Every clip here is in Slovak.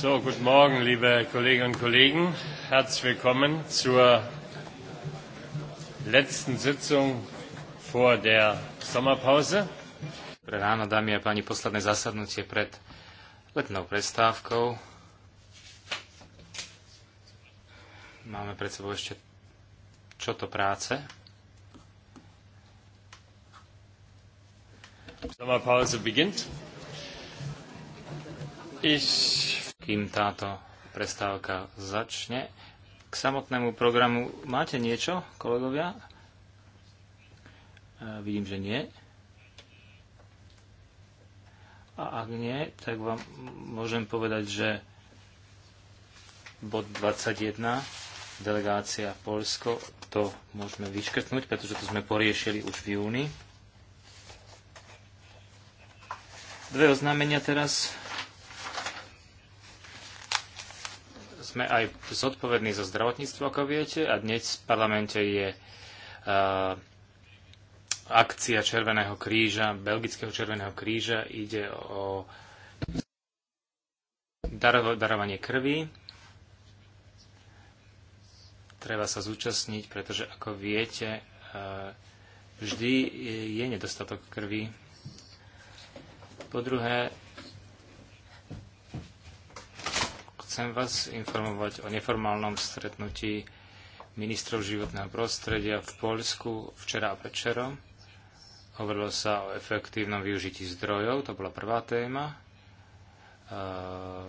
So, guten Morgen, liebe Kolleginnen und Kollegen. Herzlich willkommen zur letzten Sitzung vor der Sommerpause. Dobré ráno, dámy a páni, posledné zasadnutie pred letnou prestávkou. Máme pred sebou ešte čo to práce. Sommerpause beginnt. Ich kým táto prestávka začne, k samotnému programu máte niečo, kolegovia? E, vidím, že nie. A ak nie, tak vám môžem povedať, že bod 21, delegácia Polsko, to môžeme vyškrtnúť, pretože to sme poriešili už v júni. Dve oznámenia teraz. sme aj zodpovední za zdravotníctvo, ako viete, a dnes v parlamente je uh, akcia Červeného kríža, Belgického Červeného kríža. Ide o darovanie krvi. Treba sa zúčastniť, pretože, ako viete, uh, vždy je nedostatok krvi. Po druhé, Chcem vás informovať o neformálnom stretnutí ministrov životného prostredia v Poľsku včera a predčerom. Hovorilo sa o efektívnom využití zdrojov, to bola prvá téma.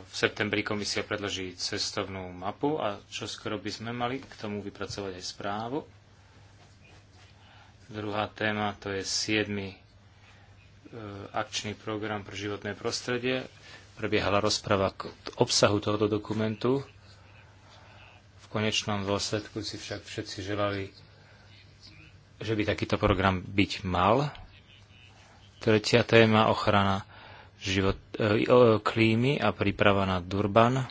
V septembri komisia predloží cestovnú mapu a čo skoro by sme mali k tomu vypracovať aj správu. Druhá téma to je 7. E, akčný program pre životné prostredie prebiehala rozprava k obsahu tohoto dokumentu. V konečnom dôsledku si však všetci želali, že by takýto program byť mal. Tretia téma ochrana život, e, e, klímy a príprava na Durban.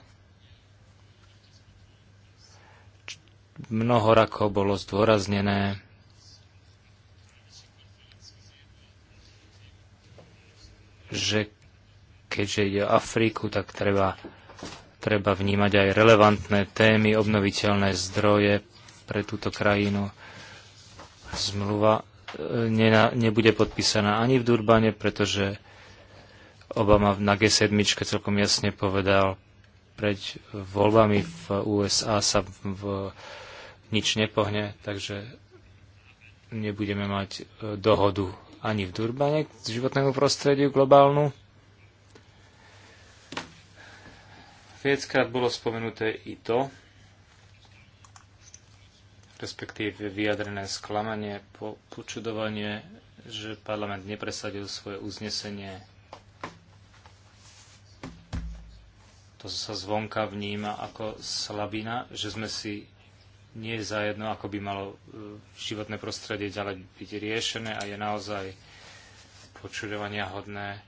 Mnoho rakov bolo zdôraznené. že keďže ide o Afriku, tak treba, treba vnímať aj relevantné témy, obnoviteľné zdroje pre túto krajinu. Zmluva e, nena, nebude podpísaná ani v Durbane, pretože Obama na G7 celkom jasne povedal, pred voľbami v USA sa v, v, nič nepohne, takže nebudeme mať e, dohodu ani v Durbane k životnému prostrediu globálnu. Viackrát bolo spomenuté i to, respektíve vyjadrené sklamanie, po, počudovanie, že parlament nepresadil svoje uznesenie. To sa zvonka vníma ako slabina, že sme si nie je zajedno, ako by malo e, životné prostredie ďalej byť riešené a je naozaj počudovania hodné,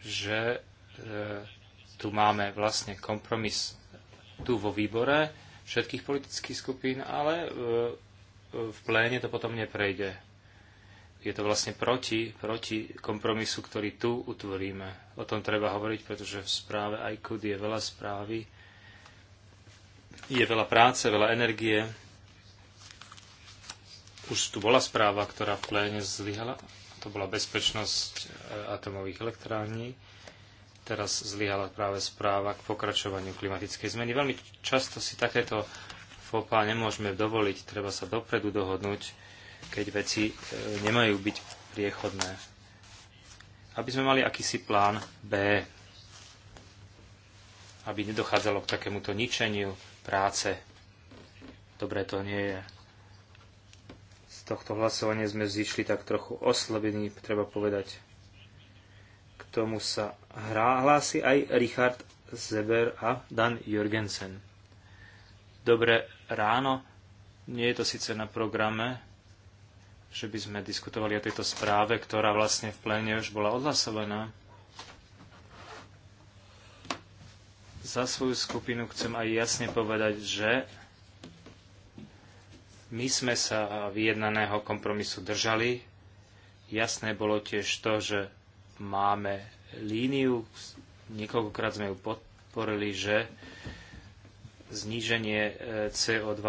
že e, tu máme vlastne kompromis tu vo výbore všetkých politických skupín, ale e, e, v pléne to potom neprejde. Je to vlastne proti, proti kompromisu, ktorý tu utvoríme. O tom treba hovoriť, pretože v správe IQD je veľa správy, je veľa práce, veľa energie. Už tu bola správa, ktorá v pléne zlyhala. To bola bezpečnosť e, atomových elektrární Teraz zlyhala práve správa k pokračovaniu klimatickej zmeny. Veľmi často si takéto fopa nemôžeme dovoliť, treba sa dopredu dohodnúť, keď veci e, nemajú byť priechodné. Aby sme mali akýsi plán B, aby nedochádzalo k takémuto ničeniu práce. Dobre to nie je. Z tohto hlasovania sme zišli tak trochu oslabení, treba povedať. K tomu sa hrá, hlási aj Richard Zeber a Dan Jorgensen. Dobré ráno. Nie je to síce na programe, že by sme diskutovali o tejto správe, ktorá vlastne v pléne už bola odhlasovaná. Za svoju skupinu chcem aj jasne povedať, že my sme sa vyjednaného kompromisu držali. Jasné bolo tiež to, že máme líniu. Niekoľkokrát sme ju podporili, že zníženie e, CO2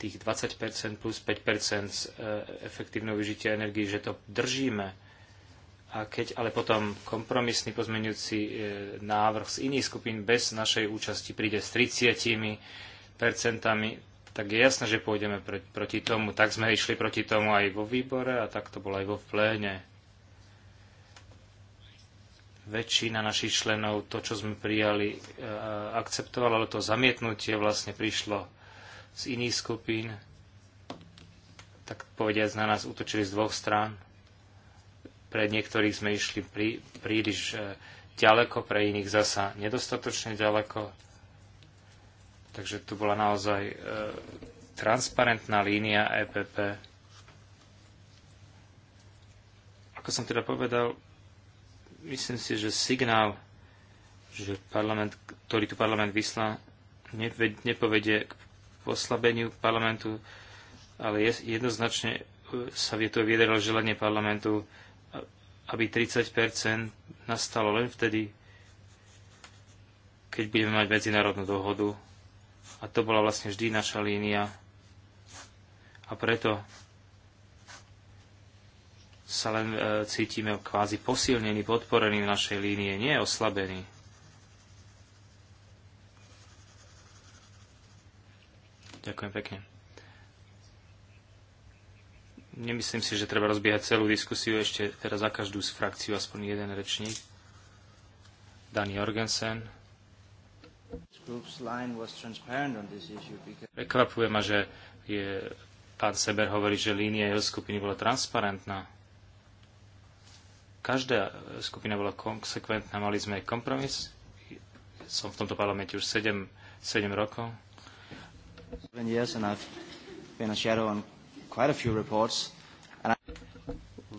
tých 20% plus 5% z e, efektívneho vyžitia energii, že to držíme. A keď ale potom kompromisný pozmeňujúci e, návrh z iných skupín bez našej účasti príde s 30 percentami, tak je jasné, že pôjdeme proti tomu. Tak sme išli proti tomu aj vo výbore a tak to bolo aj vo pléne väčšina našich členov to, čo sme prijali, e, akceptovala, ale to zamietnutie vlastne prišlo z iných skupín, tak povediať na nás útočili z dvoch strán. Pre niektorých sme išli prí, príliš e, ďaleko, pre iných zasa nedostatočne ďaleko. Takže tu bola naozaj e, transparentná línia EPP. Ako som teda povedal, Myslím si, že signál, že parlament, ktorý tu parlament vyslá, nepovedie k oslabeniu parlamentu, ale jednoznačne e, sa vie to vyjadrilo želanie parlamentu, aby 30 nastalo len vtedy, keď budeme mať medzinárodnú dohodu. A to bola vlastne vždy naša línia. A preto sa len e, cítime kvázi posilnení, podporení v našej línie, nie oslabení. Ďakujem pekne. Nemyslím si, že treba rozbiehať celú diskusiu ešte teraz za každú z frakciu, aspoň jeden rečník. Dani Jorgensen. Prekvapuje ma, že je, pán Seber hovorí, že línia jeho skupiny bola transparentná. Každá skupina bola konsekventná, mali sme kompromis. Som v tomto parlamente už 7, 7 rokov.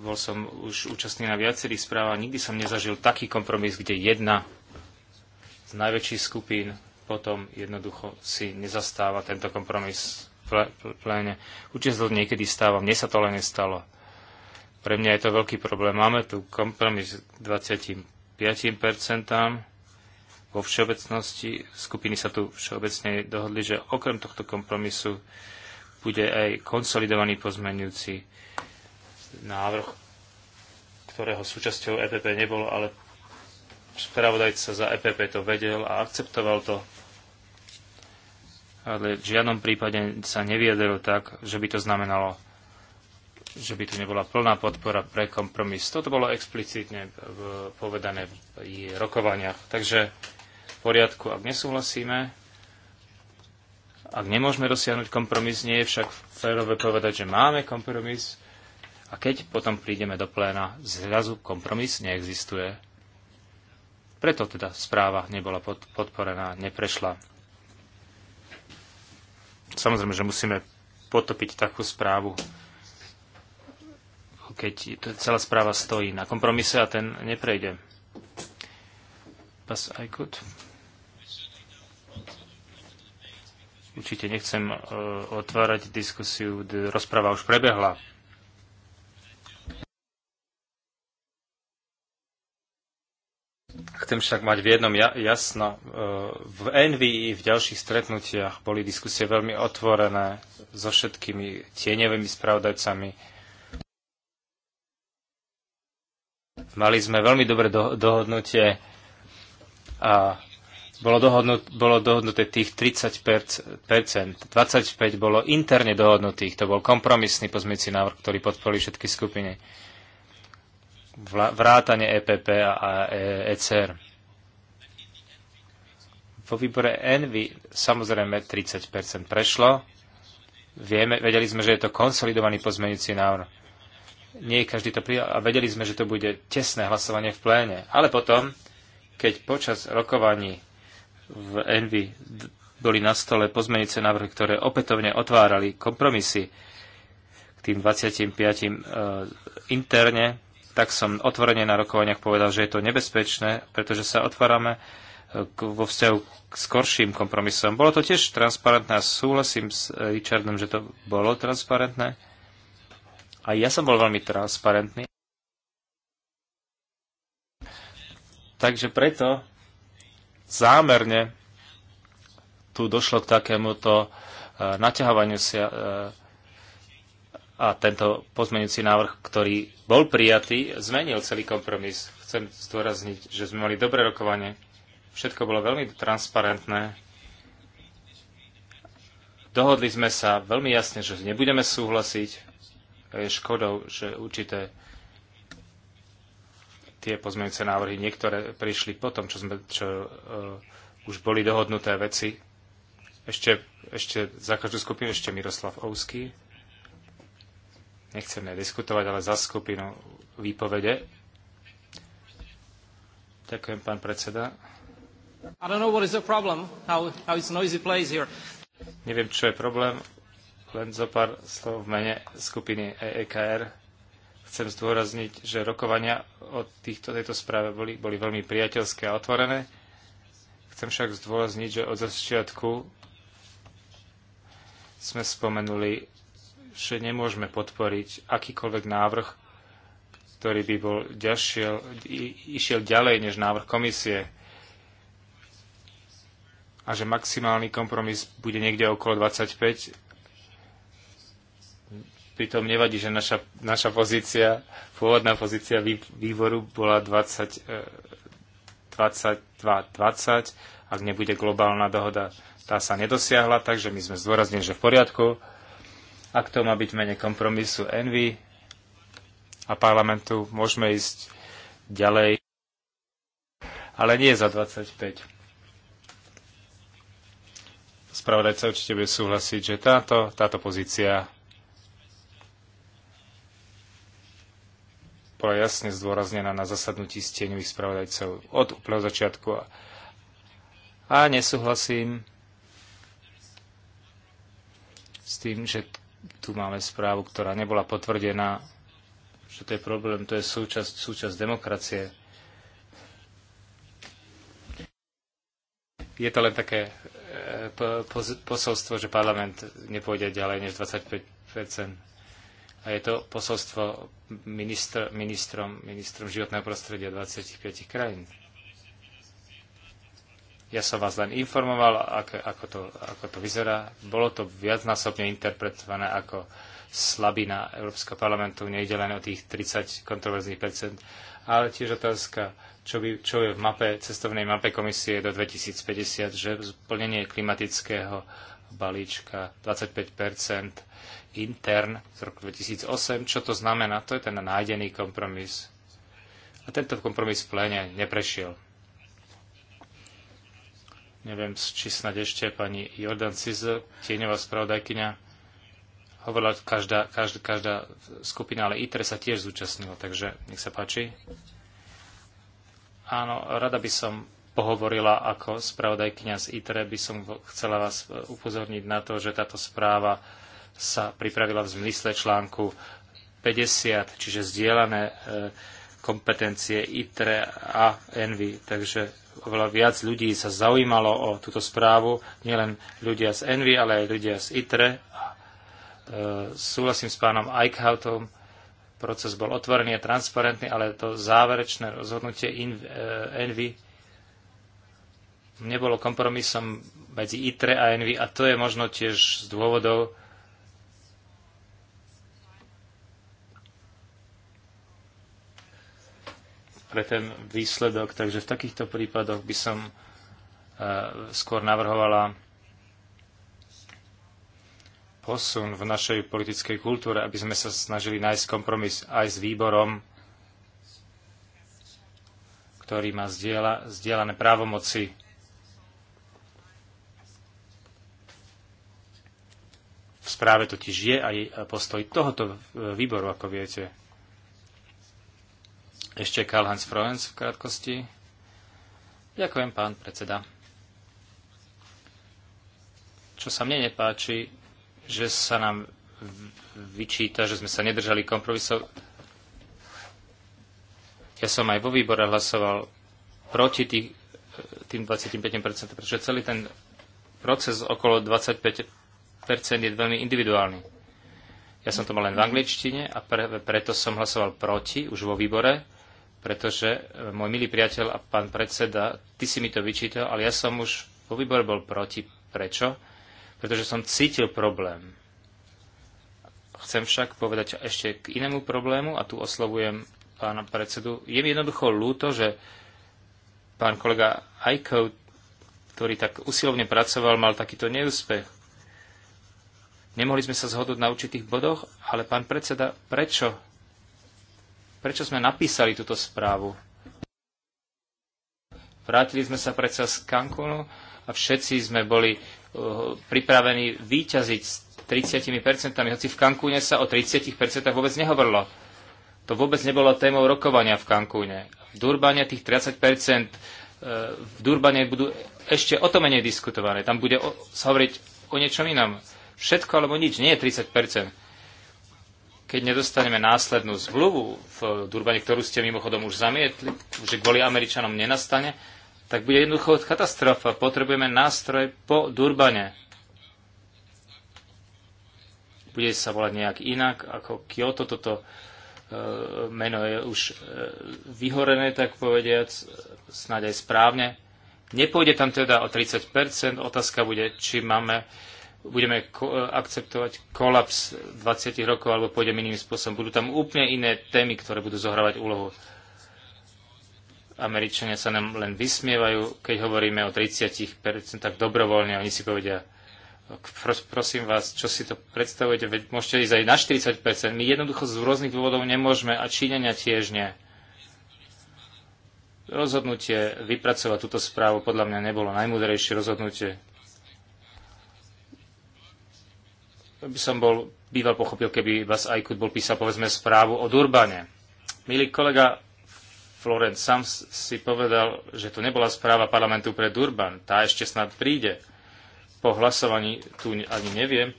Bol som už účastný na viacerých správach. Nikdy som nezažil taký kompromis, kde jedna z najväčších skupín potom jednoducho si nezastáva tento kompromis pléne. Určite sa niekedy stáva, mne sa to len nestalo. Pre mňa je to veľký problém. Máme tu kompromis 25% vo všeobecnosti. Skupiny sa tu všeobecne dohodli, že okrem tohto kompromisu bude aj konsolidovaný pozmenujúci návrh, ktorého súčasťou EPP nebolo, ale spravodajca za EPP to vedel a akceptoval to, ale v žiadnom prípade sa nevyjadril tak, že by to znamenalo že by tu nebola plná podpora pre kompromis. Toto bolo explicitne povedané v rokovaniach. Takže v poriadku, ak nesúhlasíme, ak nemôžeme dosiahnuť kompromis, nie je však férové povedať, že máme kompromis a keď potom prídeme do pléna, zrazu kompromis neexistuje. Preto teda správa nebola podporená, neprešla. Samozrejme, že musíme potopiť takú správu keď celá správa stojí na kompromise a ten neprejde. Pas Aykut. Určite nechcem e, otvárať diskusiu, rozpráva už prebehla. Chcem však mať v jednom jasno. E, v Envy i v ďalších stretnutiach boli diskusie veľmi otvorené so všetkými tieňovými spravodajcami, Mali sme veľmi dobré do, dohodnutie a bolo, dohodnut, bolo dohodnuté tých 30%, 25% bolo interne dohodnutých. To bol kompromisný pozmeci návrh, ktorý podporili všetky skupiny. Vrátane EPP a ECR. E Vo výbore Envy samozrejme 30% prešlo. Vieme, vedeli sme, že je to konsolidovaný pozmeňujúci návrh nie každý to prijal a vedeli sme, že to bude tesné hlasovanie v pléne. Ale potom, keď počas rokovaní v Envy boli na stole pozmenice návrhy, ktoré opätovne otvárali kompromisy k tým 25 e, interne, tak som otvorene na rokovaniach povedal, že je to nebezpečné, pretože sa otvárame e, vo vzťahu k skorším kompromisom. Bolo to tiež transparentné a súhlasím s Richardom, že to bolo transparentné a ja som bol veľmi transparentný. Takže preto zámerne tu došlo k takémuto e, naťahovaniu si e, a tento pozmenujúci návrh, ktorý bol prijatý, zmenil celý kompromis. Chcem zdôrazniť, že sme mali dobré rokovanie. Všetko bolo veľmi transparentné. Dohodli sme sa veľmi jasne, že nebudeme súhlasiť škodou, že určité tie pozmeňujúce návrhy, niektoré prišli po tom, čo, sme, čo uh, už boli dohodnuté veci. Ešte, ešte za každú skupinu ešte Miroslav Ouský. Nechcem diskutovať, ale za skupinu výpovede. Ďakujem, pán predseda. I don't know what is the problem, how, how it's noisy place here. Neviem, čo je problém. Len zo pár slov v mene skupiny EEKR. Chcem zdôrazniť, že rokovania o týchto, tejto správe boli, boli veľmi priateľské a otvorené. Chcem však zdôrazniť, že od začiatku sme spomenuli, že nemôžeme podporiť akýkoľvek návrh, ktorý by bol ďašiel, išiel ďalej než návrh komisie a že maximálny kompromis bude niekde okolo 25 pritom nevadí, že naša, naša pozícia, pôvodná pozícia výboru bola 20, 22, 20, ak nebude globálna dohoda, tá sa nedosiahla, takže my sme zdôraznili, že v poriadku. Ak to má byť mene kompromisu Envy a parlamentu, môžeme ísť ďalej, ale nie za 25. Spravodajca určite bude súhlasiť, že táto, táto pozícia bola jasne zdôraznená na zasadnutí stieňových spravodajcov od úplného začiatku. A nesúhlasím s tým, že tu máme správu, ktorá nebola potvrdená, že to je problém, to je súčasť, súčasť demokracie. Je to len také e, posolstvo, že parlament nepôjde ďalej než 25 a je to posolstvo ministr, ministrom, ministrom životného prostredia 25 krajín. Ja som vás len informoval, ako, ako, to, ako to vyzerá. Bolo to viacnásobne interpretované ako slabina Európskeho parlamentu. Nejde len o tých 30 kontroverzných percent, ale tiež otázka, čo, by, čo je v mape, cestovnej mape komisie do 2050, že splnenie klimatického balíčka 25 intern z roku 2008. Čo to znamená? To je ten nájdený kompromis. A tento kompromis v pléne neprešiel. Neviem, či snad ešte pani Jordan Cizel, tieňová spravodajkyňa, hovorila každá, každá, každá skupina, ale ITRE sa tiež zúčastnilo, takže nech sa páči. Áno, rada by som pohovorila ako spravodajkňa z ITRE, by som chcela vás e, upozorniť na to, že táto správa sa pripravila v zmysle článku 50, čiže zdieľané e, kompetencie ITRE a ENVY. Takže oveľa viac ľudí sa zaujímalo o túto správu, nielen ľudia z ENVY, ale aj ľudia z ITRE. E, súhlasím s pánom Eichhautom, proces bol otvorený a transparentný, ale to záverečné rozhodnutie ENVY nebolo kompromisom medzi ITRE a ENVY a to je možno tiež z dôvodov, pre ten výsledok. Takže v takýchto prípadoch by som uh, skôr navrhovala posun v našej politickej kultúre, aby sme sa snažili nájsť kompromis aj s výborom, ktorý má zdieľa, zdieľané právomoci správe totiž je aj postoj tohoto výboru, ako viete. Ešte Karl-Heinz Froens v krátkosti. Ďakujem, pán predseda. Čo sa mne nepáči, že sa nám vyčíta, že sme sa nedržali kompromisov. Ja som aj vo výbore hlasoval proti tých, tým 25%, pretože celý ten proces okolo 25 je veľmi individuálny. Ja som to mal len v angličtine a pre, preto som hlasoval proti už vo výbore, pretože e, môj milý priateľ a pán predseda, ty si mi to vyčítal, ale ja som už vo výbore bol proti. Prečo? Pretože som cítil problém. Chcem však povedať ešte k inému problému a tu oslovujem pána predsedu. Je mi jednoducho ľúto, že pán kolega Aiko, ktorý tak usilovne pracoval, mal takýto neúspech Nemohli sme sa zhodnúť na určitých bodoch, ale pán predseda, prečo? Prečo sme napísali túto správu? Vrátili sme sa predsa z Cancúnu a všetci sme boli uh, pripravení výťaziť s 30%, hoci v Cancúne sa o 30% vôbec nehovorilo. To vôbec nebolo témou rokovania v Cancúne. V Durbane tých 30% eh, v Durbane budú ešte o to menej diskutované. Tam bude sa hovoriť o niečom inom. Všetko alebo nič, nie je 30 Keď nedostaneme následnú zmluvu v Durbane, ktorú ste mimochodom už zamietli, že kvôli Američanom nenastane, tak bude jednoducho katastrofa. Potrebujeme nástroj po Durbane. Bude sa volať nejak inak ako Kyoto. Toto e, meno je už e, vyhorené, tak povediac, snáď aj správne. Nepôjde tam teda o 30%, otázka bude, či máme budeme ko- akceptovať kolaps 20 rokov alebo pôjdem iným spôsobom. Budú tam úplne iné témy, ktoré budú zohrávať úlohu. Američania sa nám len vysmievajú, keď hovoríme o 30% dobrovoľne. Oni si povedia, prosím vás, čo si to predstavujete, veď môžete ísť aj na 40%. My jednoducho z rôznych dôvodov nemôžeme a Číňania tiež nie. Rozhodnutie vypracovať túto správu podľa mňa nebolo najmúdrejšie rozhodnutie by som bol býval pochopil, keby vás Aikut bol písal, povedzme, správu o Durbane. Milý kolega Florent, sám si povedal, že to nebola správa parlamentu pre Durban. Tá ešte snad príde. Po hlasovaní tu ani neviem.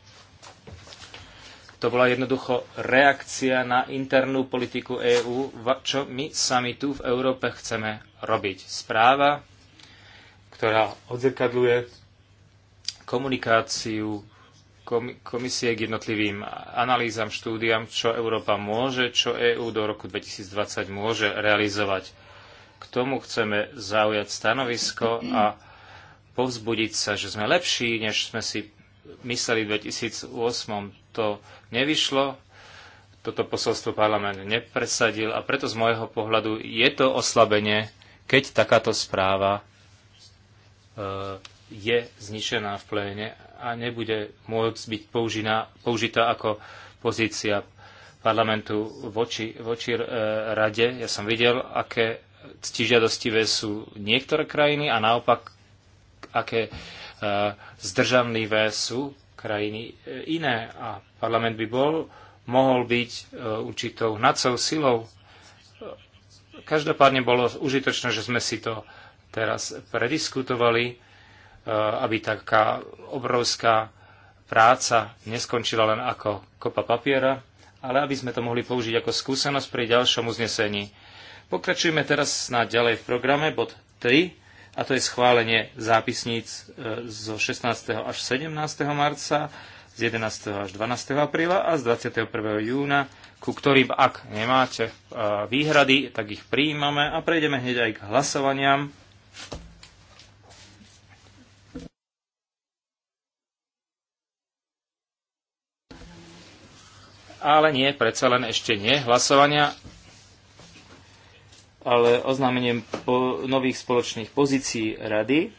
To bola jednoducho reakcia na internú politiku EÚ, čo my sami tu v Európe chceme robiť. Správa, ktorá odzrkadluje komunikáciu komisie k jednotlivým analýzam, štúdiam, čo Európa môže, čo EÚ do roku 2020 môže realizovať. K tomu chceme zaujať stanovisko a povzbudiť sa, že sme lepší, než sme si mysleli v 2008. To nevyšlo, toto posolstvo parlament nepresadil a preto z môjho pohľadu je to oslabenie, keď takáto správa e, je zničená v pléne a nebude môcť byť použina, použitá ako pozícia parlamentu voči, voči e, rade. Ja som videl, aké ctižiadostivé sú niektoré krajiny a naopak, aké e, zdržanlivé sú krajiny e, iné. A parlament by bol, mohol byť e, určitou hnacou silou. Každopádne bolo užitočné, že sme si to teraz prediskutovali Eh, aby taká obrovská práca neskončila len ako kopa papiera, ale aby sme to mohli použiť ako skúsenosť pri ďalšom uznesení. Pokračujeme teraz na ďalej v programe, bod 3, a to je schválenie zápisníc eh, zo 16. až 17. marca, z 11. až 12. apríla a z 21. júna, ku ktorým, ak nemáte eh, výhrady, tak ich prijímame a prejdeme hneď aj k hlasovaniam. ale nie, predsa len ešte nie hlasovania, ale oznámením po nových spoločných pozícií rady.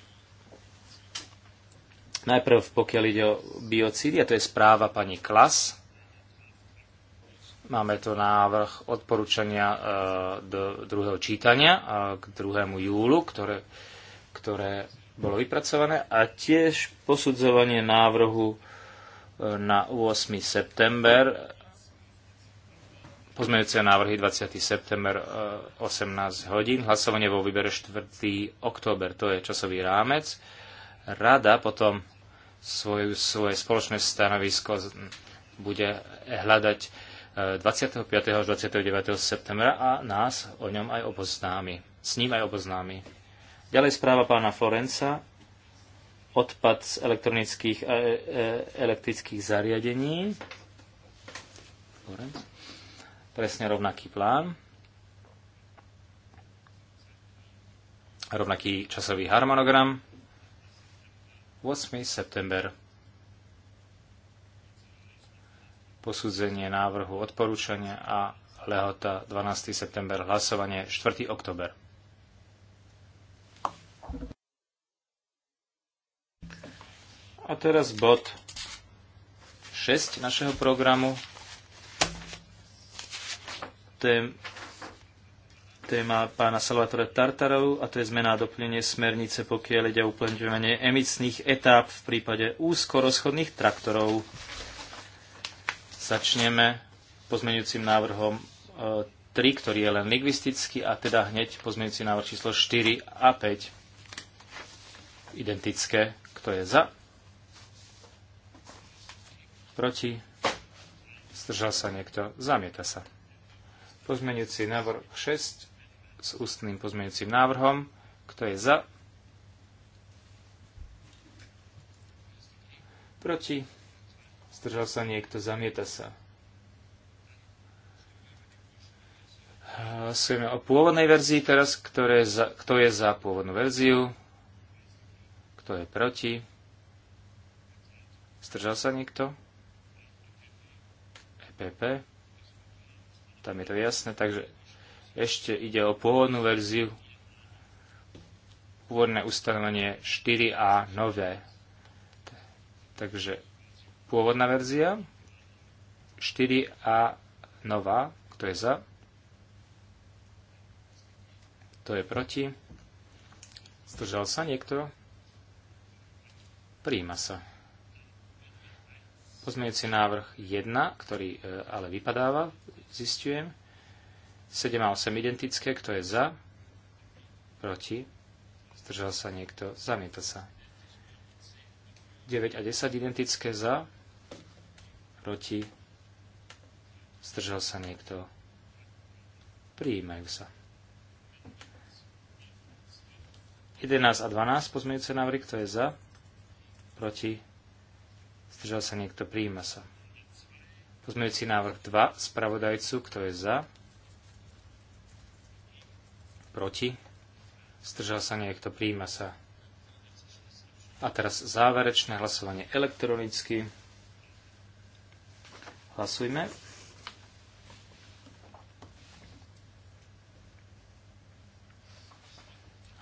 Najprv, pokiaľ ide o biocídy, a to je správa pani Klas. Máme tu návrh odporúčania e, do druhého čítania e, k druhému júlu, ktoré, ktoré bolo vypracované a tiež posudzovanie návrhu e, na 8. september Pozmeňujúce návrhy 20. september 18 e, hodín. Hlasovanie vo výbere 4. október, to je časový rámec. Rada potom svoju, svoje spoločné stanovisko bude hľadať 25. E, až 29. septembra a nás o ňom aj oboznámi. S ním aj oboznámi. Ďalej správa pána Florenca. Odpad z elektronických a e, elektrických zariadení. Florenca? presne rovnaký plán, rovnaký časový harmonogram. 8. september posudzenie návrhu odporúčania a lehota 12. september, hlasovanie 4. oktober. A teraz bod 6 našeho programu tém, téma pána Salvatore Tartarov a to je zmena a doplnenie smernice, pokiaľ ide o uplatňovanie emisných etáp v prípade úzkorozchodných traktorov. Začneme pozmeňujúcim návrhom 3, e, ktorý je len lingvistický a teda hneď pozmeňujúci návrh číslo 4 a 5 identické. Kto je za? Proti? Zdržal sa niekto? Zamieta sa. Pozmeňujúci návrh 6 s ústnym pozmeňujúcim návrhom. Kto je za? Proti? Zdržal sa niekto, zamieta sa. Hlasujeme o pôvodnej verzii teraz, ktoré za, kto je za pôvodnú verziu, kto je proti. Zdržal sa niekto? EPP. Tam je to jasné, takže ešte ide o pôvodnú verziu, pôvodné ustanovenie 4a nové. Takže pôvodná verzia 4a nová, kto je za, kto je proti, zdržal sa niekto, príjma sa. Pozmeňujúci návrh 1, ktorý e, ale vypadáva, zistujem. 7 a 8 identické, kto je za, proti, zdržal sa niekto, zamieta sa. 9 a 10 identické za, proti, zdržal sa niekto, prijímajú sa. 11 a 12 pozmeňujúce návrhy, kto je za, proti, zdržal sa niekto, prijíma sa. Pozmeňujúci návrh 2 spravodajcu, kto je za? Proti? Zdržal sa niekto, príjma sa. A teraz záverečné hlasovanie elektronicky. Hlasujme.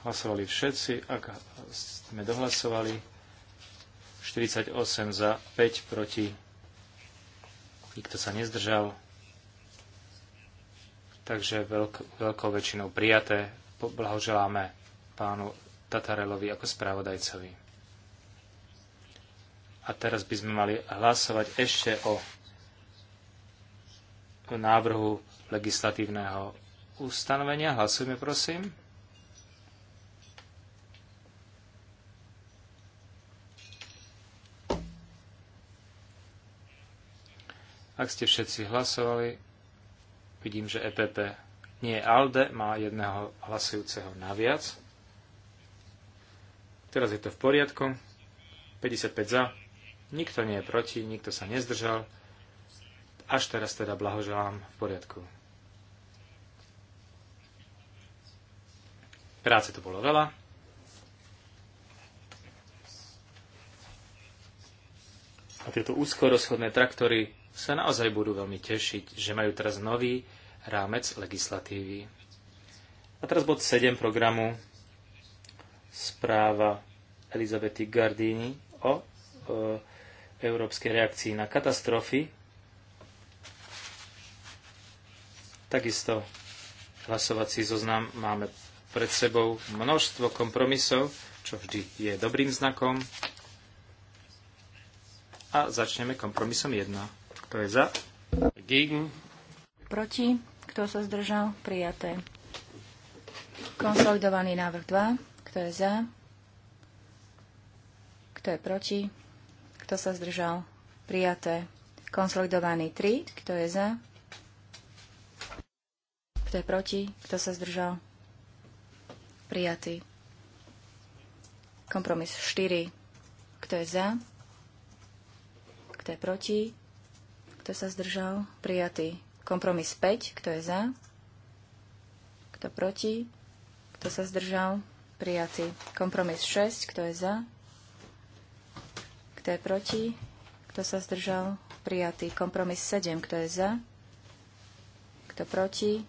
Hlasovali všetci, ak sme dohlasovali. 48 za, 5 proti nikto sa nezdržal. Takže veľk, veľkou väčšinou prijaté. Blahoželáme pánu Tatarelovi ako spravodajcovi. A teraz by sme mali hlasovať ešte o návrhu legislatívneho ustanovenia. Hlasujme, prosím. Ak ste všetci hlasovali, vidím, že EPP nie ALDE má jedného hlasujúceho naviac. Teraz je to v poriadku. 55 za. Nikto nie je proti, nikto sa nezdržal. Až teraz teda blahoželám v poriadku. Práce to bolo veľa. A tieto úzkorozchodné traktory sa naozaj budú veľmi tešiť, že majú teraz nový rámec legislatívy. A teraz bod 7 programu správa Elizabety Gardini o, o európskej reakcii na katastrofy. Takisto hlasovací zoznam máme pred sebou množstvo kompromisov, čo vždy je dobrým znakom. A začneme kompromisom 1. Kto je za? Gegen. Proti. Kto sa zdržal? Prijaté. Konsolidovaný návrh 2. Kto je za? Kto je proti? Kto sa zdržal? Prijaté. Konsolidovaný 3. Kto je za? Kto je proti? Kto sa zdržal? Prijatý. Kompromis 4. Kto je za? Kto je proti? Kto sa zdržal? Prijatý. Kompromis 5. Kto je za? Kto proti? Kto sa zdržal? Prijatý. Kompromis 6. Kto je za? Kto je proti? Kto sa zdržal? Prijatý. Kompromis 7. Kto je za? Kto proti?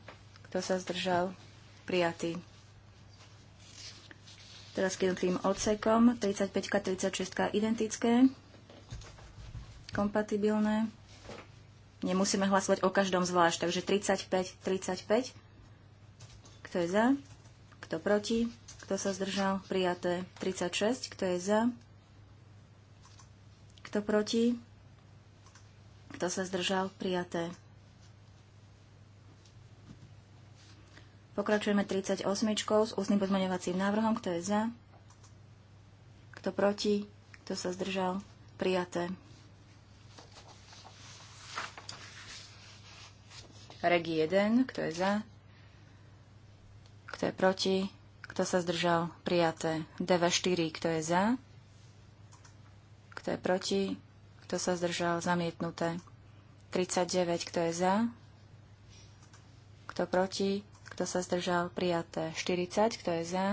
Kto sa zdržal? Prijatý. Teraz k jednotlivým odsekom. 35, 36 identické, kompatibilné. Nemusíme hlasovať o každom zvlášť. Takže 35, 35. Kto je za? Kto proti? Kto sa zdržal? Prijaté. 36. Kto je za? Kto proti? Kto sa zdržal? Prijaté. Pokračujeme 38 s ústnym pozmeňovacím návrhom. Kto je za? Kto proti? Kto sa zdržal? Prijaté. Regi 1, kto je za, kto je proti, kto sa zdržal, prijaté. DV4, kto je za, kto je proti, kto sa zdržal, zamietnuté. 39, kto je za, kto proti, kto sa zdržal, prijaté. 40, kto je za,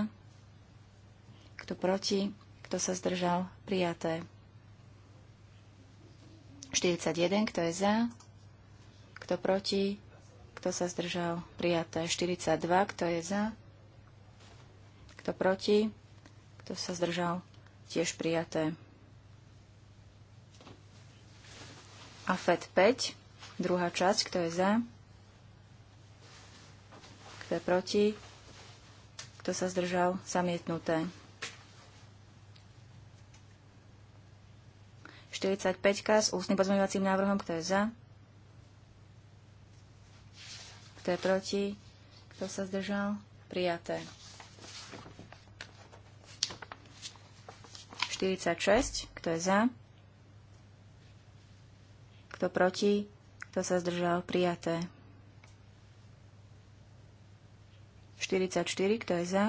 kto proti, kto sa zdržal, prijaté. 41, kto je za, kto proti, kto sa zdržal? Prijaté 42. Kto je za? Kto proti? Kto sa zdržal? Tiež prijaté. A FED 5. Druhá časť. Kto je za? Kto je proti? Kto sa zdržal? Zamietnuté. 45 s ústnym pozmeňovacím návrhom. Kto je za? je proti. Kto sa zdržal? Prijaté. 46. Kto je za? Kto proti? Kto sa zdržal? Prijaté. 44. Kto je za?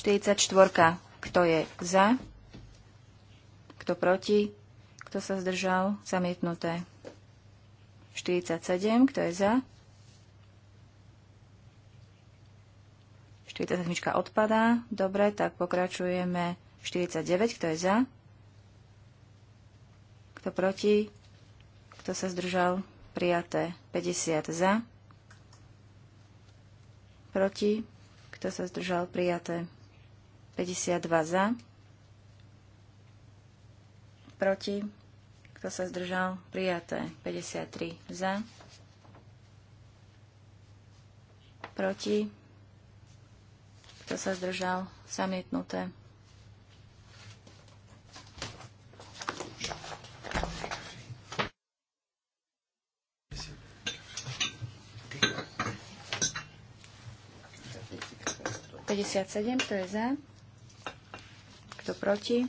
44. Kto je za? Kto proti? Kto sa zdržal? Zamietnuté. 47. Kto je za? 47 odpadá. Dobre, tak pokračujeme. 49. Kto je za? Kto proti? Kto sa zdržal? Prijaté. 50 za. Proti? Kto sa zdržal? Prijaté. 52 za, proti, kto sa zdržal, prijaté 53 za, proti, kto sa zdržal, zamietnuté. Päťdesiat sedem, to je za. Kto proti?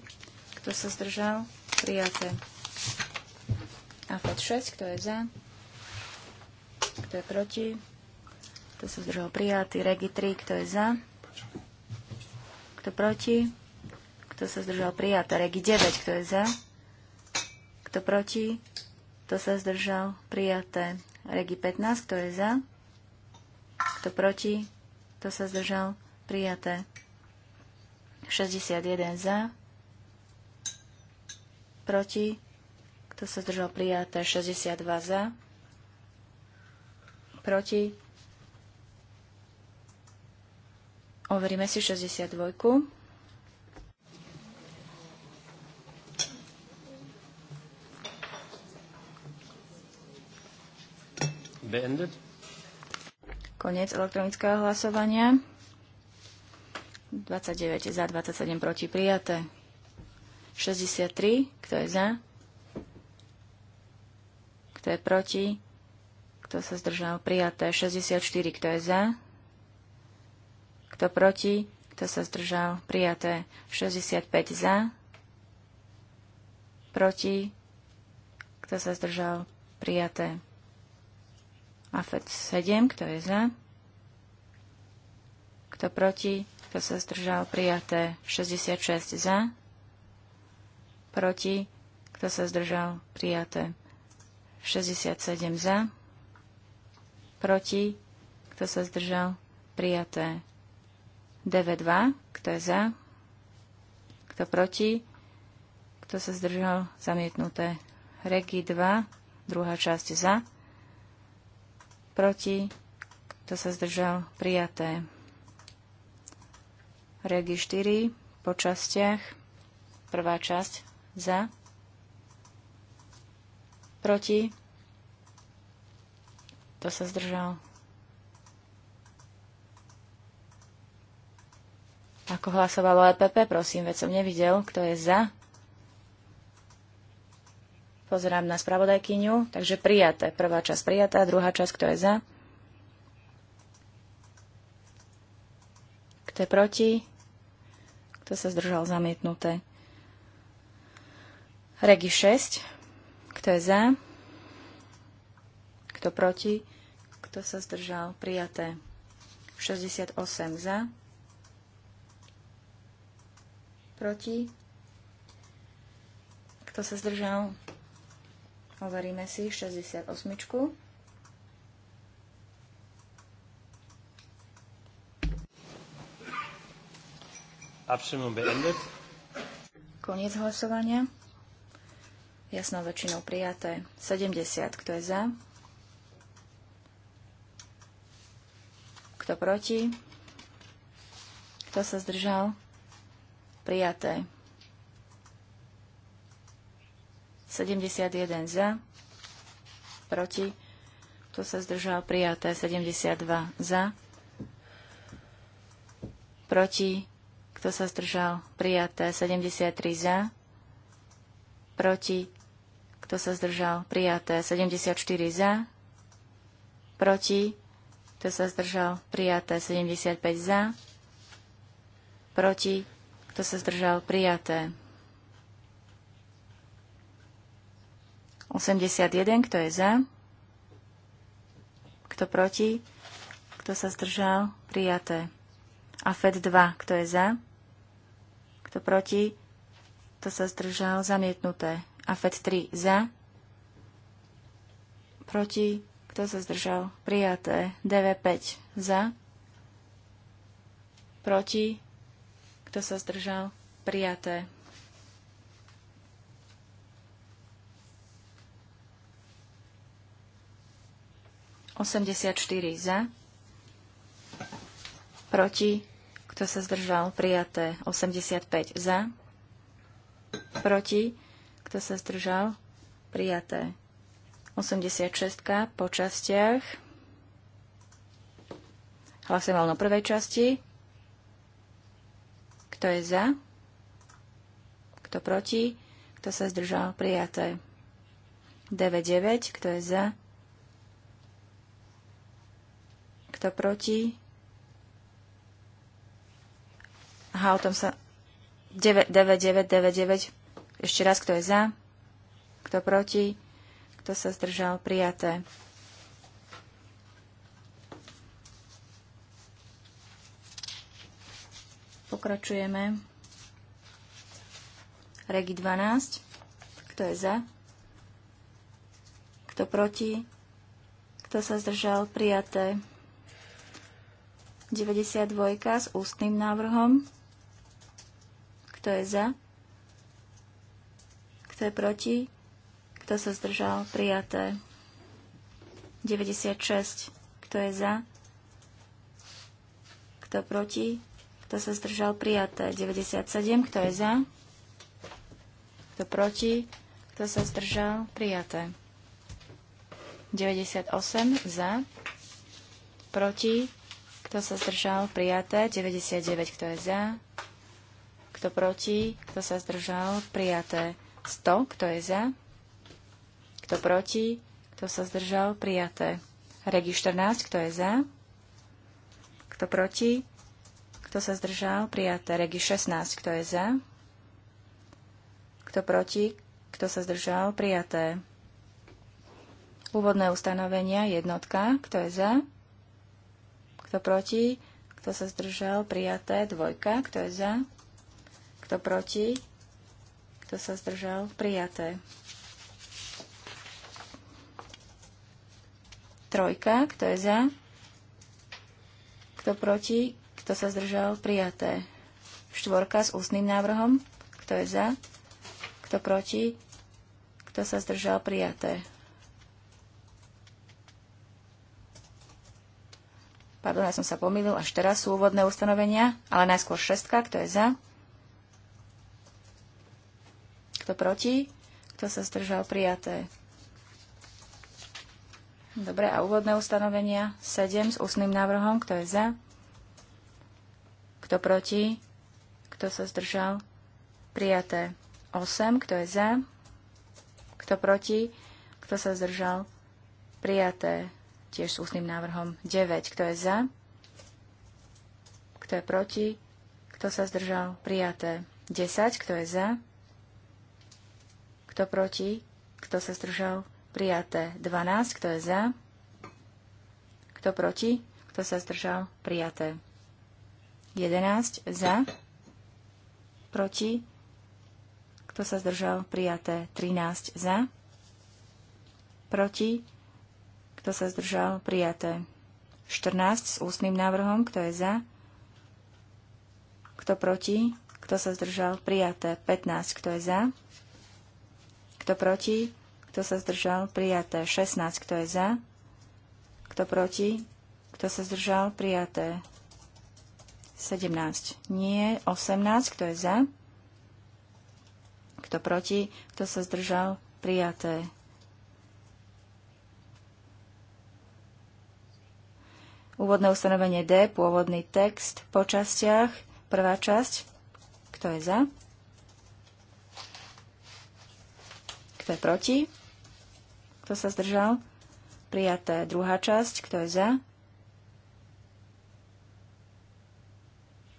Kto sa zdržal? Prijaté. AFED 6. Kto je za? Kto je proti? Kto sa zdržal? Prijatý. Regi 3. Kto je za? Kto proti? Kto sa zdržal? Prijatá. Regi 9. Kto je za? Kto proti? Kto sa zdržal? Prijaté. Regi 15. Kto je za? Kto proti? Kto sa zdržal? Prijaté. 61 za, proti, kto sa zdržal prijaté, 62 za, proti, overíme si 62. Beendet. Koniec elektronického hlasovania. 29 za, 27 proti prijaté. 63, kto je za? Kto je proti? Kto sa zdržal? Prijaté. 64, kto je za? Kto proti? Kto sa zdržal? Prijaté. 65 za. Proti? Kto sa zdržal? Prijaté. AFED 7, kto je za? Kto proti? Kto sa zdržal? Prijaté. 66 za. Proti. Kto sa zdržal? Prijaté. 67 za. Proti. Kto sa zdržal? Prijaté. 92, Kto je za? Kto proti? Kto sa zdržal? Zamietnuté. Regi 2. Druhá časť za. Proti. Kto sa zdržal? Prijaté. Regi 4 po častiach. Prvá časť za. Proti. To sa zdržal. Ako hlasovalo EPP, prosím, veď som nevidel, kto je za. Pozerám na spravodajkyňu, takže prijaté. Prvá časť prijatá, druhá časť, kto je za. Kto je proti? Kto sa zdržal? Zamietnuté. Regi 6. Kto je za? Kto proti? Kto sa zdržal? Prijaté. 68 za. Proti. Kto sa zdržal? Overíme si 68. Abstimmung beendet. Koniec hlasovania. Jasnou väčšinou prijaté. 70. Kto je za? Kto proti? Kto sa zdržal? Prijaté. 71 za. Proti. Kto sa zdržal? Prijaté. 72 za. Proti. Kto sa zdržal? Prijaté. 73 za. Proti. Kto sa zdržal? Prijaté. 74 za. Proti. Kto sa zdržal? Prijaté. 75 za. Proti. Kto sa zdržal? Prijaté. 81. Kto je za? Kto proti? Kto sa zdržal? Prijaté. A FED 2. Kto je za? Kto proti? to sa zdržal? Zamietnuté. AFED 3 za. Proti? Kto sa zdržal? Prijaté. DV5 za. Proti? Kto sa zdržal? Prijaté. Osemdesiat štyri za. Proti? Kto sa zdržal? Prijaté. 85 za. Proti. Kto sa zdržal? Prijaté. 86 po častiach. Hlasoval na prvej časti. Kto je za? Kto proti? Kto sa zdržal? Prijaté. 99. Kto je za? Kto proti? Aha, o tom sa... 9999. Ešte raz, kto je za, kto proti, kto sa zdržal, prijaté. Pokračujeme. Regi 12. Kto je za? Kto proti? Kto sa zdržal? Prijaté. 92 s ústnym návrhom. Kto je za? Kto je proti? Kto sa zdržal? Prijaté. 96. Kto je za? Kto proti? Kto sa zdržal? Prijaté. 97. Kto je za? Kto proti? Kto sa zdržal? Prijaté. 98 za. Proti? Kto sa zdržal? Prijaté. 99. Kto je za? Kto proti? Kto sa zdržal? Prijaté. 100. Kto je za? Kto proti? Kto sa zdržal? Prijaté. Regi 14. Kto je za? Kto proti? Kto sa zdržal? Prijaté. Regi 16. Kto je za? Kto proti? Kto sa zdržal? Prijaté. Úvodné ustanovenia. Jednotka. Kto je za? Kto proti? Kto sa zdržal? Prijaté. Dvojka. Kto je za? Kto proti? Kto sa zdržal? Prijaté. Trojka. Kto je za? Kto proti? Kto sa zdržal? Prijaté. Štvorka s ústnym návrhom. Kto je za? Kto proti? Kto sa zdržal? Prijaté. Pardon, ja som sa pomýlil, až teraz sú úvodné ustanovenia, ale najskôr šestka, kto je za, kto proti? Kto sa zdržal? Prijaté. Dobre, a úvodné ustanovenia 7 s ústnym návrhom. Kto je za? Kto proti? Kto sa zdržal? Prijaté. 8. Kto je za? Kto proti? Kto sa zdržal? Prijaté. Tiež s ústnym návrhom 9. Kto je za? Kto je proti? Kto sa zdržal? Prijaté. 10. Kto je za? Kto proti? Kto sa zdržal? Prijaté 12. Kto je za? Kto proti? Kto sa zdržal? Prijaté 11. Za? Proti? Kto sa zdržal? Prijaté 13. Za? Proti? Kto sa zdržal? Prijaté 14 s ústnym návrhom. Kto je za? Kto proti? Kto sa zdržal? Prijaté 15. Kto je za? Kto proti? Kto sa zdržal? Prijaté. 16. Kto je za? Kto proti? Kto sa zdržal? Prijaté. 17. Nie. 18. Kto je za? Kto proti? Kto sa zdržal? Prijaté. Úvodné ustanovenie D, pôvodný text po častiach. Prvá časť. Kto je za? Kto je proti? Kto sa zdržal? Prijaté druhá časť. Kto je za?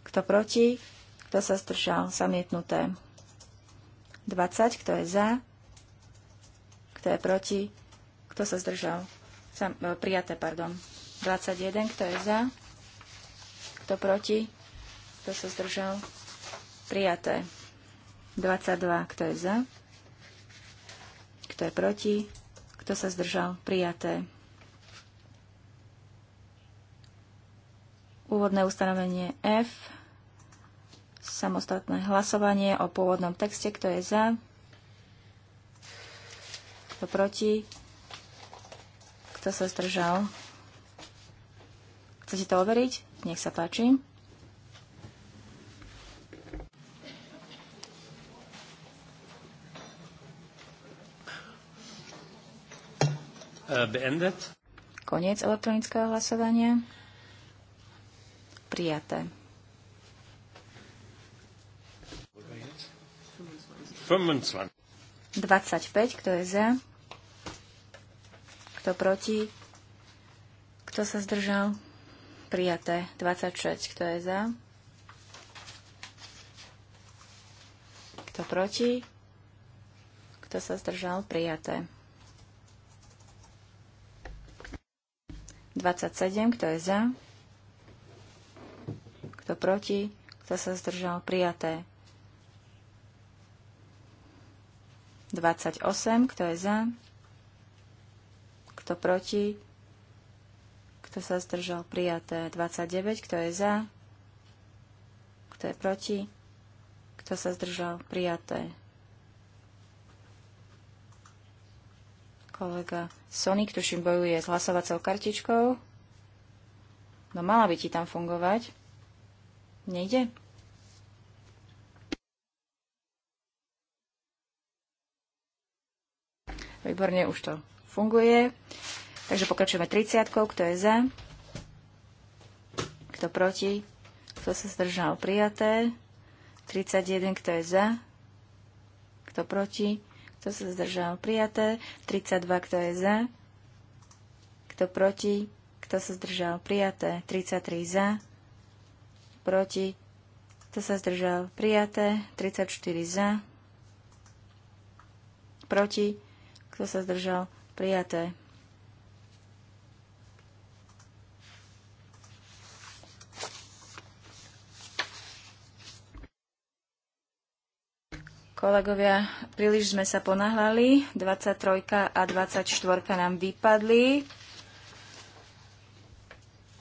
Kto proti? Kto sa zdržal? Samietnuté. 20. Kto je za? Kto je proti? Kto sa zdržal? Sam, e, prijaté, pardon. 21. Kto je za? Kto proti? Kto sa zdržal? Prijaté. 22. Kto je za? kto je proti, kto sa zdržal, prijaté. Úvodné ustanovenie F, samostatné hlasovanie o pôvodnom texte, kto je za, kto proti, kto sa zdržal. Chcete to overiť? Nech sa páči. Äh, beendet. Koniec elektronického hlasovania. Prijaté. 25. 25, kto je za? Kto proti? Kto sa zdržal? Prijaté. 26, kto je za? Kto proti? Kto sa zdržal? Prijaté. 27, kto je za, kto proti, kto sa zdržal, prijaté. 28, kto je za, kto proti, kto sa zdržal, prijaté. 29, kto je za, kto je proti, kto sa zdržal, prijaté. Kolega Sonic, tuším, bojuje s hlasovacou kartičkou. No mala by ti tam fungovať. Nejde? Výborne, už to funguje. Takže pokračujeme 30. Kto je za? Kto proti? Kto sa zdržal? Prijaté. 31. Kto je za? Kto proti? Kto sa zdržal? Prijaté. 32. Kto je za? Kto proti? Kto sa zdržal? Prijaté. 33 za. Proti. Kto sa zdržal? Prijaté. 34 za. Proti. Kto sa zdržal? Prijaté. Kolegovia, príliš sme sa ponáhľali. 23 a 24 nám vypadli.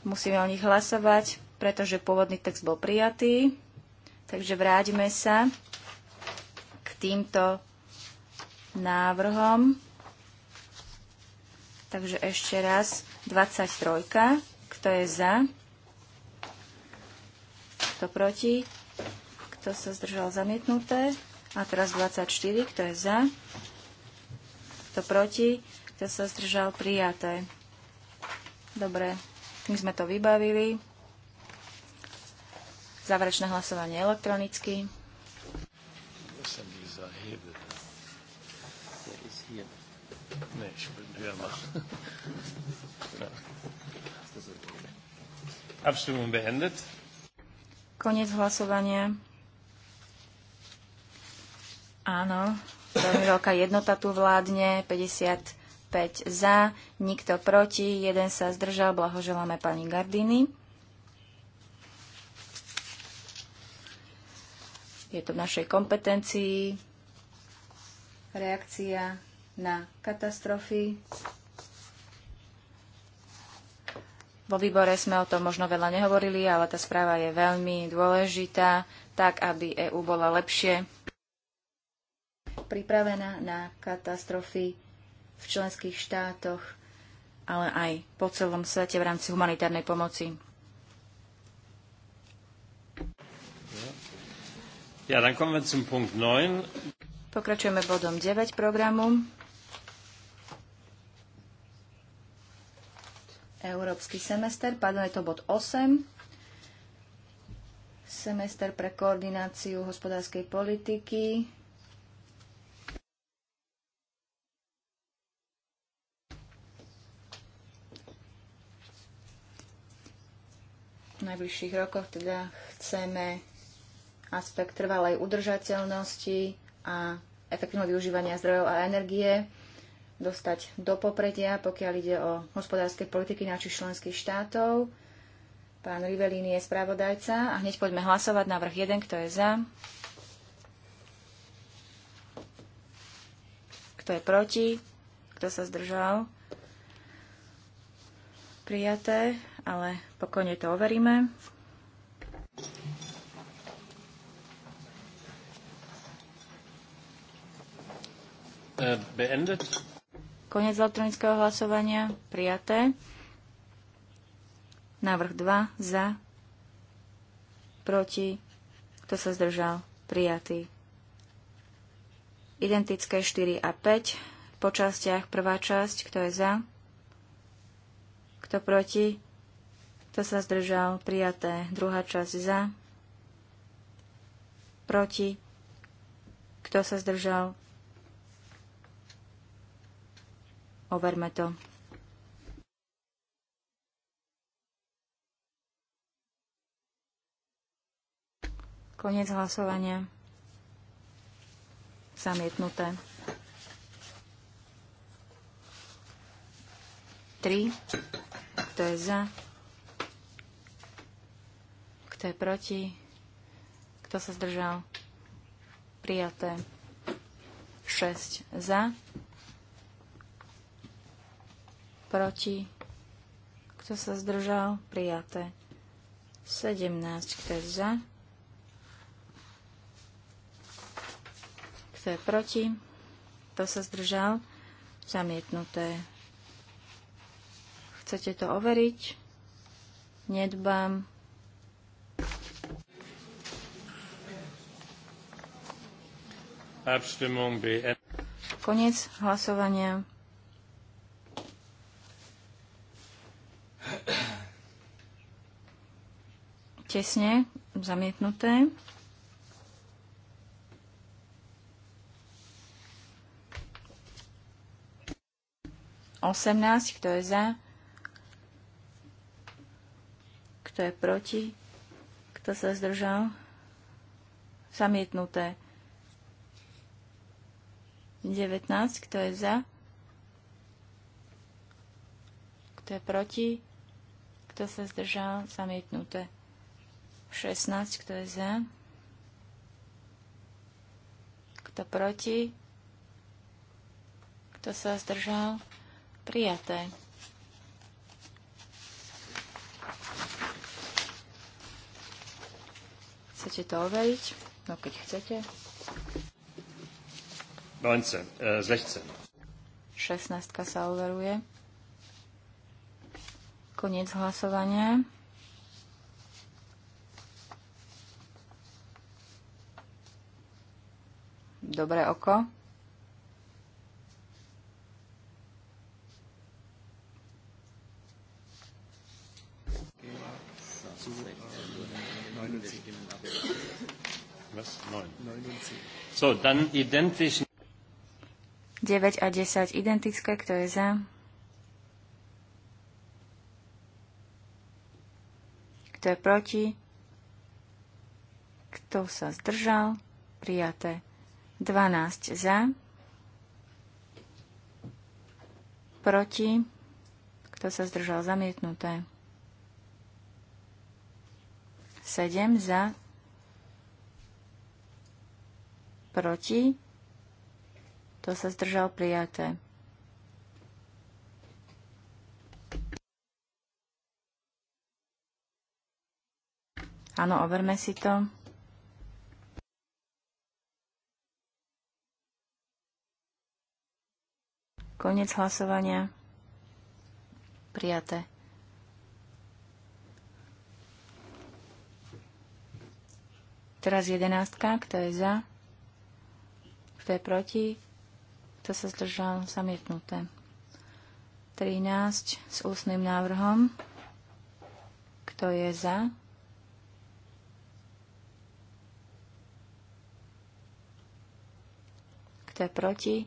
Musíme o nich hlasovať, pretože pôvodný text bol prijatý. Takže vráťme sa k týmto návrhom. Takže ešte raz 23. Kto je za? Kto proti? Kto sa zdržal zamietnuté? A teraz 24, kto je za, kto proti, kto sa zdržal, prijaté. Dobre, my sme to vybavili. Záverečné hlasovanie elektronicky. Konec Abstimmung beendet. Koniec hlasovania. Áno, veľmi veľká jednota tu vládne, 55 za, nikto proti, jeden sa zdržal, blahoželáme pani Gardiny. Je to v našej kompetencii reakcia na katastrofy. Vo výbore sme o tom možno veľa nehovorili, ale tá správa je veľmi dôležitá, tak aby EÚ bola lepšie pripravená na katastrofy v členských štátoch, ale aj po celom svete v rámci humanitárnej pomoci. Ja, dann kommen wir zum Punkt 9. Pokračujeme bodom 9 programu. Európsky semester, pardon, je to bod 8. Semester pre koordináciu hospodárskej politiky V najbližších rokoch teda chceme aspekt trvalej udržateľnosti a efektívneho využívania zdrojov a energie dostať do popredia, pokiaľ ide o hospodárske politiky našich členských štátov. Pán Rivelín je spravodajca a hneď poďme hlasovať. Návrh 1, kto je za? Kto je proti? Kto sa zdržal? Prijaté ale pokojne to overíme. Äh, beendet. Konec elektronického hlasovania. Prijaté. Návrh 2. Za. Proti. Kto sa zdržal? Prijatý. Identické 4 a 5. Po častiach prvá časť. Kto je za? Kto proti? Kto sa zdržal? Prijaté. Druhá časť za. Proti. Kto sa zdržal? Overme to. Koniec hlasovania. Zamietnuté. 3. Kto je za? Kto je proti? Kto sa zdržal? Prijaté. 6 za. Proti. Kto sa zdržal? Prijaté. 17. Kto je za? Kto je proti? Kto sa zdržal? Zamietnuté. Chcete to overiť? Nedbám. Koniec hlasovania. Tesne zamietnuté. Osemnásť, kto je za, kto je proti, kto sa zdržal, zamietnuté. 19, kto je za, kto je proti, kto sa zdržal, zamietnuté. 16, kto je za, kto proti, kto sa zdržal, prijaté. Chcete to overiť? No keď chcete. 19, eh, 16. 16 sa overuje. Koniec hlasovania. Dobré oko. Was? Neun. So, dann identisch. 9 a 10 identické, kto je za? Kto je proti? Kto sa zdržal? Prijaté. 12 za. Proti. Kto sa zdržal? Zamietnuté. 7 za. Proti. Kto sa zdržal? Prijaté. Áno, overme si to. Konec hlasovania. Prijaté. Teraz jedenástka. Kto je za? Kto je proti? Kto sa zdržal? Zamietnuté. 13 s ústnym návrhom. Kto je za? Kto je proti?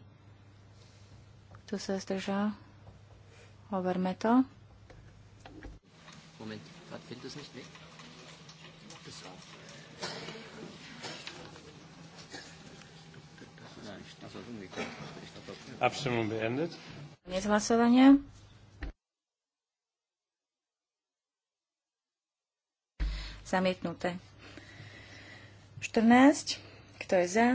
Kto sa zdržal? Overme to. Moment, findet es nicht, ne? Das Nein, ich, das war umgekehrt. Abstimmung beendet. Koniec hlasovania. Zamietnuté. 14. Kto je za?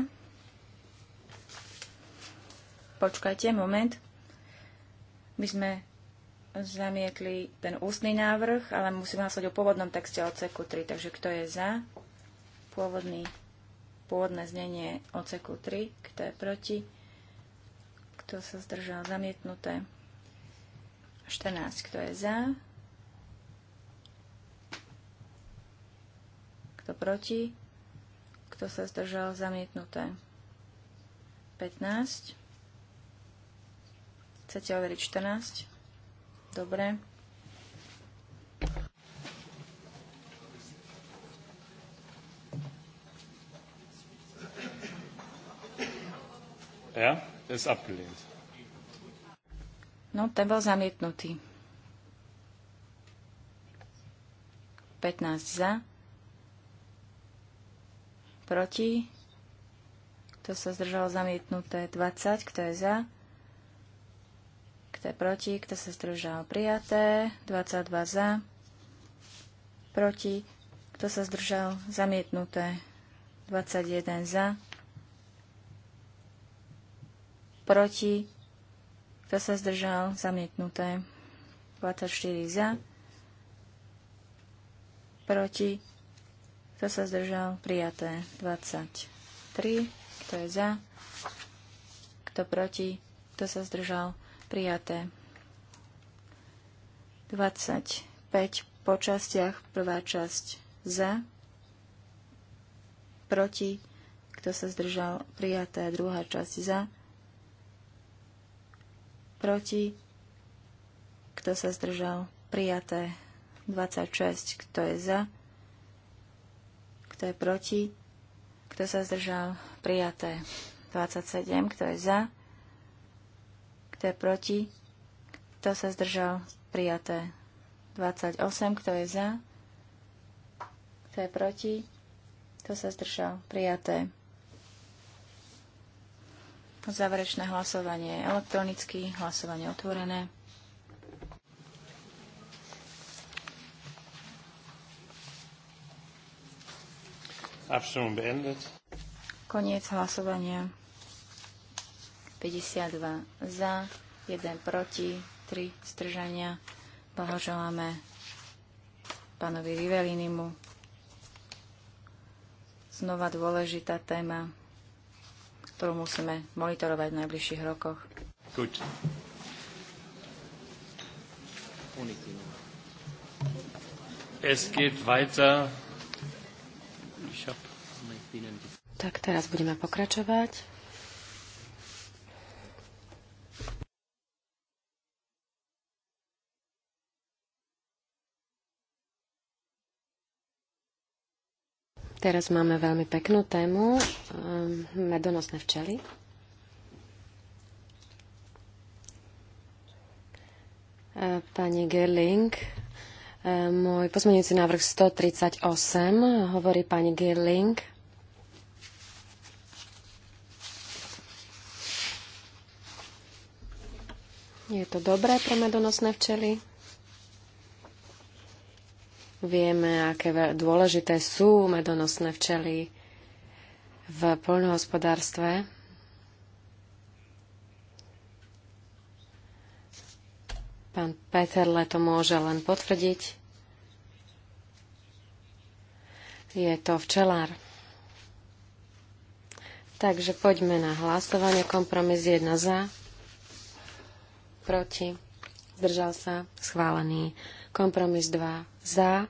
Počkajte, moment. My sme zamietli ten ústny návrh, ale musíme hlasovať o pôvodnom texte odseku 3. Takže kto je za? Pôvodný, pôvodné znenie odseku 3. Kto je proti? Kto sa zdržal? Zamietnuté. 14. Kto je za? Kto proti? Kto sa zdržal? Zamietnuté. 15. Chcete overiť 14? Dobre. Ja? ist abgelehnt. No, ten bol zamietnutý. 15 za. Proti. Kto sa zdržal zamietnuté? 20. Kto je za? Kto je proti? Kto sa zdržal prijaté? 22 za. Proti. Kto sa zdržal zamietnuté? 21 za proti, kto sa zdržal, zamietnuté. 24 za, proti, kto sa zdržal, prijaté. 23, kto je za, kto proti, kto sa zdržal, prijaté. 25 po častiach, prvá časť za, proti, kto sa zdržal, prijaté, druhá časť za, proti, kto sa zdržal, prijaté 26, kto je za, kto je proti, kto sa zdržal, prijaté 27, kto je za, kto je proti, kto sa zdržal, prijaté 28, kto je za, kto je proti, kto sa zdržal, prijaté Záverečné hlasovanie elektronicky, hlasovanie otvorené. Koniec hlasovania. 52 za, 1 proti, 3 zdržania. Blahoželáme pánovi Rivelinimu. Znova dôležitá téma ktorú musíme monitorovať v najbližších rokoch. Good. Es geht weiter. Ich hab... Tak teraz budeme pokračovať. Teraz máme veľmi peknú tému, ehm, medonosné včely. E, pani Gerling, e, môj pozmeňujúci návrh 138, hovorí pani Gerling. Je to dobré pre medonosné včely? Vieme, aké dôležité sú medonosné včely v poľnohospodárstve. Pán Peter to môže len potvrdiť. Je to včelár. Takže poďme na hlasovanie. Kompromis 1 za, proti, zdržal sa, schválený. Kompromis 2 za,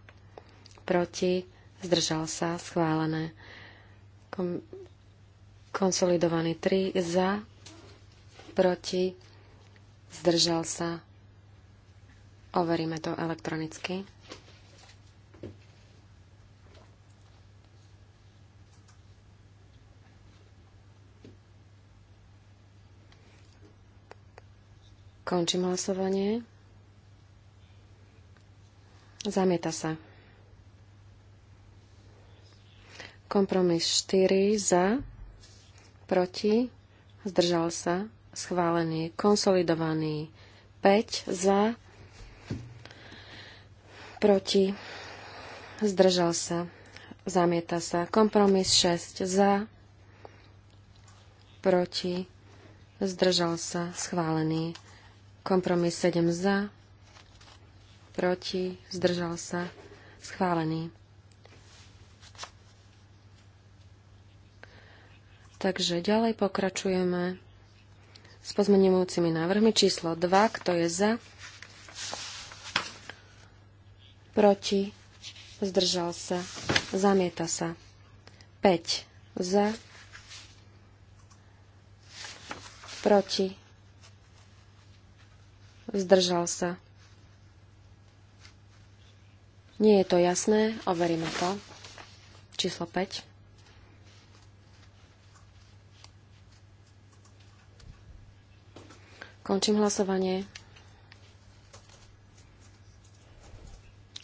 proti, zdržal sa, schválené. Kom- konsolidovaný 3 za, proti, zdržal sa. Overíme to elektronicky. Končím hlasovanie. Zamieta sa. Kompromis 4 za, proti, zdržal sa, schválený, konsolidovaný 5 za, proti, zdržal sa, zamieta sa, kompromis 6 za, proti, zdržal sa, schválený, kompromis 7 za, proti, zdržal sa, schválený. Takže ďalej pokračujeme s pozmenujúcimi návrhmi číslo 2, kto je za, proti, zdržal sa, zamieta sa. 5 za, proti, zdržal sa. Nie je to jasné, overíme to. Číslo 5. Končím hlasovanie.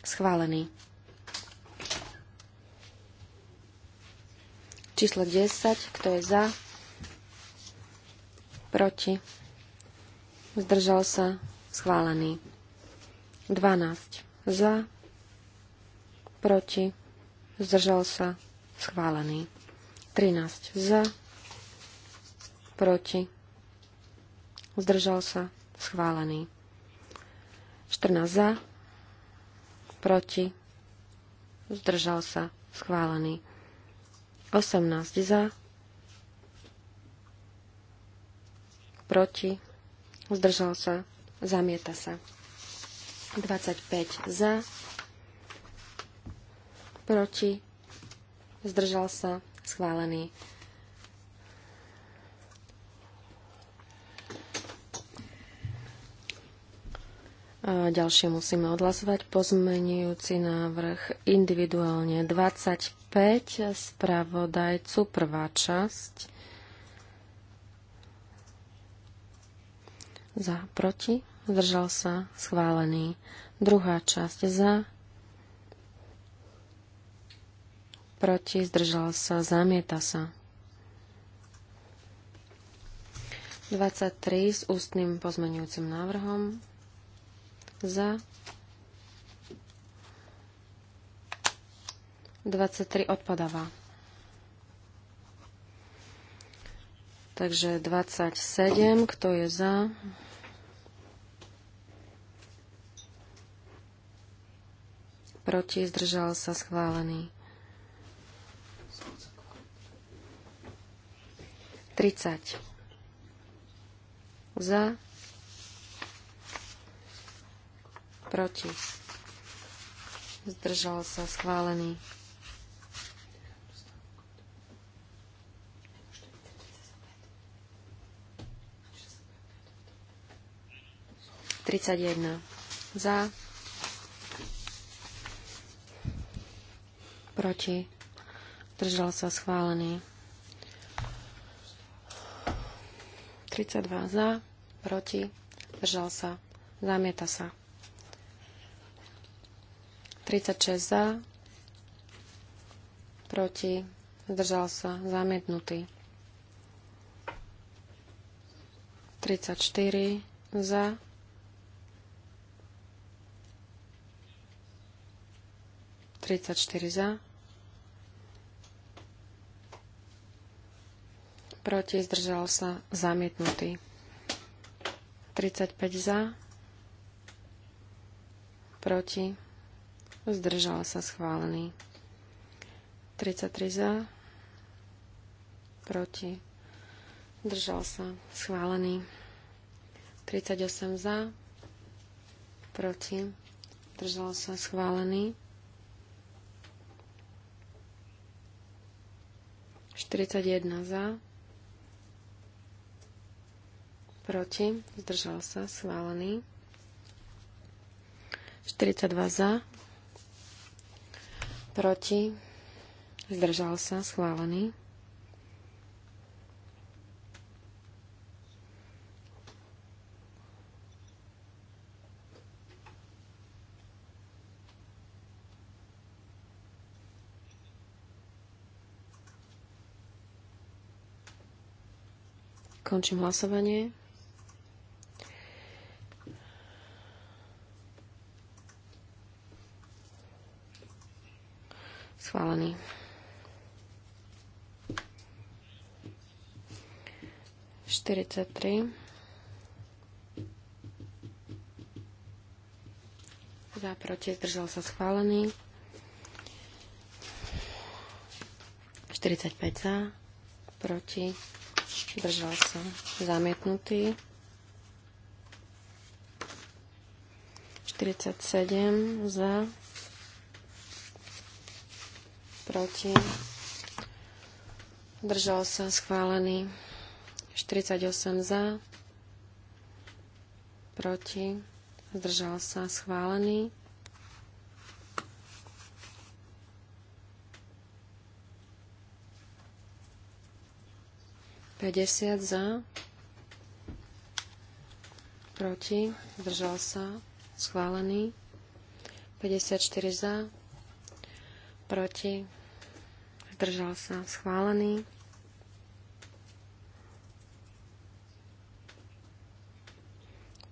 Schválený. Číslo 10. Kto je za? Proti. Zdržal sa. Schválený. 12. Za proti, zdržal sa, schválený. 13 za, proti, zdržal sa, schválený. 14 za, proti, zdržal sa, schválený. 18 za, proti, zdržal sa, zamieta sa. 25 za, proti, zdržal sa, schválený. A ďalšie musíme odhlasovať. Pozmenujúci návrh individuálne 25 spravodajcu, prvá časť. Za, proti, zdržal sa, schválený. Druhá časť za, proti, zdržal sa, zamieta sa. 23 s ústnym pozmenujúcim návrhom za 23 odpadáva. Takže 27, kto je za? Proti, zdržal sa schválený. 30. Za. Proti. Zdržal sa schválený. Tridsať jedna. Za. Proti. Držal sa schválený. 32 za, proti, držal sa, zamieta sa. 36 za, proti, zdržal sa, zamietnutý. 34 za, Tridsaťštyri za, proti, zdržal sa, zamietnutý. 35 za, proti, zdržal sa, schválený. 33 za, proti, zdržal sa, schválený. 38 za, proti, zdržal sa, schválený. 41 za, proti, zdržal sa, schválený. 42 za, proti, zdržal sa, schválený. Končím hlasovanie. 43. Za, proti, zdržal sa schválený. 45 za, proti, držal sa zamietnutý. 47 za, proti, držal sa schválený. 48 za, proti, zdržal sa, schválený. Päťdesiat za, proti, zdržal sa, schválený. 54 za, proti, zdržal sa, schválený.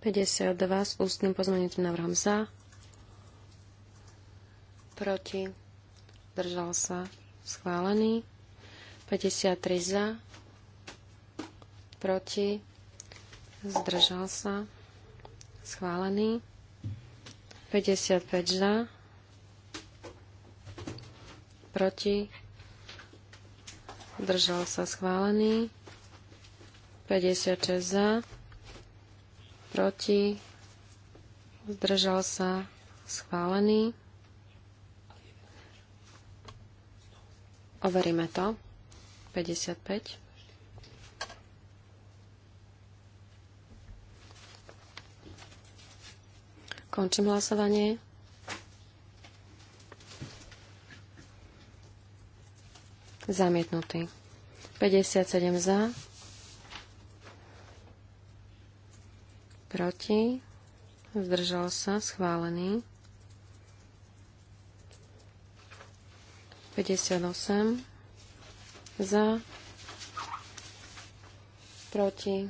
52 s ústnym pozmeňujúcim návrhom za, proti, držal sa, schválený. 53 za, proti, zdržal sa, schválený. 55 za, proti, Držal sa, schválený. 56 za, proti, zdržal sa, schválený. Overíme to. 55. Končím hlasovanie. Zamietnutý. 57 za, proti, zdržal sa, schválený. 58 za, proti,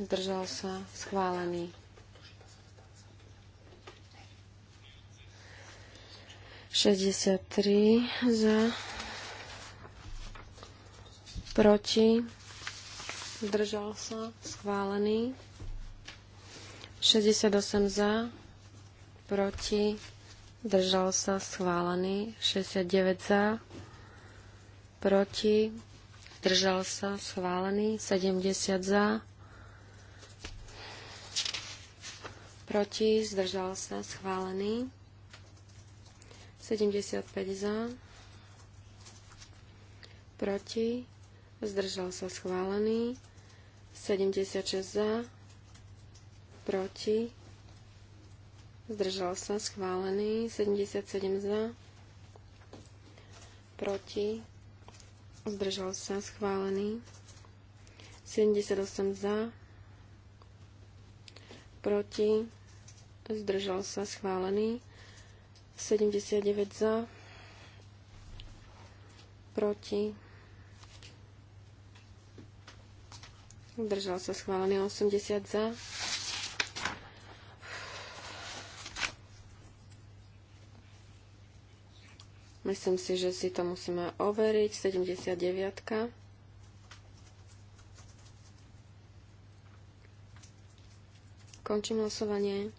zdržal sa, schválený. 63 za, proti, zdržal sa, schválený. 68 za, proti, držal sa, schválený. 69 za, proti, držal sa, schválený. 70 za, proti, zdržal sa, schválený. 75 za, proti, zdržal sa, schválený. 76 za, proti, zdržal sa, schválený, 77 za, proti, zdržal sa, schválený, 78 za, proti, zdržal sa, schválený, 79 za, proti, Zdržal sa schválený 80 za. Myslím si, že si to musíme overiť. 79. Končím hlasovanie.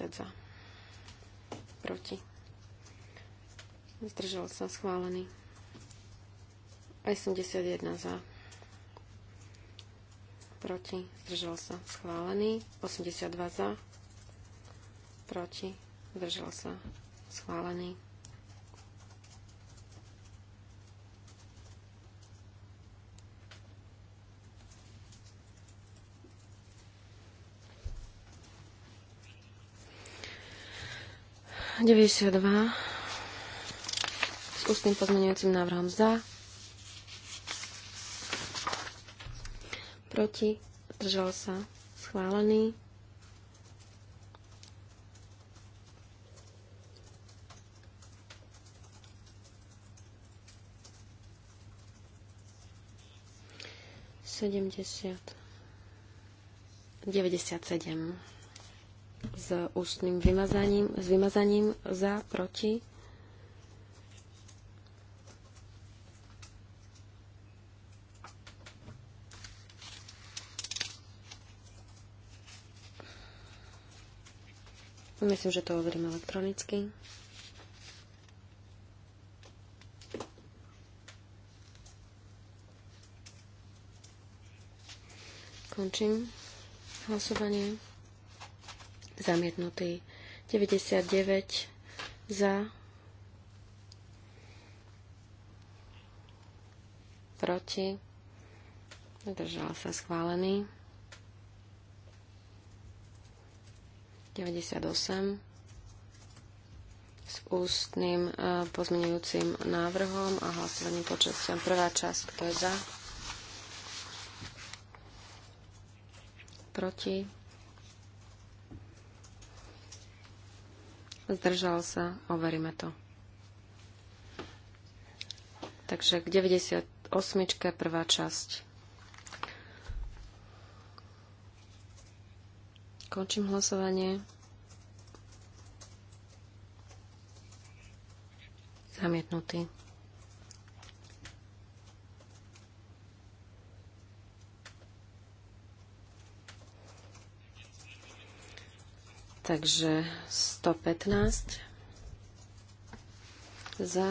za. Proti. Zdržal sa schválený. 81 za proti, zdržal sa, schválený. 82 za, proti, zdržal sa, schválený. Deväťdesiat dva s ústnym za, proti, zdržal sa, schválený. Sedemdesiat. 97 s ústnym vymazaním, s vymazaním za, proti, Myslím, že to overím elektronicky. Končím hlasovanie. Zamietnutý 99 za, proti, zdržal sa schválený. 98 s ústnym e, pozmenujúcim návrhom a hlasovaním počasťom. Prvá časť, kto je za? Proti? Zdržal sa? Overíme to. Takže k 98. prvá časť. Končím hlasovanie. Zamietnutý. Takže 115 za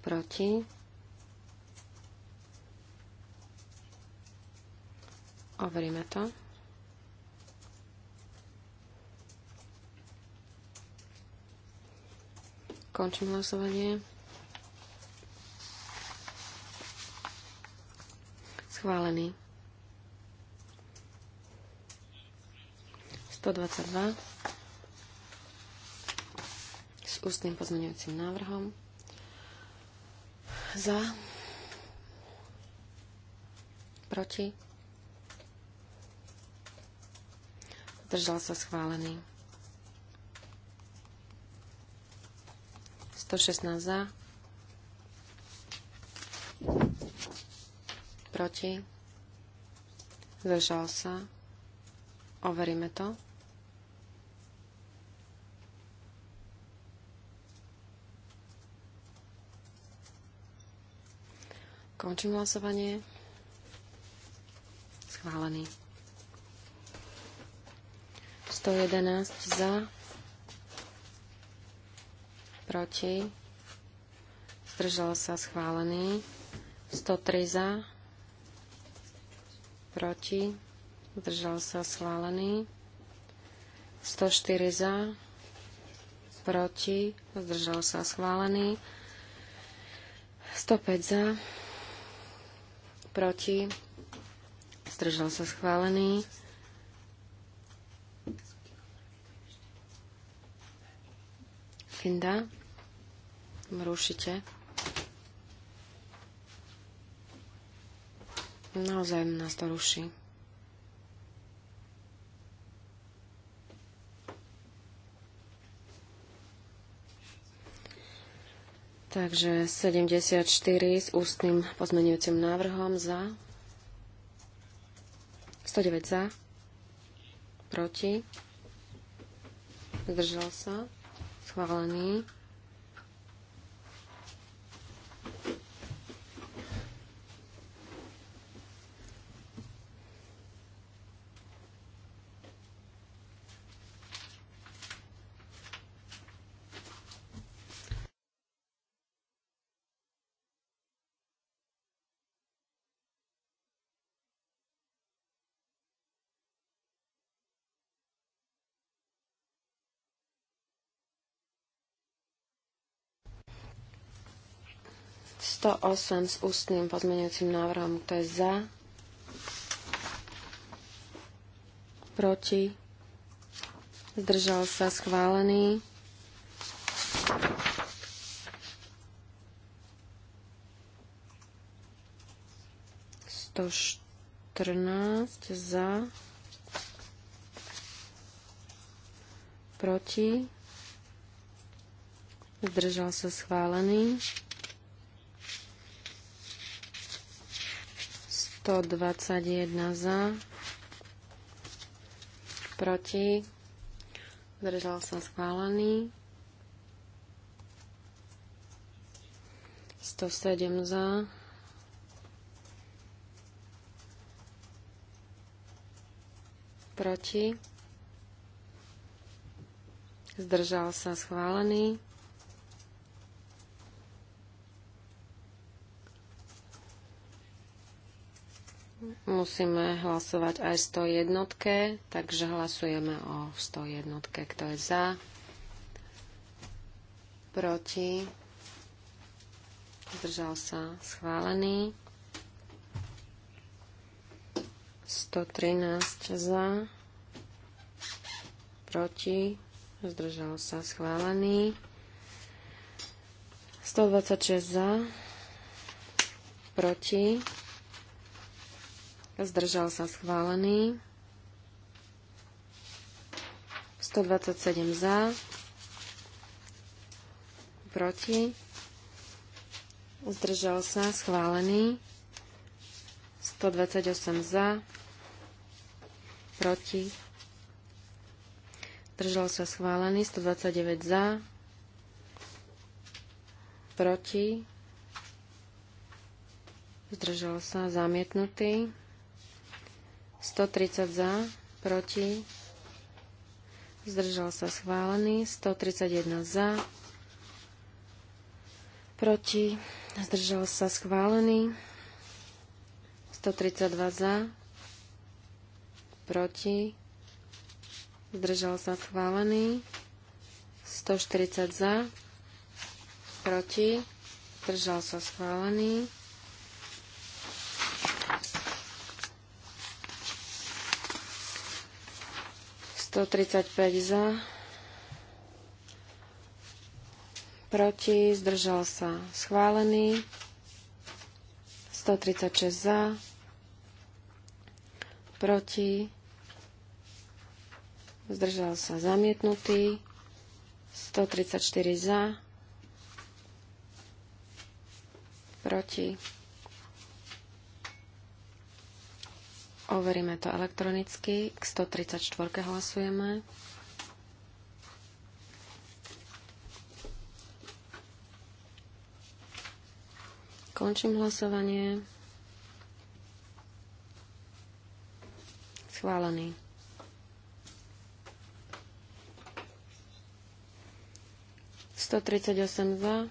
proti Overíme to. Končím hlasovanie. Schválený. 122 s ústnym pozmeňujúcim návrhom za proti zdržal sa schválený. 116 za, proti, zdržal sa, overíme to. Končím hlasovanie. Schválený. 111 za, proti, zdržal sa schválený, 103 za, proti, zdržal sa schválený, 104 za, proti, zdržal sa schválený, 105 za, proti, zdržal sa schválený, Lucinda. Rušite. Naozaj nás to ruší. Takže 74 s ústnym pozmenujúcim návrhom za. 109 za. Proti. Zdržal sa. Schválený. 108 s ústnym pozmeňujúcim návrhom. Kto je za? Proti? Zdržal sa schválený. To štrnáct za. Proti? Zdržal sa schválený. 121 za, proti, zdržal sa schválený, 107 za, proti, zdržal sa schválený, Musíme hlasovať aj 101, takže hlasujeme o 101, kto je za, proti, zdržal sa, schválený. 113 za, proti, zdržal sa, schválený. 126 za, proti, Zdržal sa schválený. 127 za. Proti. Zdržal sa schválený. 128 za. Proti. Zdržal sa schválený. 129 za. Proti. Zdržal sa zamietnutý. 130 za, proti, zdržal sa schválený, 131 za, proti, zdržal sa schválený, 132 za, proti, zdržal sa schválený, 140 za, proti, zdržal sa schválený, 135 za, proti, zdržal sa schválený, 136 za, proti, zdržal sa zamietnutý, 134 za, proti, Overíme to elektronicky. K 134 hlasujeme. Končím hlasovanie. Schválený. Sto tridsať osem za.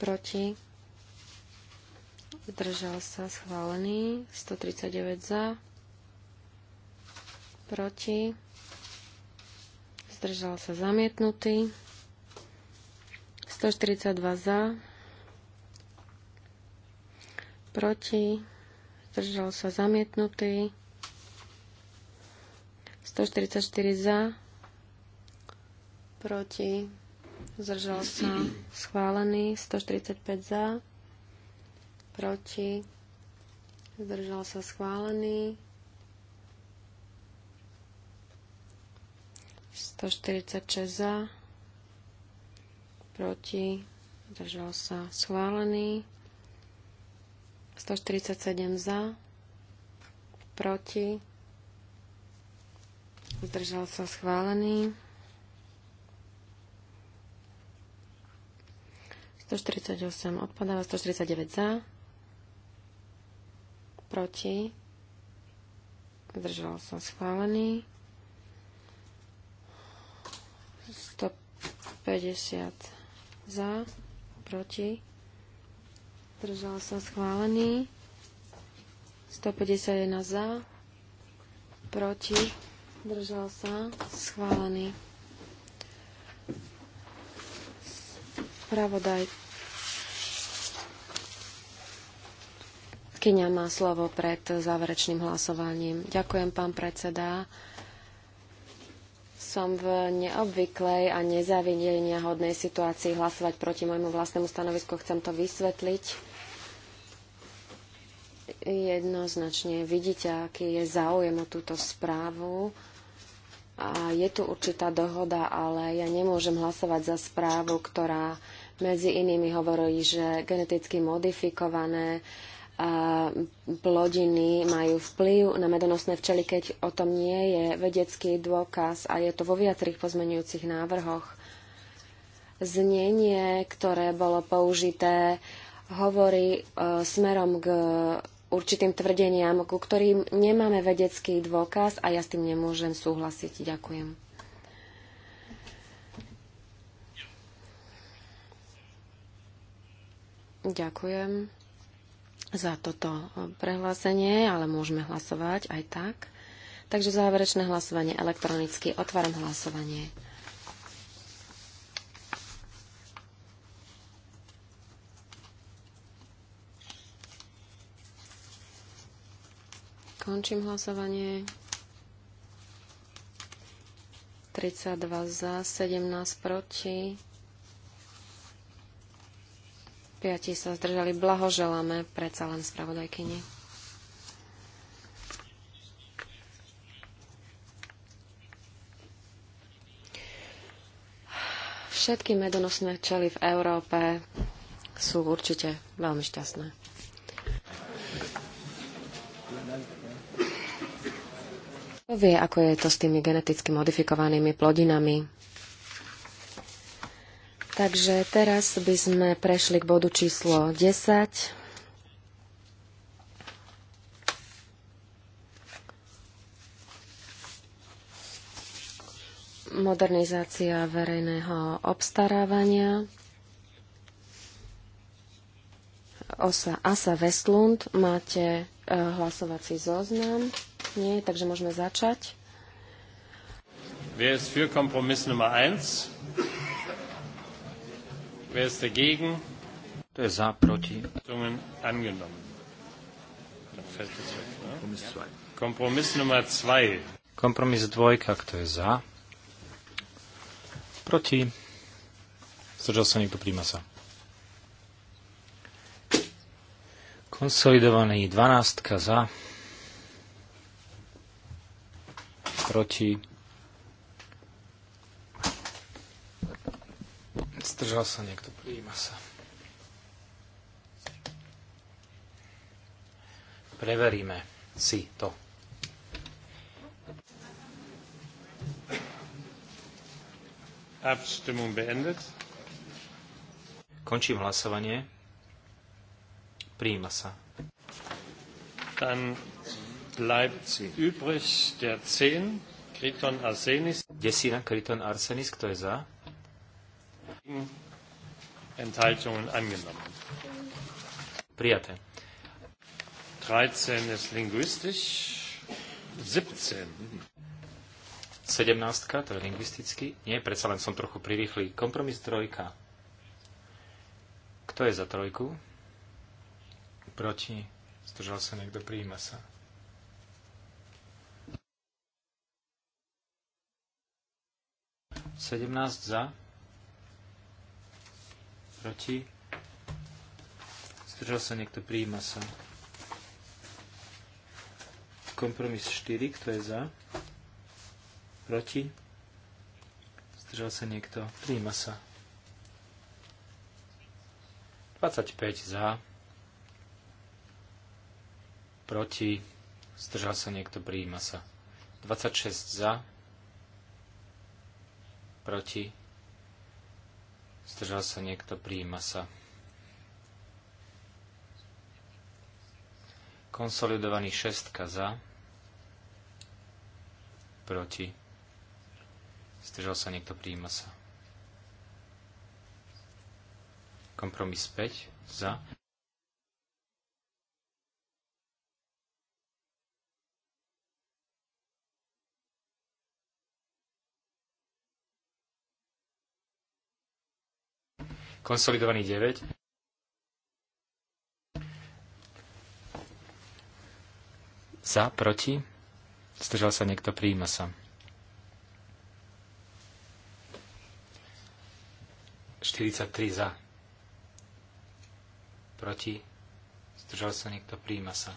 Proti zdržal sa, schválený. 139 za, proti, zdržal sa, zamietnutý. 142 za, proti, zdržal sa, zamietnutý. 144 za, proti, zdržal sa, schválený. 145 za, proti, zdržal sa schválený. 146 za, proti, zdržal sa schválený. 147 za, proti, zdržal sa schválený. 148 odpadáva, 149 za, proti, zdržal som schválený, 150 za, proti, zdržal som schválený, 151 za, proti, zdržal sa schválený. Pravodaj má slovo pred záverečným hlasovaním. Ďakujem, pán predseda. Som v neobvyklej a nezávidenia hodnej situácii hlasovať proti môjmu vlastnému stanovisku. Chcem to vysvetliť jednoznačne vidíte, aký je záujem o túto správu. A je tu určitá dohoda, ale ja nemôžem hlasovať za správu, ktorá medzi inými hovorí, že geneticky modifikované plodiny majú vplyv na medonosné včely, keď o tom nie je vedecký dôkaz a je to vo viacerých pozmenujúcich návrhoch. Znenie, ktoré bolo použité, hovorí e, smerom k určitým tvrdeniam, ku ktorým nemáme vedecký dôkaz a ja s tým nemôžem súhlasiť. Ďakujem. Ďakujem za toto e, prehlásenie, ale môžeme hlasovať aj tak. Takže záverečné hlasovanie elektronicky. Otváram hlasovanie. Končím hlasovanie. 32 za, 17 proti piati sa zdržali. Blahoželáme predsa len spravodajkyni. Všetky medonosné čely v Európe sú určite veľmi šťastné. Kto vie, ako je to s tými geneticky modifikovanými plodinami? Takže teraz by sme prešli k bodu číslo 10. Modernizácia verejného obstarávania. Osa Asa Westlund, máte e, hlasovací zoznam? Nie, takže môžeme začať. Wer ist für Kompromiss Nummer 1? Wer ist dagegen? Kto je za, proti? Angenommen. Kompromis Nummer 2. dvojka, kto je za? Proti? Zdržal sa niekto, príjma sa. Konsolidovaný 12 za. Proti? Zdržal sa niekto, prijíma sa. Preveríme si to. Abstimmung beendet. Končím hlasovanie. Prijíma sa. Dann bleibt übrig der 10, Kriton Arsenis. Desina Kriton Arsenis, kto je za? Enthaltungen angenommen. Prijate. 13 ist linguistisch. 17. 17, to je lingvisticky. Nie, predsa len som trochu prirýchly. Kompromis trojka. Kto je za trojku? Proti? Zdržal sa niekto, prijíma sa. Sedemnáct za proti, zdržal sa niekto, prijíma sa. Kompromis 4, kto je za, proti, zdržal sa niekto, prijíma sa. 25 za, proti, zdržal sa niekto, prijíma sa. 26 za, proti, Zdržal sa niekto, prijíma sa. Konsolidovaný šestka za. Proti. Zdržal sa niekto, prijíma sa. Kompromis 5 za. konsolidovaný 9. Za, proti, zdržal sa niekto, prijíma sa. 43 za. Proti, zdržal sa niekto, prijíma sa.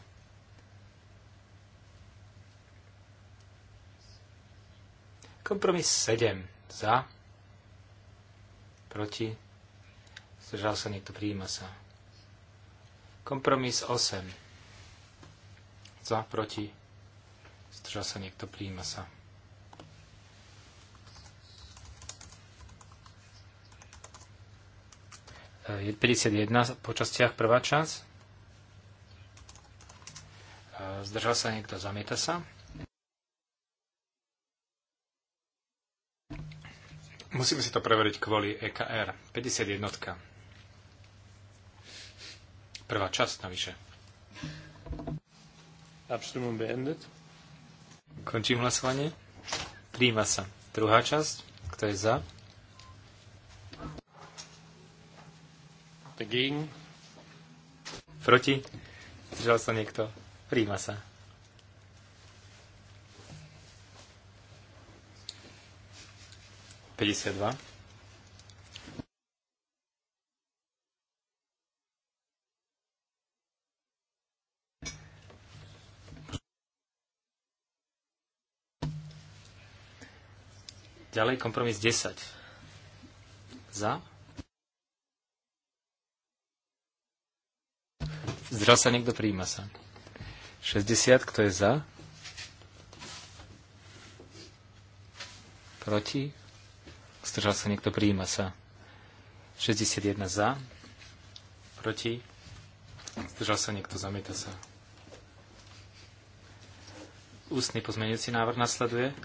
7 za, proti, Zdržal sa niekto, prijíma sa. Kompromis 8. Za, proti. Zdržal sa niekto, prijíma sa. E, Je 51 po častiach prvá časť. E, zdržal sa niekto, zamieta sa. Musíme si to preveriť kvôli EKR. 51. Prvá časť navyše. Končím hlasovanie. Príjma sa. Druhá časť. Kto je za? Proti? Zdržal sa niekto? Príjma sa. Päťdesiat Ďalej kompromis 10. Za. Zdrav sa niekto, prijíma sa. 60, kto je za? Proti? Zdržal sa niekto, prijíma sa. 61 za. Proti? Zdržal sa niekto, zamieta sa. Ústny pozmeňujúci návrh nasleduje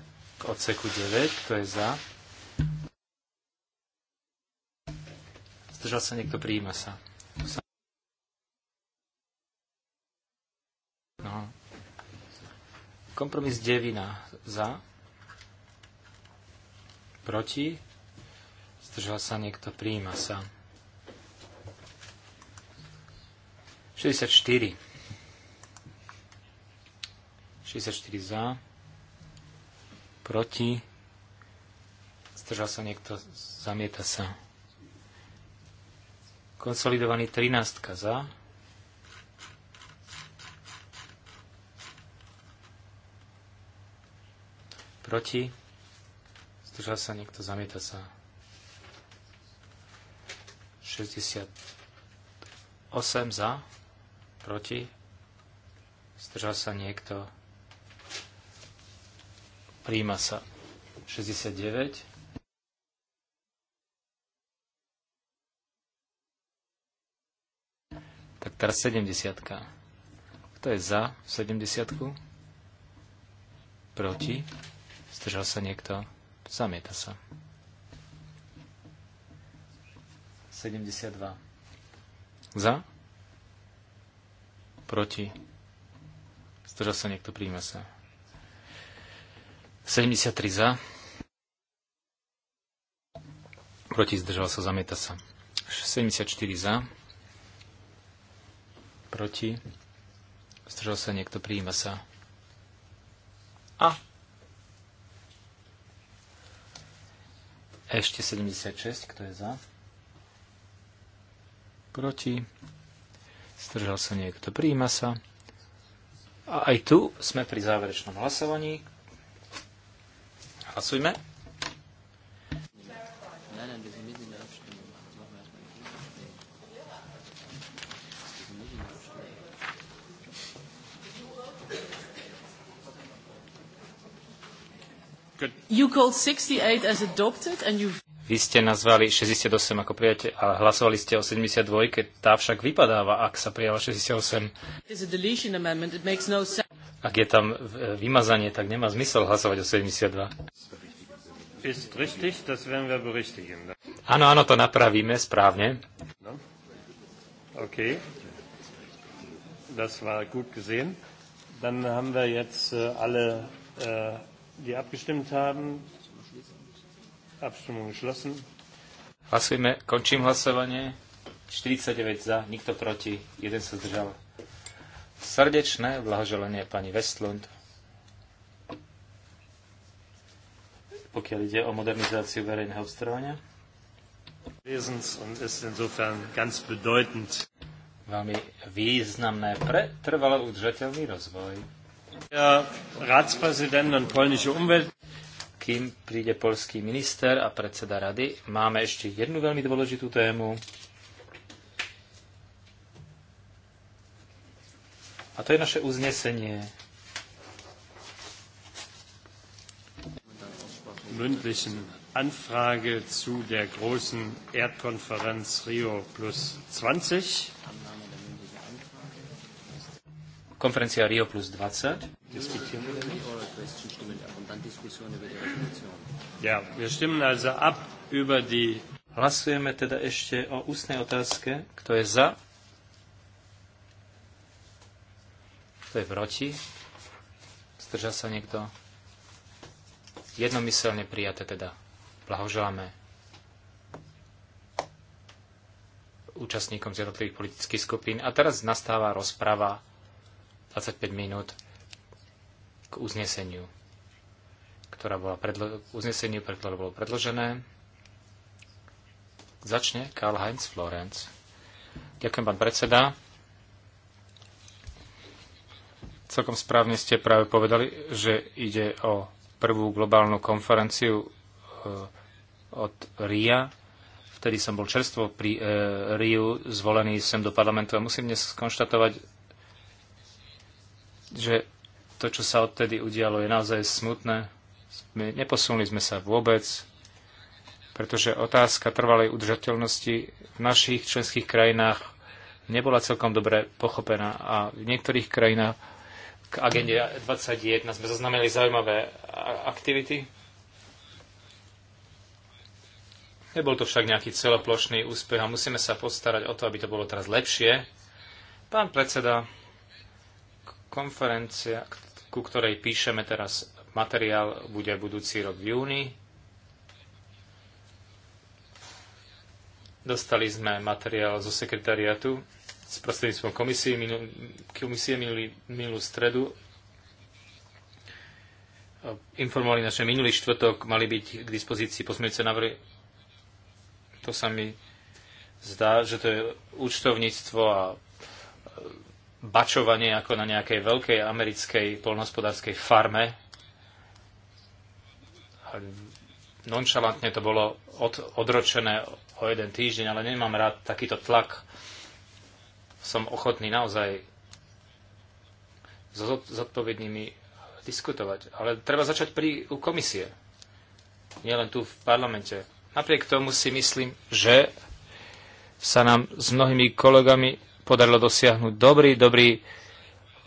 odseku 9, kto je za. Zdržal sa niekto, prijíma sa. No. Kompromis 9 za. Proti. Zdržal sa niekto, prijíma sa. 64. 64 za proti, zdržal sa niekto, zamieta sa. Konsolidovaný 13 za, proti, zdržal sa niekto, zamieta sa. 68 za, proti, zdržal sa niekto, Príjma sa 69. Tak teraz 70. Kto je za 70? Proti? Zdržal sa niekto? Zamieta sa. 72. Za? Proti? Zdržal sa niekto? Príjma sa. 73 za. Proti zdržal sa, zamieta sa. 74 za. Proti. Zdržal sa niekto, prijíma sa. A. Ešte 76, kto je za? Proti. Zdržal sa niekto, prijíma sa. A aj tu sme pri záverečnom hlasovaní. Hlasujme. You called 68 as adopted and you... Vy ste nazvali 68 ako prijate ale hlasovali ste o 72, tá však vypadáva, ak sa prijala 68. It's a deletion amendment, it makes No sense. Ak je tam e, vymazanie, tak nemá zmysel hlasovať o 72. áno, áno, to napravíme správne. No. Okay. Das war gut gesehen. Dann haben wir jetzt äh, alle, äh, die abgestimmt haben, Abstimmung geschlossen. Hlasujeme, končím hlasovanie. 49 za, nikto proti, jeden sa zdržal. Srdečné blahoželanie pani Westlund. pokiaľ ide o modernizáciu verejného obstarávania. Veľmi významné pre trvalo udržateľný rozvoj. Kým príde polský minister a predseda rady, máme ešte jednu veľmi dôležitú tému. A to je naše uznesenie. mündlichen Anfrage zu der großen Erdkonferenz Rio plus 20. Konferencia Rio plus 20. Ja, wir stimmen also ab über die... Hlasujeme teda ešte o ústnej otázke. Kto je za? Kto je proti? Zdrža sa niekto? Jednomyselne prijaté teda. Blahoželáme účastníkom z jednotlivých politických skupín. A teraz nastáva rozprava 25 minút k uzneseniu, ktorá bola predlo- uzneseniu, pre ktoré bolo predložené. Začne Karl Heinz Florenz. Ďakujem, pán predseda. Celkom správne ste práve povedali, že ide o prvú globálnu konferenciu e, od RIA. Vtedy som bol čerstvo pri e, RIU zvolený sem do parlamentu a musím dnes skonštatovať, že to, čo sa odtedy udialo, je naozaj smutné. Neposunuli sme sa vôbec, pretože otázka trvalej udržateľnosti v našich členských krajinách nebola celkom dobre pochopená a v niektorých krajinách k agende 21 sme zaznamenali zaujímavé aktivity. Nebol to však nejaký celoplošný úspech a musíme sa postarať o to, aby to bolo teraz lepšie. Pán predseda, konferencia, ku ktorej píšeme teraz materiál, bude budúci rok v júni. Dostali sme materiál zo sekretariatu s prostredníctvom komisie, minul, komisie minulý, minulú stredu e, informovali nás, že minulý štvrtok mali byť k dispozícii pozmeňujúce návrhy. To sa mi zdá, že to je účtovníctvo a e, bačovanie ako na nejakej veľkej americkej polnospodárskej farme. Nonšalantne to bolo od, odročené o jeden týždeň, ale nemám rád takýto tlak som ochotný naozaj so zodpovednými diskutovať. Ale treba začať pri, u komisie. Nielen tu v parlamente. Napriek tomu si myslím, že sa nám s mnohými kolegami podarilo dosiahnuť dobrý, dobrý,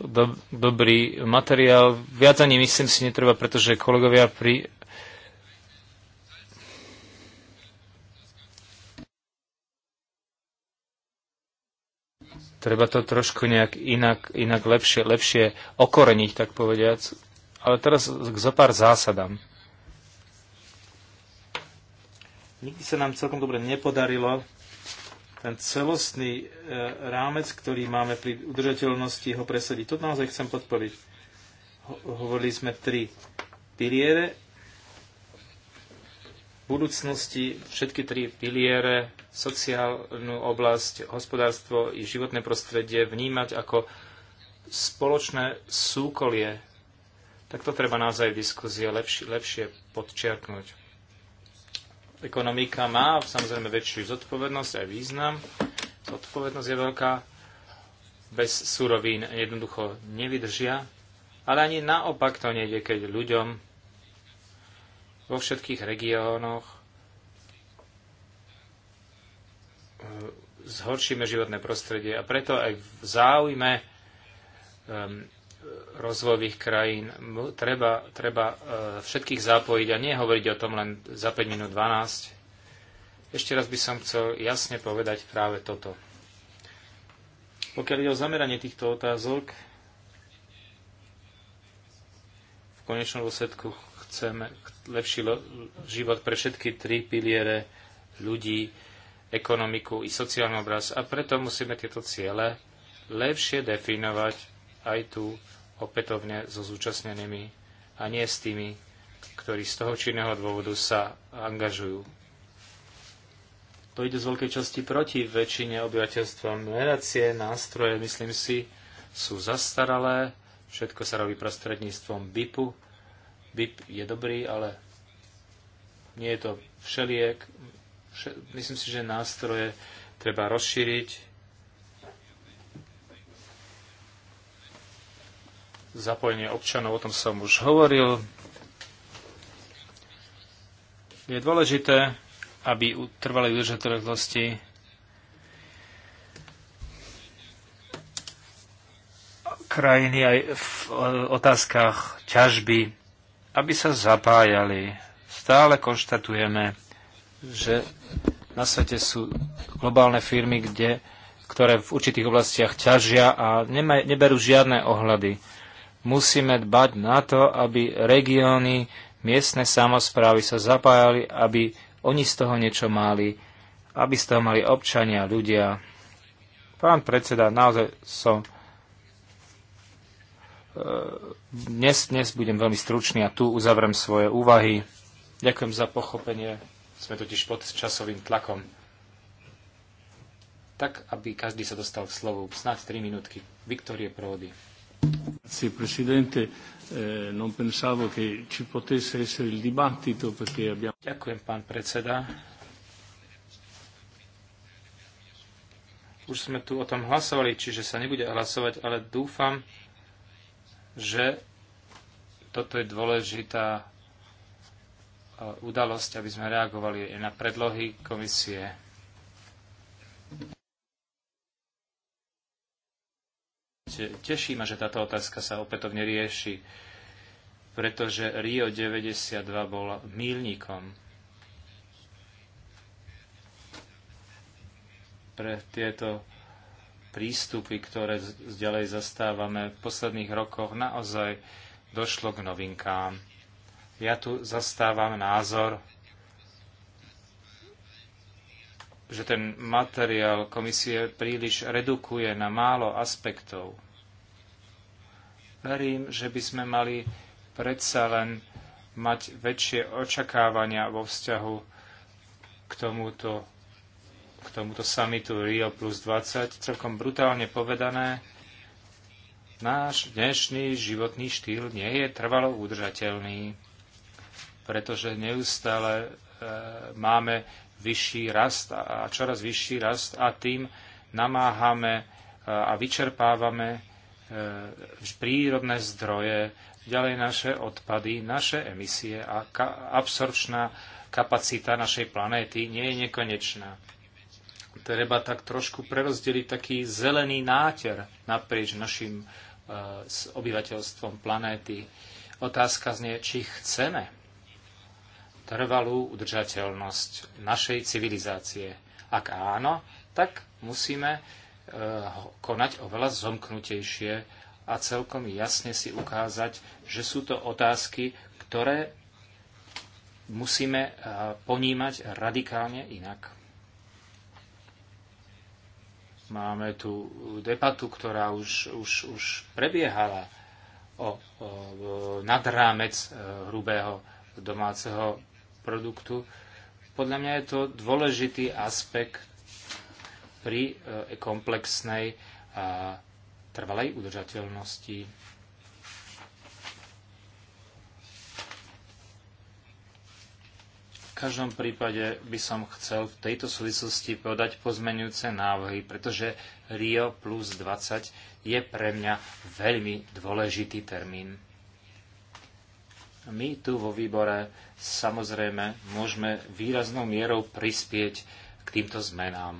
do, dobrý materiál. Viac ani myslím si netreba, pretože kolegovia pri Treba to trošku nejak inak, inak lepšie, lepšie okoreniť, tak povediac. Ale teraz k zo pár zásadám. Nikdy sa nám celkom dobre nepodarilo ten celostný e, rámec, ktorý máme pri udržateľnosti, ho presadiť. To naozaj chcem podporiť. Ho hovorili sme tri piliere budúcnosti všetky tri piliere, sociálnu oblasť, hospodárstvo i životné prostredie vnímať ako spoločné súkolie, tak to treba naozaj v diskuzie lepšie, lepšie podčiarknúť. Ekonomika má samozrejme väčšiu zodpovednosť aj význam. Zodpovednosť je veľká. Bez surovín jednoducho nevydržia. Ale ani naopak to nejde, keď ľuďom vo všetkých regiónoch e, zhoršíme životné prostredie a preto aj v záujme rozvojových krajín treba, treba e, všetkých zapojiť a nie hovoriť o tom len za 5 minút 12. Ešte raz by som chcel jasne povedať práve toto. Pokiaľ ide o zameranie týchto otázok, v konečnom dôsledku chceme lepší život pre všetky tri piliere ľudí, ekonomiku i sociálny obraz a preto musíme tieto ciele lepšie definovať aj tu opätovne so zúčastnenými a nie s tými, ktorí z toho či iného dôvodu sa angažujú. To ide z veľkej časti proti väčšine obyvateľstva. Meracie nástroje, myslím si, sú zastaralé, všetko sa robí prostredníctvom BIPu, BIP je dobrý, ale nie je to všeliek. Myslím si, že nástroje treba rozšíriť. Zapojenie občanov, o tom som už hovoril. Je dôležité, aby trvalé udržateľnosti krajiny aj v otázkach ťažby aby sa zapájali. Stále konštatujeme, že na svete sú globálne firmy, kde, ktoré v určitých oblastiach ťažia a nemaj, neberú žiadne ohľady. Musíme dbať na to, aby regióny, miestne samozprávy sa zapájali, aby oni z toho niečo mali, aby z toho mali občania, ľudia. Pán predseda, naozaj som Eh, dnes, dnes budem veľmi stručný a tu uzavrem svoje úvahy. Ďakujem za pochopenie. Sme totiž pod časovým tlakom. Tak, aby každý sa dostal k slovu. Snáď 3 minútky. Viktorie Prodi. Grazie Presidente, eh, non pensavo che ci potesse essere il dibattito perché abbiamo... Ďakujem pán predseda. Už sme tu o tom hlasovali, čiže sa nebude hlasovať, ale dúfam, že toto je dôležitá e, udalosť, aby sme reagovali aj na predlohy komisie. Teší ma, že táto otázka sa opätovne rieši, pretože Rio 92 bol mílnikom pre tieto prístupy, ktoré ďalej zastávame v posledných rokoch, naozaj došlo k novinkám. Ja tu zastávam názor, že ten materiál komisie príliš redukuje na málo aspektov. Verím, že by sme mali predsa len mať väčšie očakávania vo vzťahu k tomuto k tomuto samitu Rio plus 20. Celkom brutálne povedané, náš dnešný životný štýl nie je trvalo udržateľný, pretože neustále e, máme vyšší rast a, a čoraz vyšší rast a tým namáhame a, e, a vyčerpávame e, prírodné zdroje, ďalej naše odpady, naše emisie a ka- absorpčná kapacita našej planéty nie je nekonečná treba tak trošku prerozdeliť taký zelený náter naprieč našim uh, obyvateľstvom planéty. Otázka znie, či chceme trvalú udržateľnosť našej civilizácie. Ak áno, tak musíme e, konať oveľa zomknutejšie a celkom jasne si ukázať, že sú to otázky, ktoré musíme e, ponímať radikálne inak. Máme tu debatu, ktorá už, už, už prebiehala o, o, nad rámec e, hrubého domáceho produktu. Podľa mňa je to dôležitý aspekt pri e, komplexnej a trvalej udržateľnosti každom prípade by som chcel v tejto súvislosti podať pozmenujúce návrhy, pretože Rio plus 20 je pre mňa veľmi dôležitý termín. My tu vo výbore samozrejme môžeme výraznou mierou prispieť k týmto zmenám.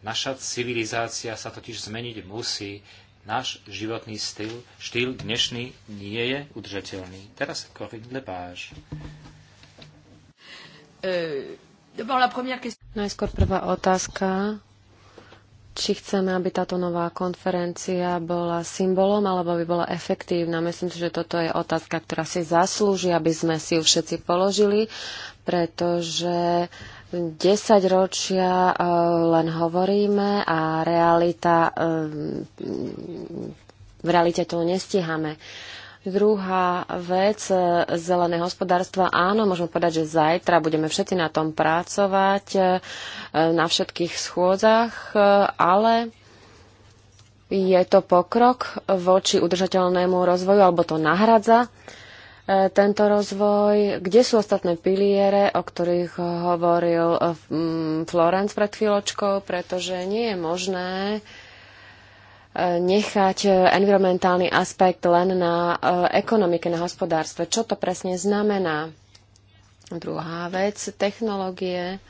Naša civilizácia sa totiž zmeniť musí. Náš životný styl, štýl dnešný nie je udržateľný. Teraz Corinne Lepage. Eh, Najskôr prvá otázka. Či chceme, aby táto nová konferencia bola symbolom alebo aby bola efektívna? Myslím si, že toto je otázka, ktorá si zaslúži, aby sme si ju všetci položili, pretože 10 ročia eh, len hovoríme a realita, eh, v realite to nestíhame. Druhá vec, e, zelené hospodárstva. Áno, môžeme povedať, že zajtra budeme všetci na tom pracovať e, na všetkých schôdzach, e, ale je to pokrok voči udržateľnému rozvoju, alebo to nahradza tento rozvoj. Kde sú ostatné piliere, o ktorých hovoril Florence pred chvíľočkou, pretože nie je možné nechať e, environmentálny aspekt len na e, ekonomike, na hospodárstve. Čo to presne znamená? Druhá vec, technológie.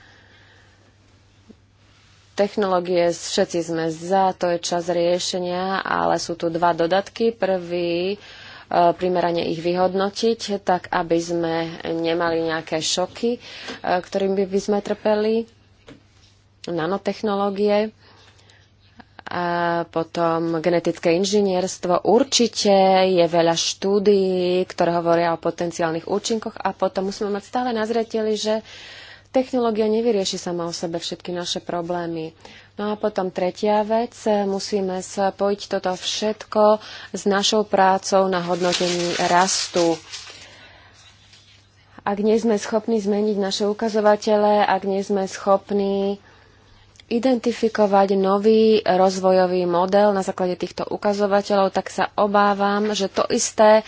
Technológie všetci sme za, to je čas riešenia, ale sú tu dva dodatky. Prvý, e, primerane ich vyhodnotiť, tak aby sme nemali nejaké šoky, ktorým by sme trpeli. Nanotechnológie a potom genetické inžinierstvo. Určite je veľa štúdií, ktoré hovoria o potenciálnych účinkoch a potom musíme mať stále na zreteli, že technológia nevyrieši sama o sebe všetky naše problémy. No a potom tretia vec, musíme spojiť toto všetko s našou prácou na hodnotení rastu ak nie sme schopní zmeniť naše ukazovatele, ak nie sme schopní identifikovať nový rozvojový model na základe týchto ukazovateľov, tak sa obávam, že to isté e,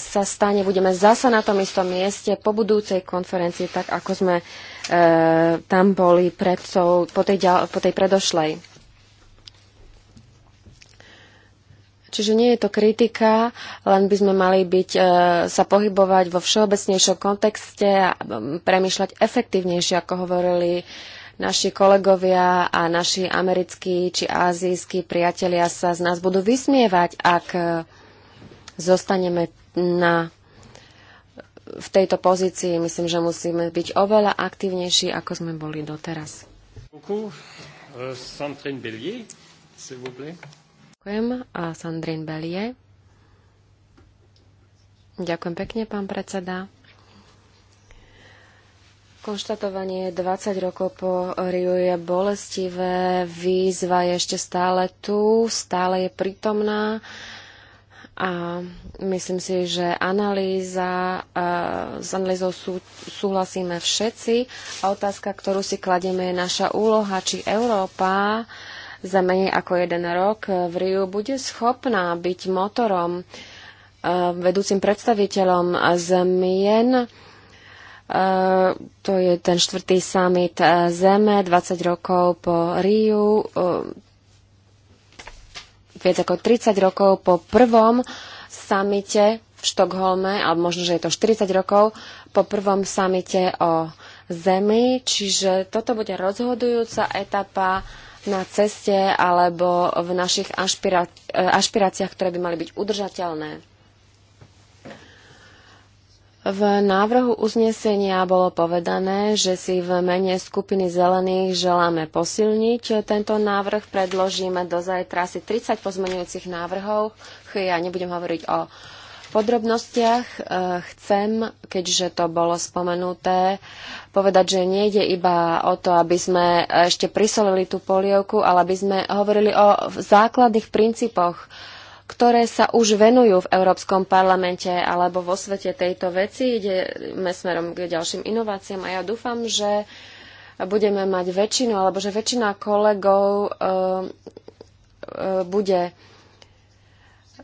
sa stane. Budeme zasa na tom istom mieste po budúcej konferencii, tak ako sme e, tam boli pred po, tej, po tej predošlej. Čiže nie je to kritika, len by sme mali byť, e, sa pohybovať vo všeobecnejšom kontexte a premýšľať efektívnejšie, ako hovorili e, naši kolegovia a naši americkí či azijskí priatelia sa z nás budú vysmievať, ak e, zostaneme na, v tejto pozícii. Myslím, že musíme byť oveľa aktívnejší, ako sme boli doteraz. Ďakujem. A Sandrine Bellier. Ďakujem pekne, pán predseda. Konštatovanie 20 rokov po Riu je bolestivé, výzva je ešte stále tu, stále je prítomná a myslím si, že analýza, e, s analýzou sú, súhlasíme všetci a otázka, ktorú si kladieme, je naša úloha, či Európa za menej ako jeden rok v Riu bude schopná byť motorom, e, vedúcim predstaviteľom zmien, Eh, to je ten štvrtý summit eh, Zeme, 20 rokov po Riu, eh, viac ako 30 rokov po prvom samite v Štokholme, alebo možno, že je to 40 rokov, po prvom samite o Zemi, čiže toto bude rozhodujúca etapa na ceste alebo v našich ašpiráciách, ktoré by mali byť udržateľné. V návrhu uznesenia bolo povedané, že si v mene skupiny zelených želáme posilniť tento návrh. Predložíme do zajtra asi 30 pozmenujúcich návrhov. Ja nebudem hovoriť o podrobnostiach. E, chcem, keďže to bolo spomenuté, povedať, že nejde iba o to, aby sme ešte prisolili tú polievku, ale aby sme hovorili o základných princípoch ktoré sa už venujú v Európskom parlamente alebo vo svete tejto veci. Ideme smerom k ďalším inováciám a ja dúfam, že budeme mať väčšinu alebo že väčšina kolegov uh, uh, bude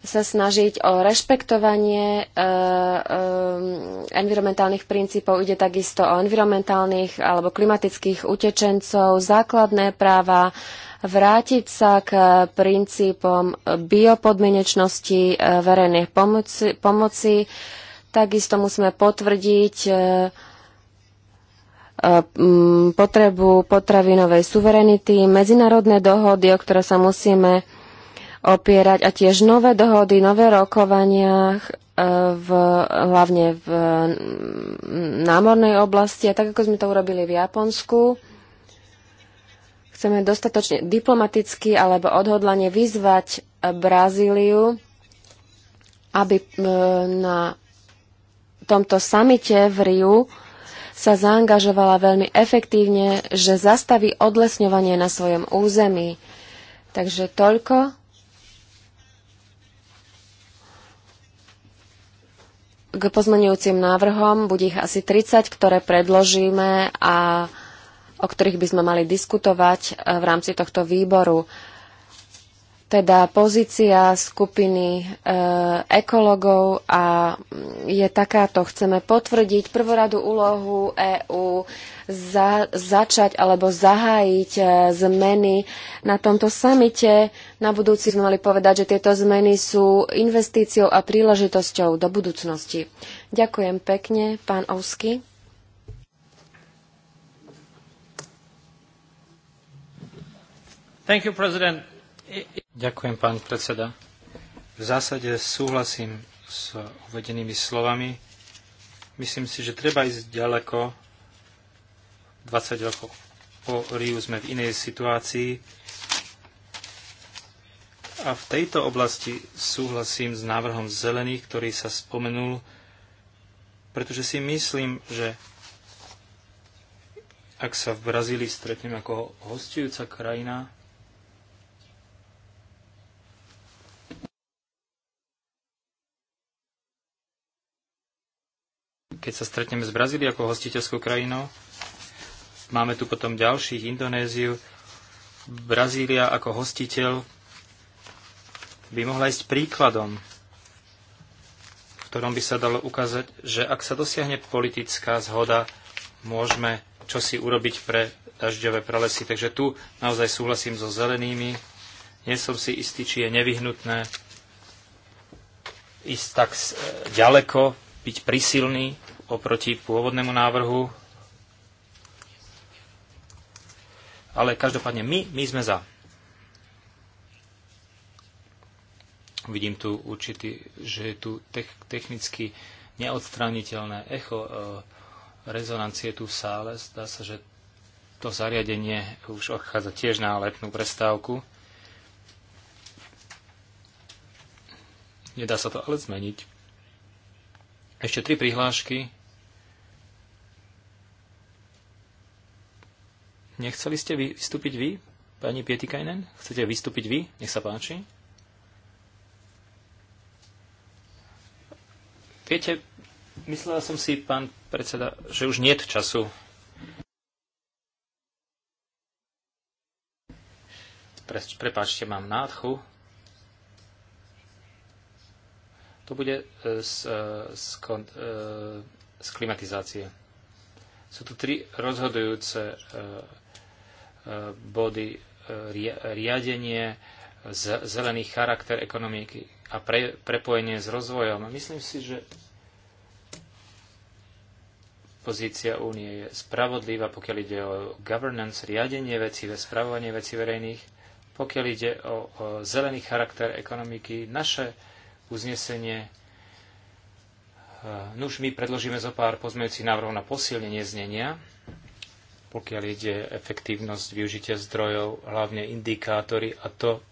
sa snažiť o rešpektovanie e, e, environmentálnych princípov, ide takisto o environmentálnych alebo klimatických utečencov, základné práva, vrátiť sa k princípom biopodmienečnosti e, verejnej pomoci, pomoci. Takisto musíme potvrdiť e, e, potrebu potravinovej suverenity, medzinárodné dohody, o ktoré sa musíme opierať a tiež nové dohody, nové rokovania, e, v, hlavne v námornej oblasti. A tak ako sme to urobili v Japonsku, chceme dostatočne diplomaticky alebo odhodlane vyzvať e, Brazíliu, aby na tomto samite v Riu sa zaangažovala veľmi efektívne, že zastaví odlesňovanie na svojom území. Takže toľko k pozmenujúcim návrhom, bude ich asi 30, ktoré predložíme a o ktorých by sme mali diskutovať eh, v rámci tohto výboru teda pozícia skupiny e, ekologov a je takáto. Chceme potvrdiť prvoradu úlohu EÚ za, začať alebo zahájiť e, zmeny na tomto samite. Na budúci sme mali povedať, že tieto zmeny sú investíciou a príležitosťou do budúcnosti. Ďakujem pekne, pán Ousky. Thank you, President. Ďakujem, pán predseda. V zásade súhlasím s uvedenými slovami. Myslím si, že treba ísť ďaleko. 20 rokov po Riu sme v inej situácii. A v tejto oblasti súhlasím s návrhom zelených, ktorý sa spomenul, pretože si myslím, že ak sa v Brazílii stretnem ako hostujúca krajina, keď sa stretneme s Brazíliou ako hostiteľskou krajinou. Máme tu potom ďalších, Indonéziu. Brazília ako hostiteľ by mohla ísť príkladom, v ktorom by sa dalo ukázať, že ak sa dosiahne politická zhoda, môžeme čosi urobiť pre dažďové pralesy. Takže tu naozaj súhlasím so zelenými. Nie som si istý, či je nevyhnutné ísť tak e, ďaleko, byť prisilný, oproti pôvodnému návrhu. Ale každopádne my, my sme za. Vidím tu určitý, že je tu technicky neodstrániteľné echo e, rezonancie tu v sále. Zdá sa, že to zariadenie už odchádza tiež na letnú prestávku. Nedá sa to ale zmeniť. Ešte tri prihlášky. Nechceli ste vystúpiť vy, pani Pietikajnen? Chcete vystúpiť vy? Nech sa páči. Viete, myslela som si, pán predseda, že už nie je času. Pre, prepáčte, mám nádchu. To bude e, z, e, z, e, z klimatizácie. Sú tu tri rozhodujúce body e, riadenie, zelený charakter ekonomiky a pre, prepojenie s rozvojom. Myslím si, že pozícia únie je spravodlivá, pokiaľ ide o governance, riadenie veci, spravovanie veci verejných, pokiaľ ide o, o zelený charakter ekonomiky, naše uznesenie e, Nuž my predložíme zo pár pozmejúcich návrhov na posilnenie znenia pokiaľ ide efektívnosť využitia zdrojov, hlavne indikátory a to,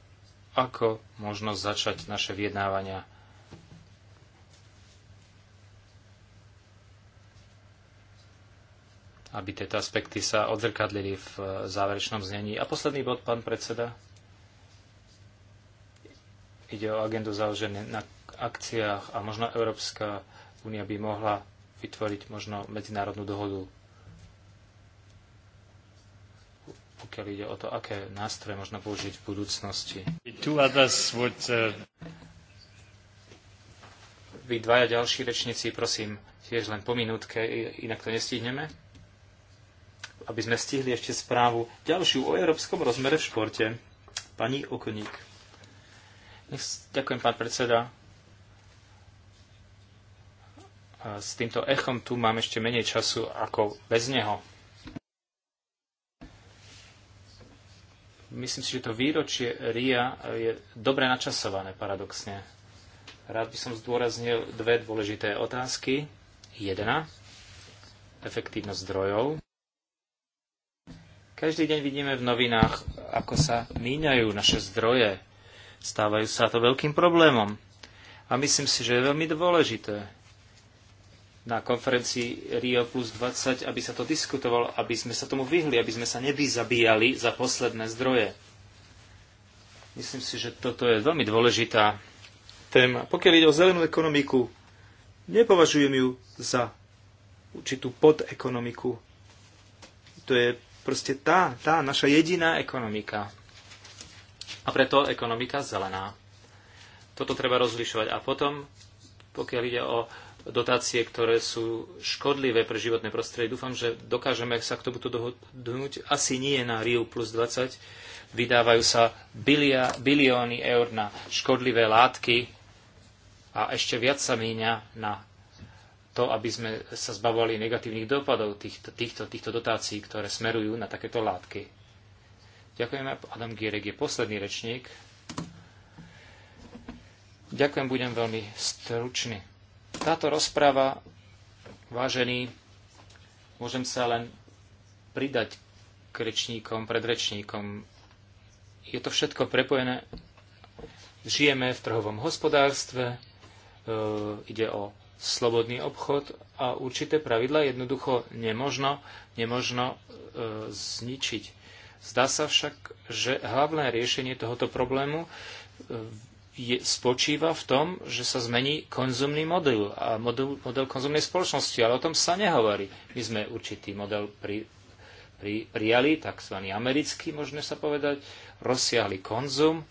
ako možno začať naše vyjednávania. aby tieto aspekty sa odzrkadlili v záverečnom znení. A posledný bod, pán predseda. Ide o agendu založené na akciách a možno Európska únia by mohla vytvoriť možno medzinárodnú dohodu pokiaľ ide o to, aké nástroje možno použiť v budúcnosti. Uh, Vy dvaja ďalší rečníci, prosím, tiež len po minútke, inak to nestihneme. Aby sme stihli ešte správu ďalšiu o európskom rozmere v športe. Pani Okoník. Ďakujem, pán predseda. s týmto echom tu mám ešte menej času ako bez neho Myslím si, že to výročie RIA je dobre načasované, paradoxne. Rád by som zdôraznil dve dôležité otázky. Jedna, efektívnosť zdrojov. Každý deň vidíme v novinách, ako sa míňajú naše zdroje. Stávajú sa to veľkým problémom. A myslím si, že je veľmi dôležité na konferencii Rio plus 20, aby sa to diskutovalo, aby sme sa tomu vyhli, aby sme sa nevyzabíjali za posledné zdroje. Myslím si, že toto je veľmi dôležitá téma. Pokiaľ ide o zelenú ekonomiku, nepovažujem ju za určitú podekonomiku. To je proste tá, tá naša jediná ekonomika. A preto ekonomika zelená. Toto treba rozlišovať. A potom, pokiaľ ide o dotácie, ktoré sú škodlivé pre životné prostredie. Dúfam, že dokážeme sa k tomuto dohodnúť. Asi nie na Rio plus 20. Vydávajú sa bilia, bilióny eur na škodlivé látky a ešte viac sa míňa na to, aby sme sa zbavovali negatívnych dopadov týchto, týchto, týchto dotácií, ktoré smerujú na takéto látky. Ďakujem Adam Gierek je posledný rečník. Ďakujem, budem veľmi stručný táto rozprava, vážený, môžem sa len pridať k rečníkom, predrečníkom. Je to všetko prepojené. Žijeme v trhovom hospodárstve, e, ide o slobodný obchod a určité pravidla jednoducho nemožno, nemožno e, zničiť. Zdá sa však, že hlavné riešenie tohoto problému e, je, spočíva v tom, že sa zmení konzumný model a model, model konzumnej spoločnosti, ale o tom sa nehovorí. My sme určitý model pri, pri, prijali, tzv. americký, možno sa povedať, rozsiahli konzum.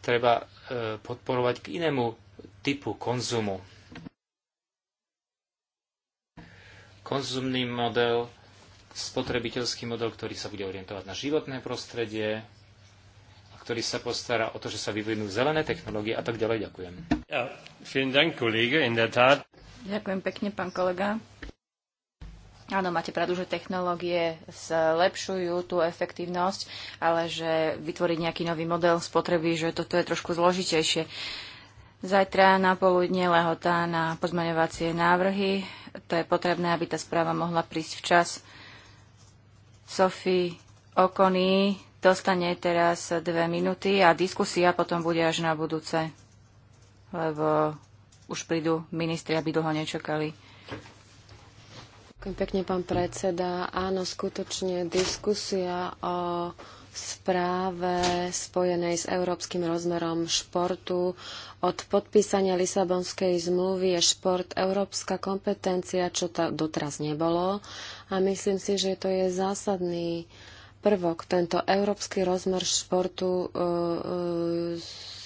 Treba e, podporovať k inému typu konzumu. Konzumný model, spotrebiteľský model, ktorý sa bude orientovať na životné prostredie, ktorý sa postará o to, že sa vyvinú zelené technológie a tak ďalej. Ďakujem. Ja, vielen Dank, in der Tat. Ďakujem pekne, pán kolega. Áno, máte pravdu, že technológie zlepšujú tú efektívnosť, ale že vytvoriť nejaký nový model spotreby, že toto je trošku zložitejšie. Zajtra na poludne lehota na pozmaňovacie návrhy. To je potrebné, aby tá správa mohla prísť včas. Sophie Okony dostane teraz dve minúty a diskusia potom bude až na budúce, lebo už prídu ministri, aby dlho nečakali. Ďakujem pekne, pán predseda. Áno, skutočne diskusia o správe spojenej s európskym rozmerom športu. Od podpísania Lisabonskej zmluvy je šport európska kompetencia, čo to doteraz nebolo. A myslím si, že to je zásadný uh, prvok, tento európsky rozmer športu e, e,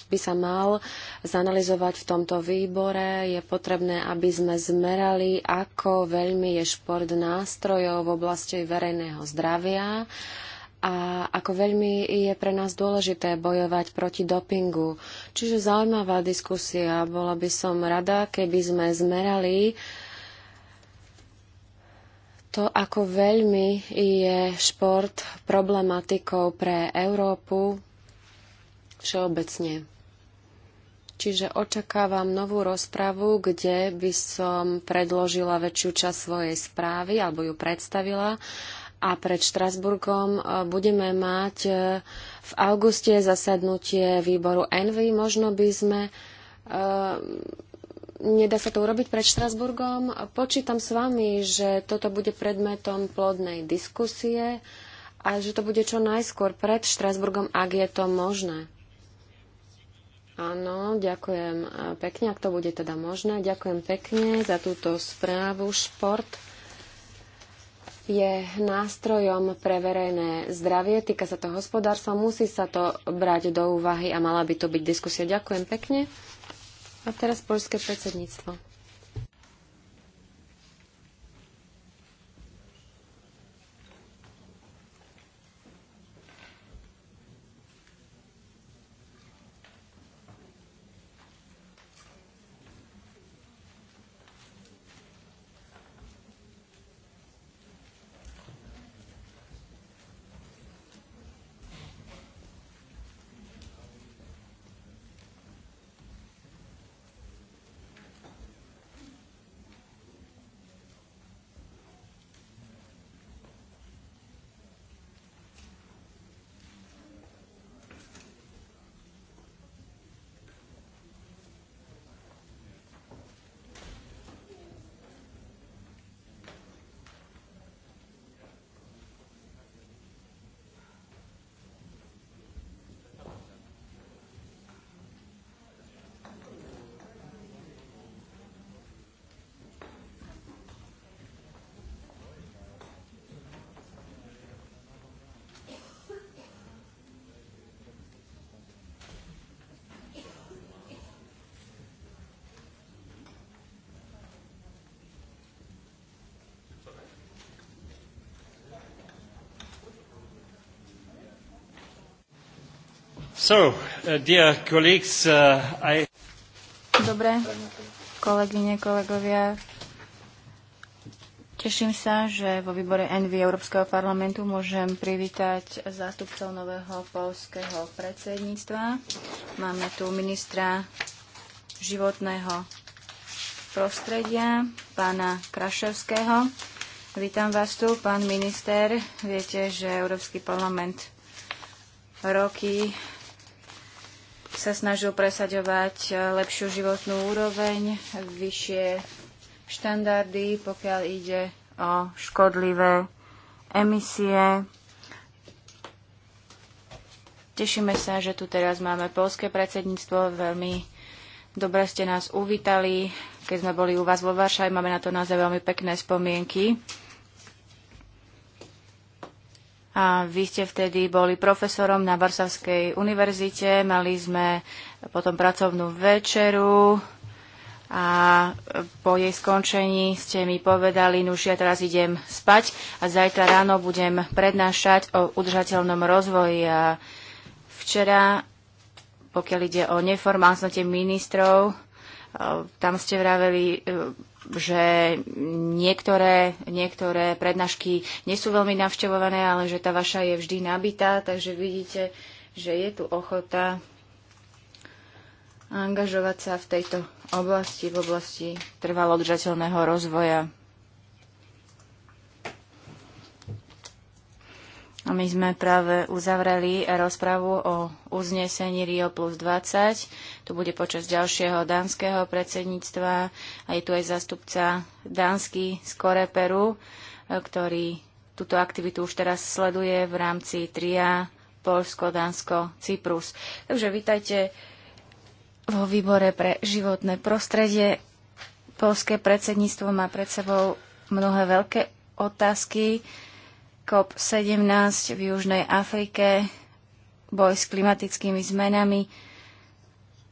by sa mal zanalizovať v tomto výbore. Je potrebné, aby sme zmerali, ako veľmi je šport nástrojov v oblasti verejného zdravia a ako veľmi je pre nás dôležité bojovať proti dopingu. Čiže zaujímavá diskusia. Bola by som rada, keby sme zmerali uh, to, ako veľmi je šport problematikou pre Európu všeobecne. Čiže očakávam novú rozpravu, kde by som predložila väčšiu časť svojej správy alebo ju predstavila. A pred Štrasburgom e, budeme mať e, v auguste zasadnutie výboru Envy. Možno by sme e, nedá sa to urobiť pred Štrasburgom. Počítam s vami, že toto bude predmetom plodnej diskusie a že to bude čo najskôr pred Štrasburgom, ak je to možné. Áno, ďakujem pekne, ak to bude teda možné. Ďakujem pekne za túto správu. Šport je nástrojom pre verejné zdravie, týka sa to hospodárstva, musí sa to brať do úvahy a mala by to byť diskusia. Ďakujem pekne. A teraz poľské predsedníctvo. So, uh, dear colleagues, uh, I... Dobre, kolegyne, kolegovia, teším sa, že vo výbore Envy Európskeho parlamentu môžem privítať zástupcov nového polského predsedníctva. Máme tu ministra životného prostredia, pána Kraševského. Vítam vás tu, pán minister. Viete, že Európsky parlament roky sa snažil presaďovať e, lepšiu životnú úroveň, vyššie štandardy, pokiaľ ide o škodlivé emisie. Tešíme sa, že tu teraz máme polské predsedníctvo. Veľmi dobre ste nás uvítali, keď sme boli u vás vo Varšaj. Máme na to naozaj veľmi pekné spomienky. A vy ste vtedy boli profesorom na Varsavskej univerzite, mali sme potom pracovnú večeru a po jej skončení ste mi povedali, no už ja teraz idem spať a zajtra ráno budem prednášať o udržateľnom rozvoji. A včera, pokiaľ ide o neformálnosti ministrov, tam ste vraveli, že niektoré, niektoré prednášky nie sú veľmi navštevované, ale že tá vaša je vždy nabitá, takže vidíte, že je tu ochota angažovať sa v tejto oblasti, v oblasti trvalo rozvoja. A my sme práve uzavreli rozpravu o uznesení Rio plus 20. To bude počas ďalšieho dánskeho predsedníctva a je tu aj zástupca dánsky z Koreperu, e, ktorý túto aktivitu už teraz sleduje v rámci TRIA Polsko, Dánsko, Cyprus. Takže vítajte vo výbore pre životné prostredie. Polské predsedníctvo má pred sebou mnohé veľké otázky. COP17 v Južnej Afrike, boj s klimatickými zmenami,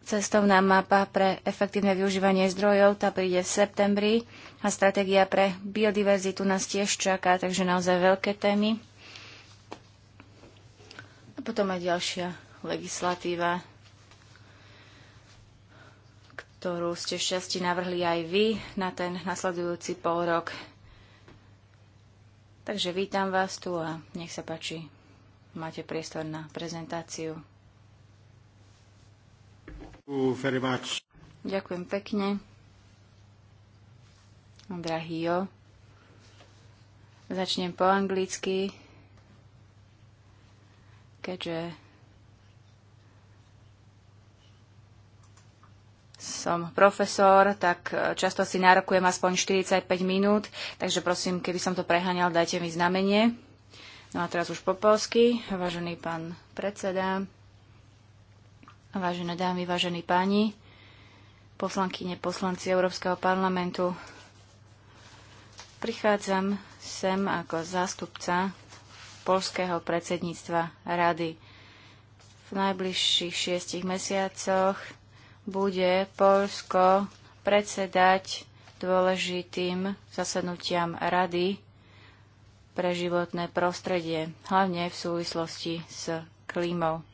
Cestovná mapa pre efektívne využívanie zdrojov, tá príde v septembri a stratégia pre biodiverzitu nás tiež čaká, takže naozaj veľké témy. A potom aj ďalšia legislatíva, ktorú ste v časti navrhli aj vy na ten nasledujúci pol rok. Takže vítam vás tu a nech sa páči, máte priestor na prezentáciu. Ďakujem pekne. Drahý Jo. Začnem po anglicky, keďže som profesor, tak eh, často si nárokujem aspoň 45 minút, takže prosím, keby som to preháňal, dajte mi znamenie. No a teraz už po polsky, vážený pán predseda, Vážené dámy, vážení páni, poslankyne, poslanci Európskeho parlamentu, prichádzam sem ako zástupca polského predsedníctva rady. V najbližších šiestich mesiacoch bude Polsko predsedať dôležitým zasadnutiam rady pre životné prostredie, hlavne v súvislosti s klímou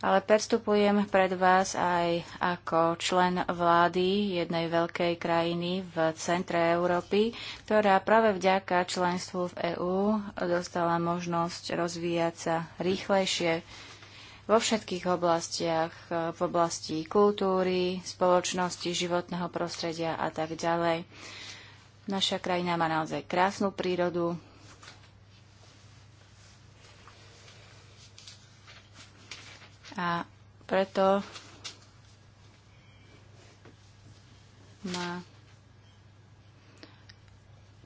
ale predstupujem pred vás aj ako člen vlády jednej veľkej krajiny v centre Európy, ktorá práve vďaka členstvu v EÚ dostala možnosť rozvíjať sa rýchlejšie vo všetkých oblastiach, v oblasti kultúry, spoločnosti, životného prostredia a tak ďalej. Naša krajina má naozaj krásnu prírodu, A preto má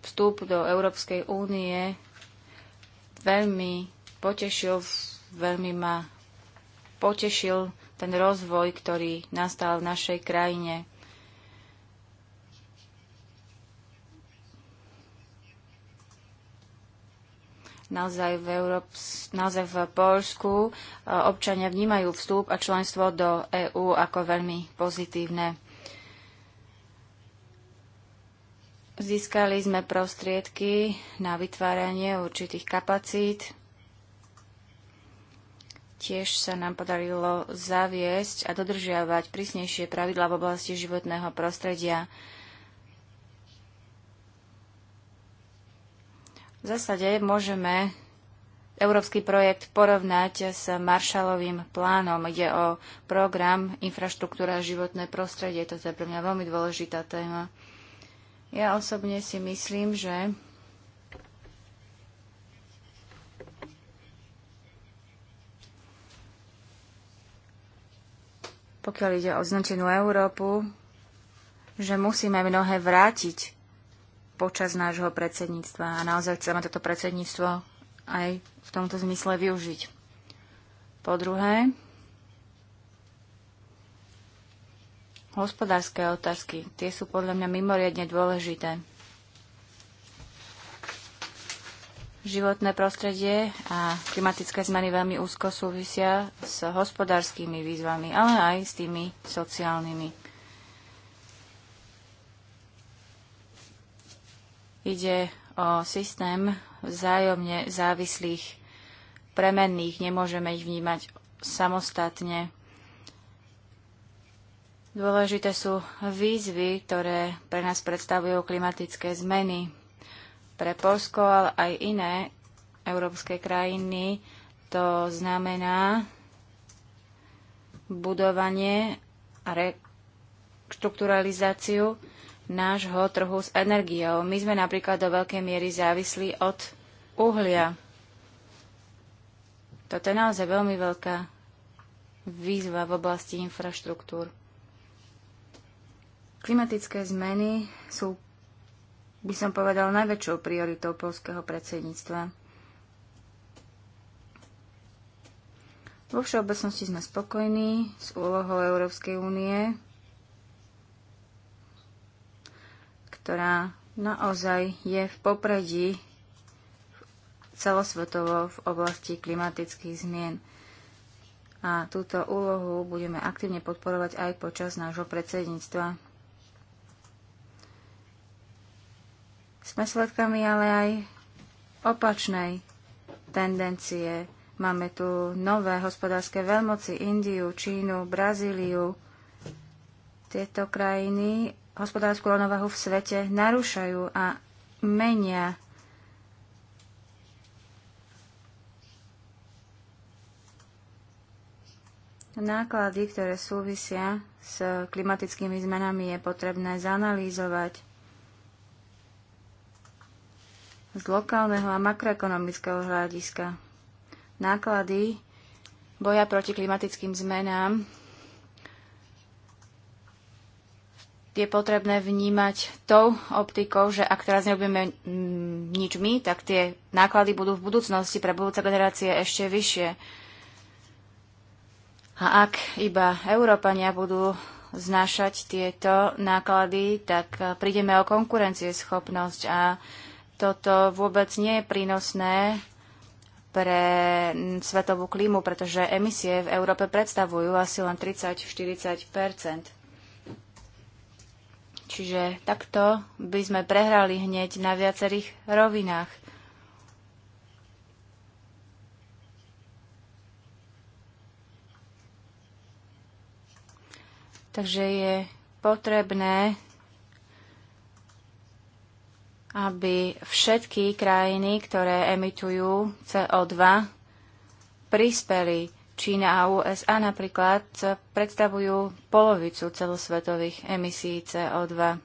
vstup do Európskej únie veľmi potešil, veľmi ma potešil ten rozvoj, ktorý nastal v našej krajine. Naozaj v, Európs- naozaj v Polsku e, občania vnímajú vstup a členstvo do EÚ ako veľmi pozitívne. Získali sme prostriedky na vytváranie určitých kapacít. Tiež sa nám podarilo zaviesť a dodržiavať prísnejšie pravidla v oblasti životného prostredia. V zásade môžeme európsky projekt porovnať s Marshallovým plánom. Ide o program Infraštruktúra a životné prostredie. To je pre mňa veľmi dôležitá téma. Ja osobne si myslím, že pokiaľ ide o značenú Európu, že musíme mnohé vrátiť počas nášho predsedníctva a naozaj chceme toto predsedníctvo aj v tomto zmysle využiť. Po druhé, hospodárske otázky. Tie sú podľa mňa mimoriadne dôležité. Životné prostredie a klimatické zmeny veľmi úzko súvisia s hospodárskymi výzvami, ale aj s tými sociálnymi. Ide o systém vzájomne závislých premenných. Nemôžeme ich vnímať samostatne. Dôležité sú výzvy, ktoré pre nás predstavujú klimatické zmeny. Pre Polsko, ale aj iné európske krajiny to znamená budovanie a reštrukturalizáciu nášho trhu s energiou. My sme napríklad do veľkej miery závislí od uhlia. Toto je naozaj veľmi veľká výzva v oblasti infraštruktúr. Klimatické zmeny sú, by som povedal, najväčšou prioritou polského predsedníctva. Vo všeobecnosti sme spokojní s úlohou Európskej únie ktorá naozaj je v popredí celosvetovo v oblasti klimatických zmien. A túto úlohu budeme aktívne podporovať aj počas nášho predsedníctva. Sme svedkami ale aj opačnej tendencie. Máme tu nové hospodárske veľmoci Indiu, Čínu, Brazíliu. Tieto krajiny hospodárskú rovnovahu v svete narúšajú a menia Náklady, ktoré súvisia s klimatickými zmenami, je potrebné zanalýzovať z lokálneho a makroekonomického hľadiska. Náklady boja proti klimatickým zmenám je potrebné vnímať tou optikou, že ak teraz nerobíme mm, nič my, tak tie náklady budú v budúcnosti pre budúce generácie ešte vyššie. A ak iba Európania budú znášať tieto náklady, tak e, prídeme o konkurencieschopnosť a toto vôbec nie je prínosné pre mm, svetovú klímu, pretože emisie v Európe predstavujú asi len 30-40 Čiže takto by sme prehrali hneď na viacerých rovinách. Takže je potrebné, aby všetky krajiny, ktoré emitujú CO2, prispeli Čína a USA napríklad predstavujú polovicu celosvetových emisí CO2.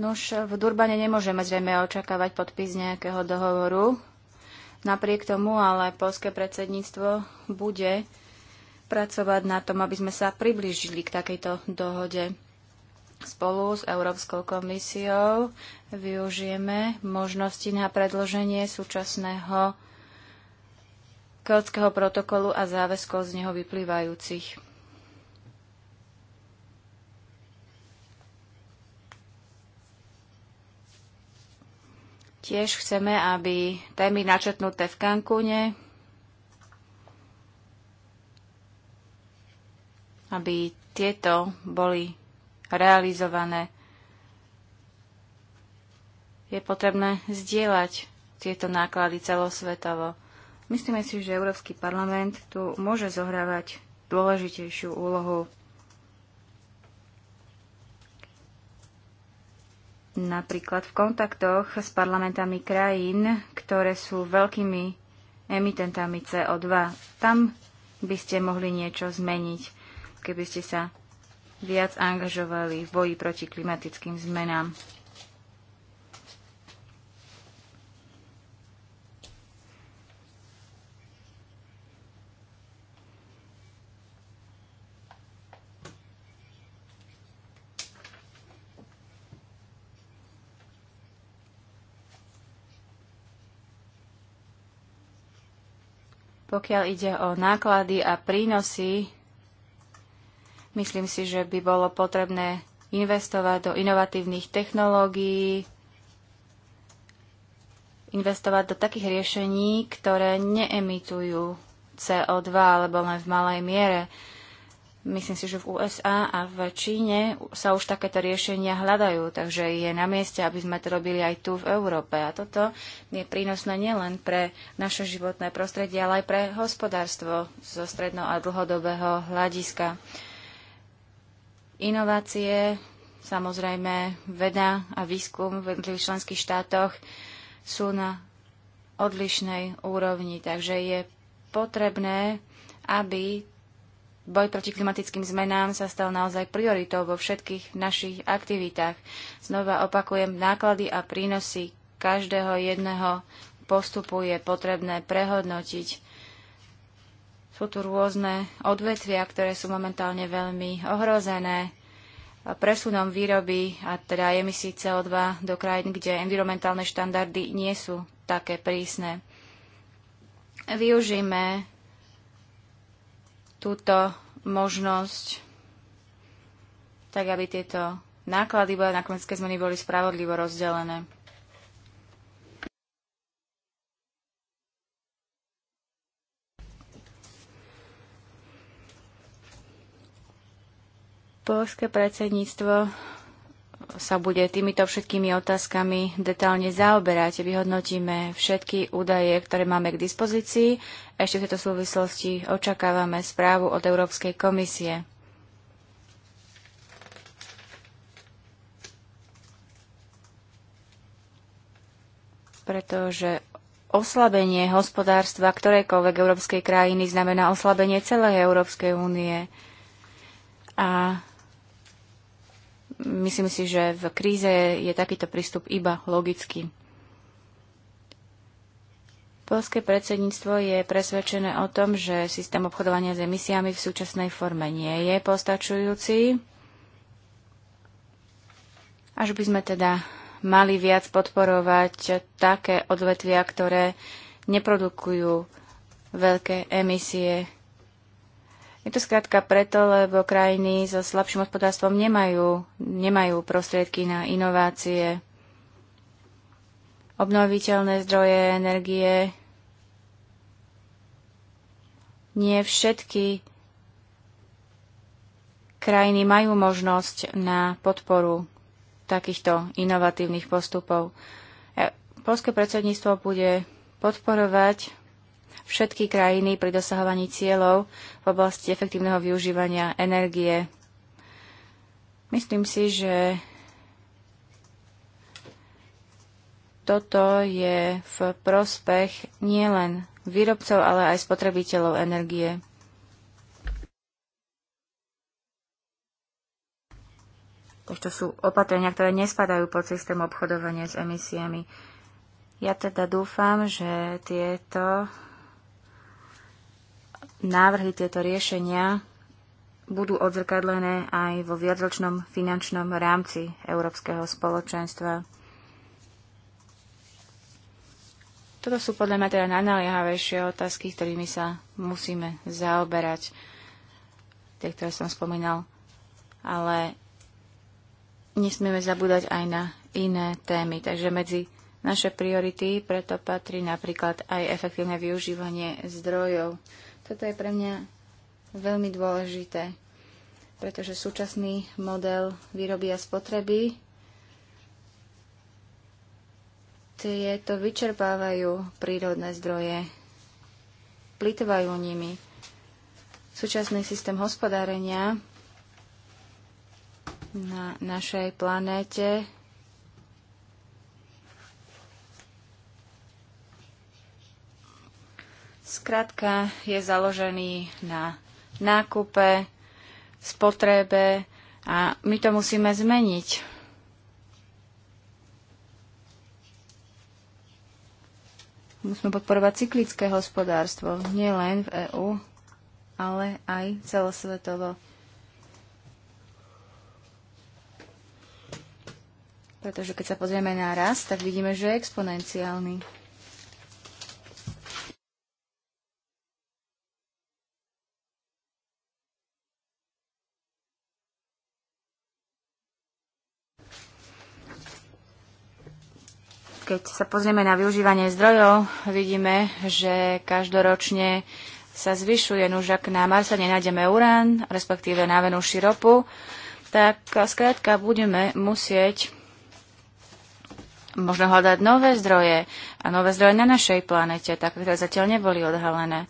Nuž, v Durbane nemôžeme zrejme očakávať podpis nejakého dohovoru. Napriek tomu ale polské predsedníctvo bude pracovať na tom, aby sme sa priblížili k takejto dohode spolu s Európskou komisiou využijeme možnosti na predloženie súčasného Kjótského protokolu a záväzkov z neho vyplývajúcich. Tiež chceme, aby témy načetnuté v Cancúne, aby tieto boli realizované. Je potrebné zdieľať tieto náklady celosvetovo. Myslíme si, že Európsky parlament tu môže zohrávať dôležitejšiu úlohu. Napríklad v kontaktoch s parlamentami krajín, ktoré sú veľkými emitentami CO2. Tam by ste mohli niečo zmeniť, keby ste sa viac angažovali v boji proti klimatickým zmenám. Pokiaľ ide o náklady a prínosy Myslím si, že by bolo potrebné investovať do inovatívnych technológií, investovať do takých riešení, ktoré neemitujú CO2 alebo len v malej miere. Myslím si, že v USA a v Číne sa už takéto riešenia hľadajú, takže je na mieste, aby sme to robili aj tu v Európe. A toto je prínosné nielen pre naše životné prostredie, ale aj pre hospodárstvo zo stredno- a dlhodobého hľadiska. Inovácie, samozrejme veda a výskum v jednotlivých členských štátoch sú na odlišnej úrovni, takže je potrebné, aby boj proti klimatickým zmenám sa stal naozaj prioritou vo všetkých našich aktivitách. Znova opakujem, náklady a prínosy každého jedného postupu je potrebné prehodnotiť. Sú tu rôzne odvetvia, ktoré sú momentálne veľmi ohrozené presunom výroby, a teda emisí CO2 do krajín, kde environmentálne štandardy nie sú také prísne. Využíme túto možnosť, tak aby tieto náklady boja na klimatické zmeny boli spravodlivo rozdelené. Polské predsedníctvo sa bude týmito všetkými otázkami detálne zaoberať. Vyhodnotíme všetky údaje, ktoré máme k dispozícii. Ešte v tejto súvislosti očakávame správu od Európskej komisie. pretože oslabenie hospodárstva ktorejkoľvek európskej krajiny znamená oslabenie celej Európskej únie. A myslím si, že v kríze je takýto prístup iba logický. Polské predsedníctvo je presvedčené o tom, že systém obchodovania s emisiami v súčasnej forme nie je postačujúci. Až by sme teda mali viac podporovať také odvetvia, ktoré neprodukujú veľké emisie je to skrátka preto, lebo krajiny so slabším hospodárstvom nemajú, nemajú prostriedky na inovácie, obnoviteľné zdroje energie. Nie všetky krajiny majú možnosť na podporu takýchto inovatívnych postupov. E, Polské predsedníctvo bude podporovať všetky krajiny pri dosahovaní cieľov v oblasti efektívneho využívania energie. Myslím si, že toto je v prospech nielen výrobcov, ale aj spotrebiteľov energie. Takže to sú opatrenia, ktoré nespadajú pod systém obchodovania s emisiami. Ja teda dúfam, že tieto návrhy, tieto riešenia budú odzrkadlené aj vo viacročnom finančnom rámci Európskeho spoločenstva. Toto sú podľa mňa teda najnaliehavejšie otázky, ktorými sa musíme zaoberať, tie, ktoré som spomínal. Ale nesmieme zabúdať aj na iné témy. Takže medzi naše priority preto patrí napríklad aj efektívne využívanie zdrojov. Toto je pre mňa veľmi dôležité, pretože súčasný model výroby a spotreby tieto vyčerpávajú prírodné zdroje, plýtvajú nimi. Súčasný systém hospodárenia na našej planéte Skrátka je založený na nákupe, spotrebe a my to musíme zmeniť. Musíme podporovať cyklické hospodárstvo, nielen v EÚ, ale aj celosvetovo. Pretože keď sa pozrieme na rast, tak vidíme, že je exponenciálny. Keď sa pozrieme na využívanie zdrojov, vidíme, že každoročne sa zvyšuje nužak na Marsa, nenájdeme urán, respektíve na Venuši ropu, tak skrátka budeme musieť možno hľadať nové zdroje a nové zdroje na našej planete, tak ktoré zatiaľ neboli odhalené.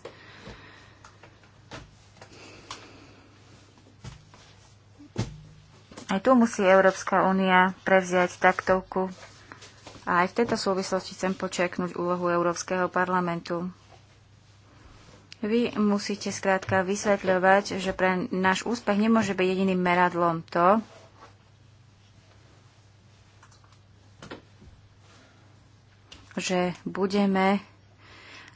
Aj tu musí Európska únia prevziať taktovku a aj v tejto súvislosti chcem počeknúť úlohu Európskeho parlamentu. Vy musíte skrátka vysvetľovať, že pre náš úspech nemôže byť jediným meradlom to, že budeme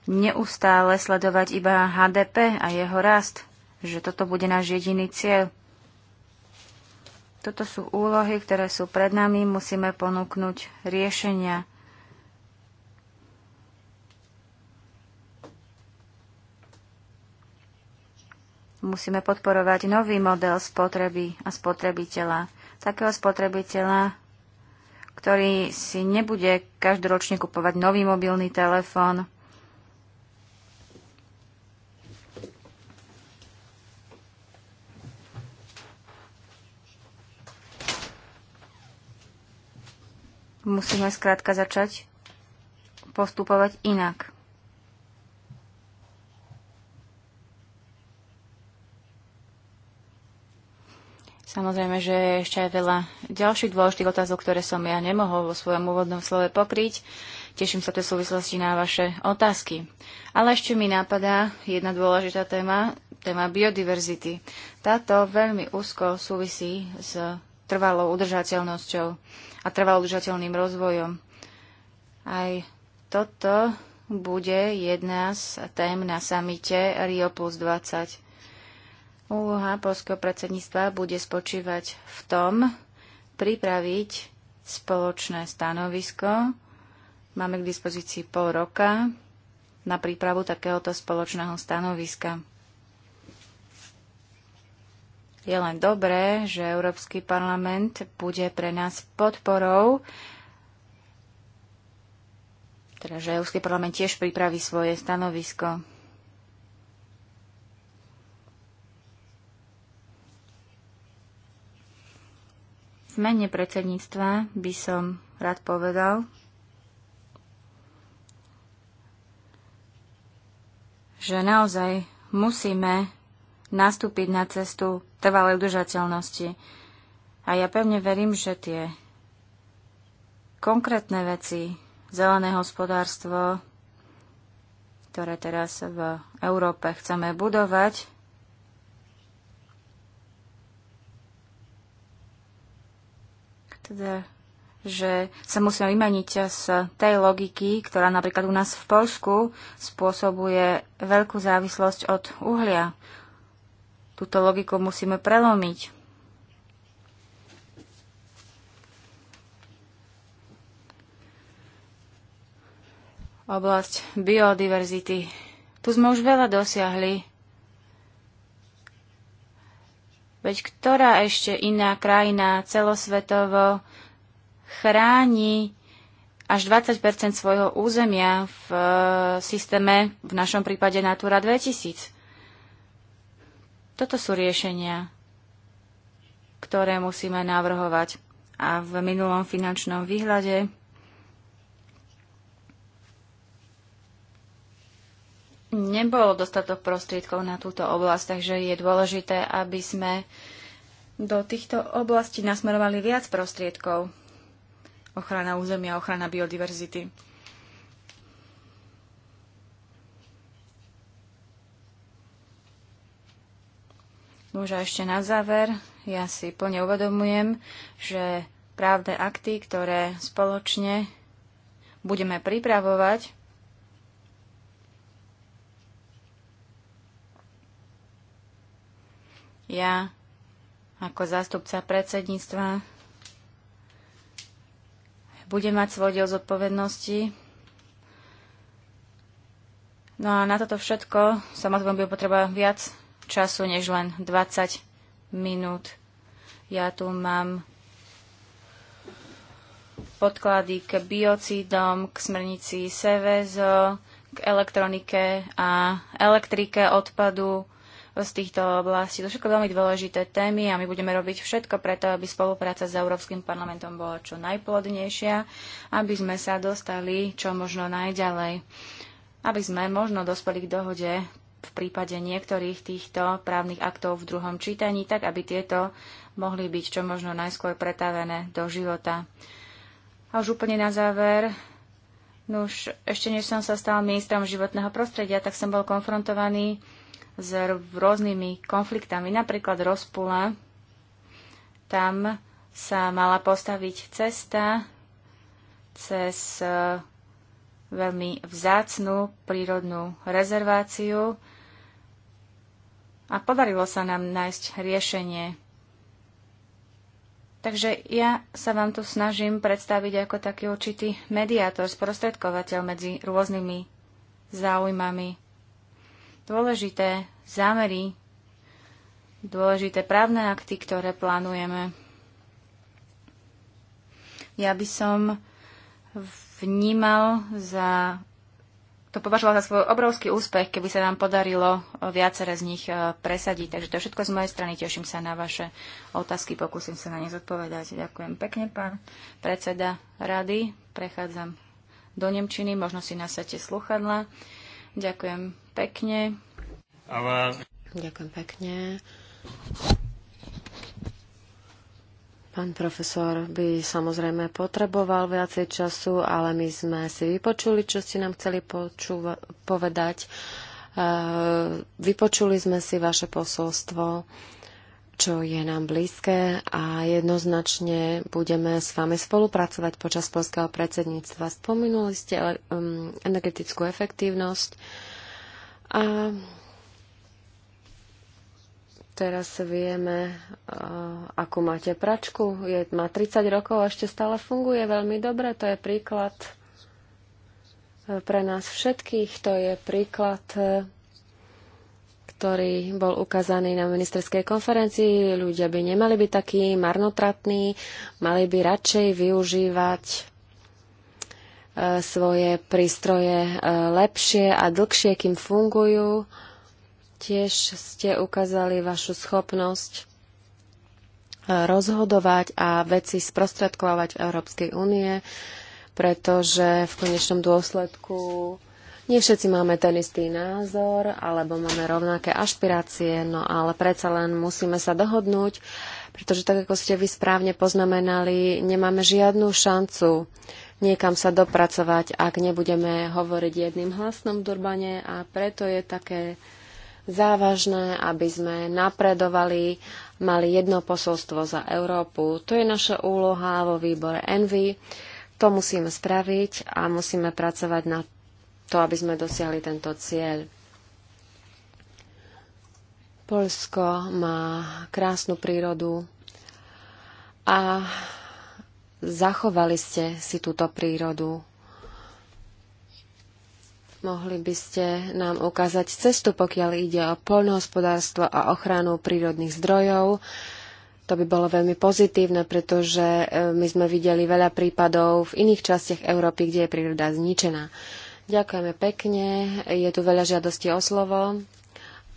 neustále sledovať iba HDP a jeho rast, že toto bude náš jediný cieľ. Toto sú úlohy, ktoré sú pred nami, musíme ponúknuť riešenia. Musíme podporovať nový model spotreby a spotrebiteľa. Takého spotrebiteľa, ktorý si nebude každoročne kupovať nový mobilný telefón, Musíme skrátka začať postupovať inak. Samozrejme, že je ešte aj veľa ďalších dôležitých otázok, ktoré som ja nemohol vo svojom úvodnom slove pokryť. Teším sa v tej súvislosti na vaše otázky. Ale ešte mi napadá jedna dôležitá téma, téma biodiverzity. Táto veľmi úzko súvisí s trvalou udržateľnosťou a trvalo udržateľným rozvojom. Aj toto bude jedna z tém na samite Rio plus 20. Úloha polského predsedníctva bude spočívať v tom pripraviť spoločné stanovisko. Máme k dispozícii pol roka na prípravu takéhoto spoločného stanoviska. Je len dobré, že Európsky parlament bude pre nás podporou, teda že Európsky parlament tiež pripraví svoje stanovisko. V mene predsedníctva by som rád povedal, že naozaj musíme nastúpiť na cestu trvalej udržateľnosti. A ja pevne verím, že tie konkrétne veci, zelené hospodárstvo, ktoré teraz v Európe chceme budovať, teda, že sa musíme vymaniť z tej logiky, ktorá napríklad u nás v Polsku spôsobuje veľkú závislosť od uhlia. Túto logiku musíme prelomiť. Oblasť biodiverzity. Tu sme už veľa dosiahli. Veď ktorá ešte iná krajina celosvetovo chráni až 20 svojho územia v e, systéme, v našom prípade Natura 2000? Toto sú riešenia, ktoré musíme navrhovať. A v minulom finančnom výhľade nebolo dostatok prostriedkov na túto oblasť, takže je dôležité, aby sme do týchto oblastí nasmerovali viac prostriedkov. Ochrana územia, ochrana biodiverzity. Nož a ešte na záver, ja si plne uvedomujem, že právne akty, ktoré spoločne budeme pripravovať, ja ako zástupca predsedníctva budem mať svoj diel zodpovednosti. No a na toto všetko sa ma by potreba viac času než len 20 minút. Ja tu mám podklady k biocidom, k smernici Sevezo, k elektronike a elektrike odpadu z týchto oblastí. To všetko veľmi dôležité témy a my budeme robiť všetko preto, aby spolupráca s Európskym parlamentom bola čo najplodnejšia, aby sme sa dostali čo možno najďalej, aby sme možno dospeli k dohode v prípade niektorých týchto právnych aktov v druhom čítaní, tak aby tieto mohli byť čo možno najskôr pretavené do života. A už úplne na záver, no už ešte než som sa stal ministrom životného prostredia, tak som bol konfrontovaný s rôznymi konfliktami, napríklad rozpula. Tam sa mala postaviť cesta cez eh, veľmi vzácnú prírodnú rezerváciu, a podarilo sa nám nájsť riešenie. Takže ja sa vám tu snažím predstaviť ako taký určitý mediátor, sprostredkovateľ medzi rôznymi záujmami. Dôležité zámery, dôležité právne akty, ktoré plánujeme. Ja by som vnímal za to považovala za svoj obrovský úspech, keby sa nám podarilo viacere z nich e, presadiť. Takže to je všetko z mojej strany. Teším sa na vaše otázky. Pokúsim sa na ne zodpovedať. Ďakujem pekne, pán predseda rady. Prechádzam do Nemčiny. Možno si nasadte sluchadla. Ďakujem pekne. Ďakujem pekne. Pán profesor by samozrejme potreboval viacej času, ale my sme si vypočuli, čo ste nám chceli počúva- povedať. E, vypočuli sme si vaše posolstvo, čo je nám blízke a jednoznačne budeme s vami spolupracovať počas polského predsedníctva. Spomenuli ste e, um, energetickú efektívnosť a Teraz vieme, eh, akú máte pračku. Je, má 30 rokov a ešte stále funguje veľmi dobre. To je príklad eh, pre nás všetkých. To je príklad, eh, ktorý bol ukázaný na ministerskej konferencii. Ľudia by nemali byť takí marnotratní, mali by radšej využívať svoje prístroje lepšie a dlhšie, kým fungujú Tiež ste ukázali vašu schopnosť e, rozhodovať a veci sprostredkovať v Európskej únie, pretože v konečnom dôsledku nie všetci máme ten istý názor, alebo máme rovnaké ašpirácie, no ale predsa len musíme sa dohodnúť, pretože tak, ako ste vy správne poznamenali, nemáme žiadnu šancu niekam sa dopracovať, ak nebudeme hovoriť jedným hlasnom v Durbane a preto je také závažné, aby sme napredovali, mali jedno posolstvo za Európu. To je naša úloha vo výbore Envy. To musíme spraviť a musíme pracovať na to, aby sme dosiahli tento cieľ. Polsko má krásnu prírodu a zachovali ste si túto prírodu Mohli by ste nám ukázať cestu, pokiaľ ide o poľnohospodárstvo a ochranu prírodných zdrojov. To by bolo veľmi pozitívne, pretože e, my sme videli veľa prípadov v iných častiach Európy, kde je príroda zničená. Ďakujeme pekne. Je tu veľa žiadostí o slovo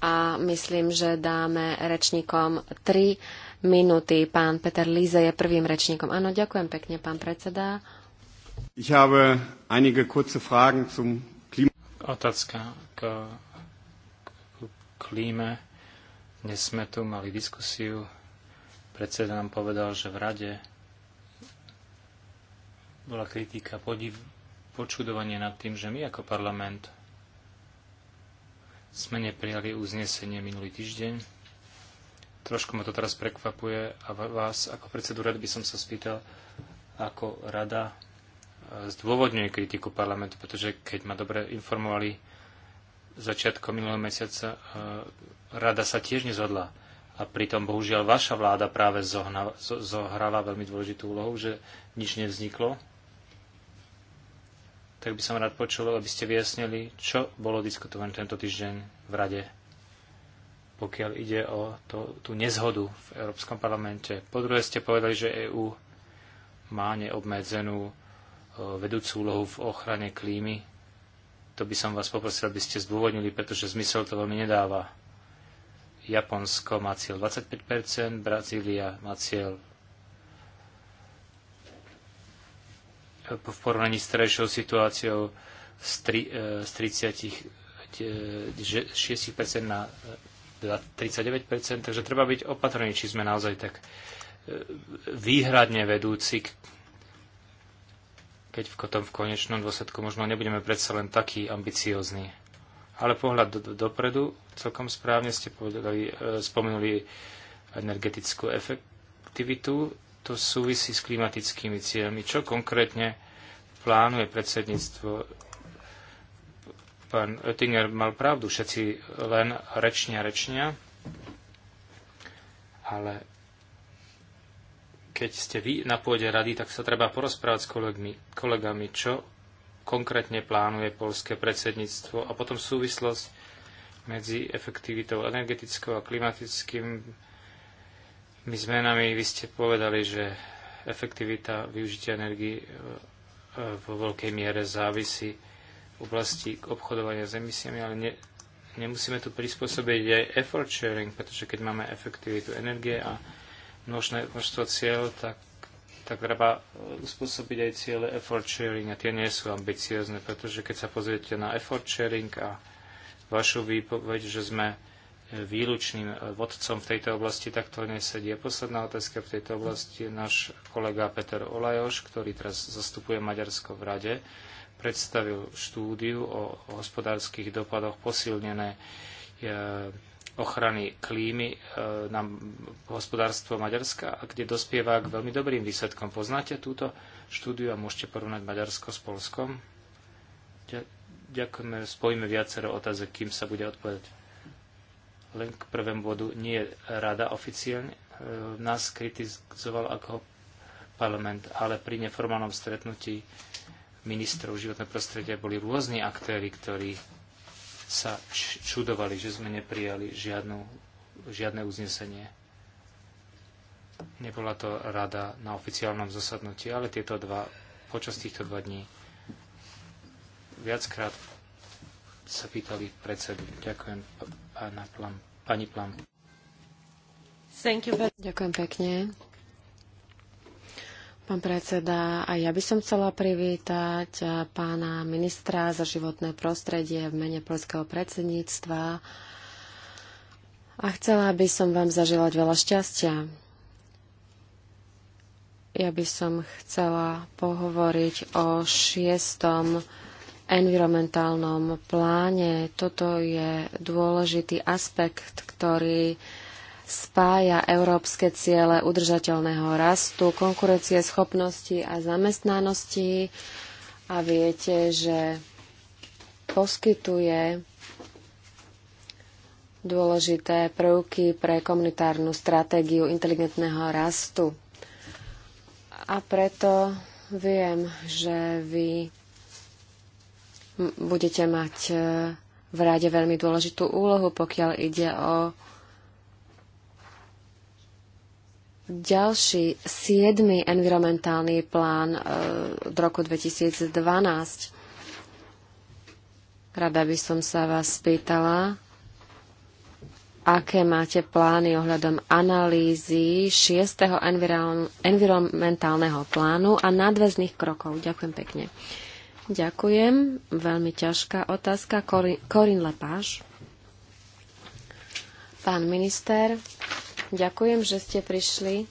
a myslím, že dáme rečníkom tri minúty. Pán Peter Líze je prvým rečníkom. Áno, ďakujem pekne, pán predseda. Ich habe einige kurze Fragen zum otázka k, k klíme. Dnes sme tu mali diskusiu. Predseda nám povedal, že v rade bola kritika podiv, počudovanie nad tým, že my ako parlament sme neprijali uznesenie minulý týždeň. Trošku ma to teraz prekvapuje a vás ako predsedu rady by som sa spýtal, ako rada zdôvodňuje kritiku parlamentu, pretože keď ma dobre informovali začiatkom minulého mesiaca, e, rada sa tiež nezhodla. A pritom, bohužiaľ, vaša vláda práve zohna, zohráva veľmi dôležitú úlohu, že nič nevzniklo. Tak by som rád počul, aby ste vyjasnili, čo bolo diskutované tento týždeň v Rade, pokiaľ ide o to, tú nezhodu v Európskom parlamente. Po druhé ste povedali, že EÚ má neobmedzenú vedúcu úlohu v ochrane klímy. To by som vás poprosil, aby ste zdôvodnili, pretože zmysel to veľmi nedáva. Japonsko má cieľ 25%, Brazília má cieľ v porovnaní s terajšou situáciou z, tri, e, z 36% e, na 39%, e, takže treba byť opatrný, či sme naozaj tak výhradne vedúci keď v tom v konečnom dôsledku možno nebudeme predsa len taký ambiciózny. Ale pohľad do, do, dopredu, celkom správne ste povedali, e, spomenuli energetickú efektivitu, to súvisí s klimatickými cieľmi. Čo konkrétne plánuje predsedníctvo? Pán Oettinger mal pravdu, všetci len rečnia, rečnia, ale keď ste vy na pôde rady, tak sa treba porozprávať s kolegmi, kolegami, čo konkrétne plánuje polské predsedníctvo a potom súvislosť medzi efektivitou energetickou a klimatickými zmenami. Vy ste povedali, že efektivita využitia energii e, e, vo veľkej miere závisí v oblasti obchodovania s emisiami, ale ne, nemusíme tu prispôsobiť aj effort sharing, pretože keď máme efektivitu energie a množné množstvo cieľ, tak, tak treba uspôsobiť aj ciele effort sharing a tie nie sú ambiciozne, pretože keď sa pozriete na effort sharing a vašu výpoveď, že sme výlučným vodcom v tejto oblasti, tak to nesedie. Posledná otázka v tejto oblasti je náš kolega Peter Olajoš, ktorý teraz zastupuje Maďarsko v Rade, predstavil štúdiu o hospodárskych dopadoch posilnené ochrany klímy e, na hospodárstvo Maďarska, kde dospieva k veľmi dobrým výsledkom. Poznáte túto štúdiu a môžete porovnať Maďarsko s Polskom? Ďakujeme, spojíme viacero otázek, kým sa bude odpovedať. Len k prvému bodu nie je rada oficiálne e, nás kritizoval ako parlament, ale pri neformálnom stretnutí ministrov životného prostredia boli rôzni aktéry, ktorí sa čudovali, že sme neprijali žiadnu, žiadne uznesenie. Nebola to rada na oficiálnom zasadnutí, ale tieto dva, počas týchto dva dní viackrát sa pýtali predsedu. Ďakujem pána Plam, pani Plam. Ďakujem pekne. Pán predseda, a ja by som chcela privítať eh, pána ministra za životné prostredie v mene polského predsedníctva a chcela by som vám zaželať veľa šťastia. Ja by som chcela pohovoriť o šiestom environmentálnom pláne. Toto je dôležitý aspekt, ktorý spája európske ciele udržateľného rastu, konkurencie schopnosti a zamestnanosti a viete, že poskytuje dôležité prvky pre komunitárnu stratégiu inteligentného rastu. A preto viem, že vy budete mať eh, v rade veľmi dôležitú úlohu, pokiaľ ide o ďalší siedmy environmentálny plán e, od roku 2012. Rada by som sa vás spýtala, aké máte plány ohľadom analýzy šiestého Environ environmentálneho plánu a nadväzných krokov. Ďakujem pekne. Ďakujem. Veľmi ťažká otázka. Korin Lepáš. Pán minister, Ďakujem, že ste prišli.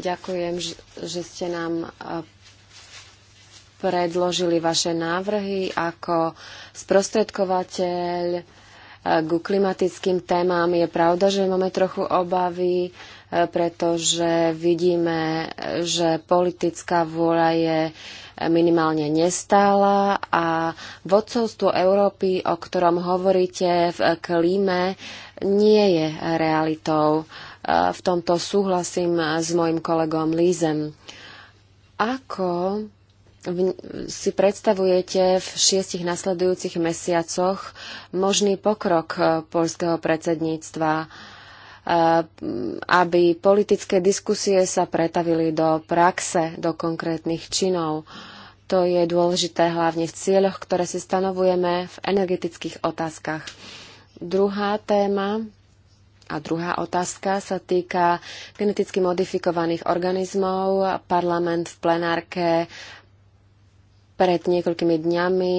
Ďakujem, že ste nám e, predložili vaše návrhy ako sprostredkovateľ e, ku klimatickým témam. Je pravda, že máme trochu obavy E, pretože vidíme, že politická vôľa je minimálne nestála a vodcovstvo Európy, o ktorom hovoríte v klíme, nie je realitou. E, v tomto súhlasím s mojim kolegom Lízem. Ako si predstavujete v šiestich nasledujúcich mesiacoch možný pokrok polského predsedníctva? Eh, aby politické diskusie sa pretavili do praxe, do konkrétnych činov. To je dôležité hlavne v cieľoch, ktoré si stanovujeme v energetických otázkach. Druhá téma a druhá otázka sa týka geneticky modifikovaných organizmov. Parlament v plenárke pred niekoľkými dňami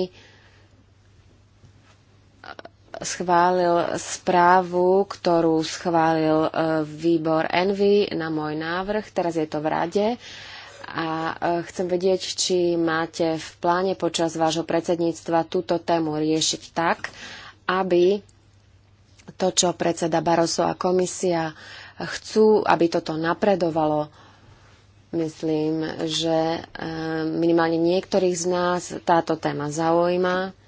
schválil správu, ktorú schválil e, výbor Envy na môj návrh. Teraz je to v rade. A e, chcem vedieť, či máte v pláne počas vášho predsedníctva túto tému riešiť tak, aby to, čo predseda Barroso a komisia chcú, aby toto napredovalo. Myslím, že e, minimálne niektorých z nás táto téma zaujíma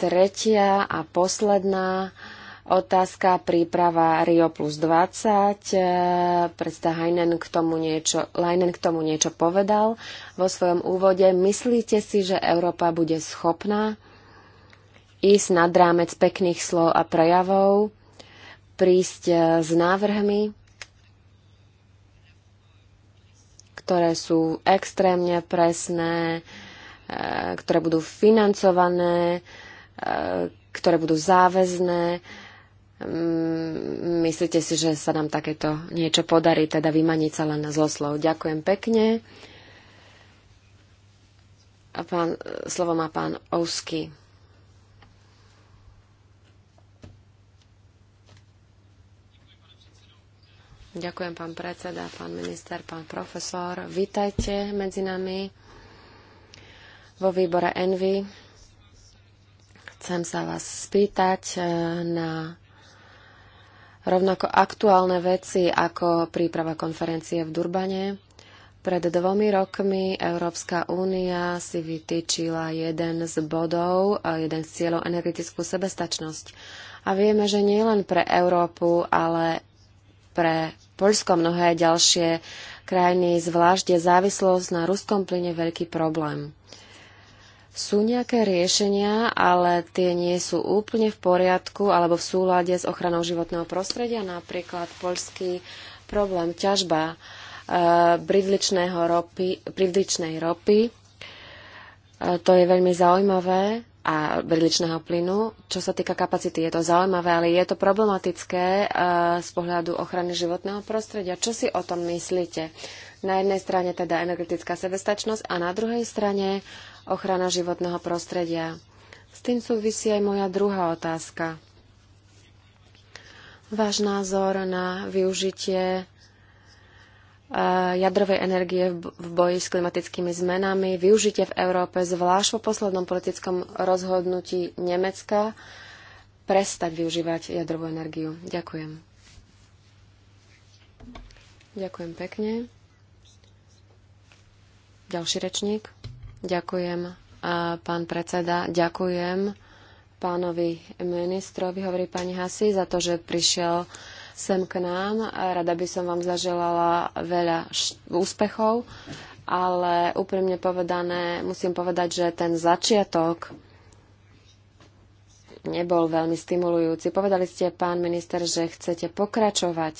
tretia a posledná otázka, príprava Rio plus 20. E, Predsta Heinen k tomu niečo, Leinen k tomu niečo povedal vo svojom úvode. Myslíte si, že Európa bude schopná ísť nad rámec pekných slov a prejavov, prísť e, s návrhmi, ktoré sú extrémne presné, e, ktoré budú financované, ktoré budú záväzné. Mm, myslíte si, že sa nám takéto niečo podarí, teda vymaniť sa len zo slov. Ďakujem pekne. A pán, slovo má pán Ousky. Ďakujem, pán predseda, pán minister, pán profesor. Vítajte medzi nami vo výbore Envy chcem sa vás spýtať e, na rovnako aktuálne veci ako príprava konferencie v Durbane. Pred dvomi rokmi Európska únia si vytýčila jeden z bodov, e, jeden z cieľov energetickú sebestačnosť. A vieme, že nie len pre Európu, ale pre Poľsko mnohé ďalšie krajiny, zvlášť je závislosť na ruskom plyne veľký problém. Sú nejaké riešenia, ale tie nie sú úplne v poriadku alebo v súlade s ochranou životného prostredia, napríklad poľský problém ťažba e, bridličnej ropy, bridličnej ropy. E, to je veľmi zaujímavé a bridličného plynu. Čo sa týka kapacity, je to zaujímavé, ale je to problematické e, z pohľadu ochrany životného prostredia. Čo si o tom myslíte? Na jednej strane teda energetická sebestačnosť a na druhej strane uh, ochrana životného prostredia. S tým súvisí aj moja druhá otázka. Váš názor na využitie e, jadrovej energie v boji s klimatickými zmenami, využitie v Európe, zvlášť po poslednom politickom rozhodnutí Nemecka, prestať využívať jadrovú energiu. Ďakujem. Ďakujem pekne. Ďalší rečník. Ďakujem, pán predseda. Ďakujem pánovi ministrovi, hovorí pani Hasi, za to, že prišiel sem k nám. Rada by som vám zaželala veľa úspechov, ale úprimne povedané, musím povedať, že ten začiatok nebol veľmi stimulujúci. Povedali ste, pán minister, že chcete pokračovať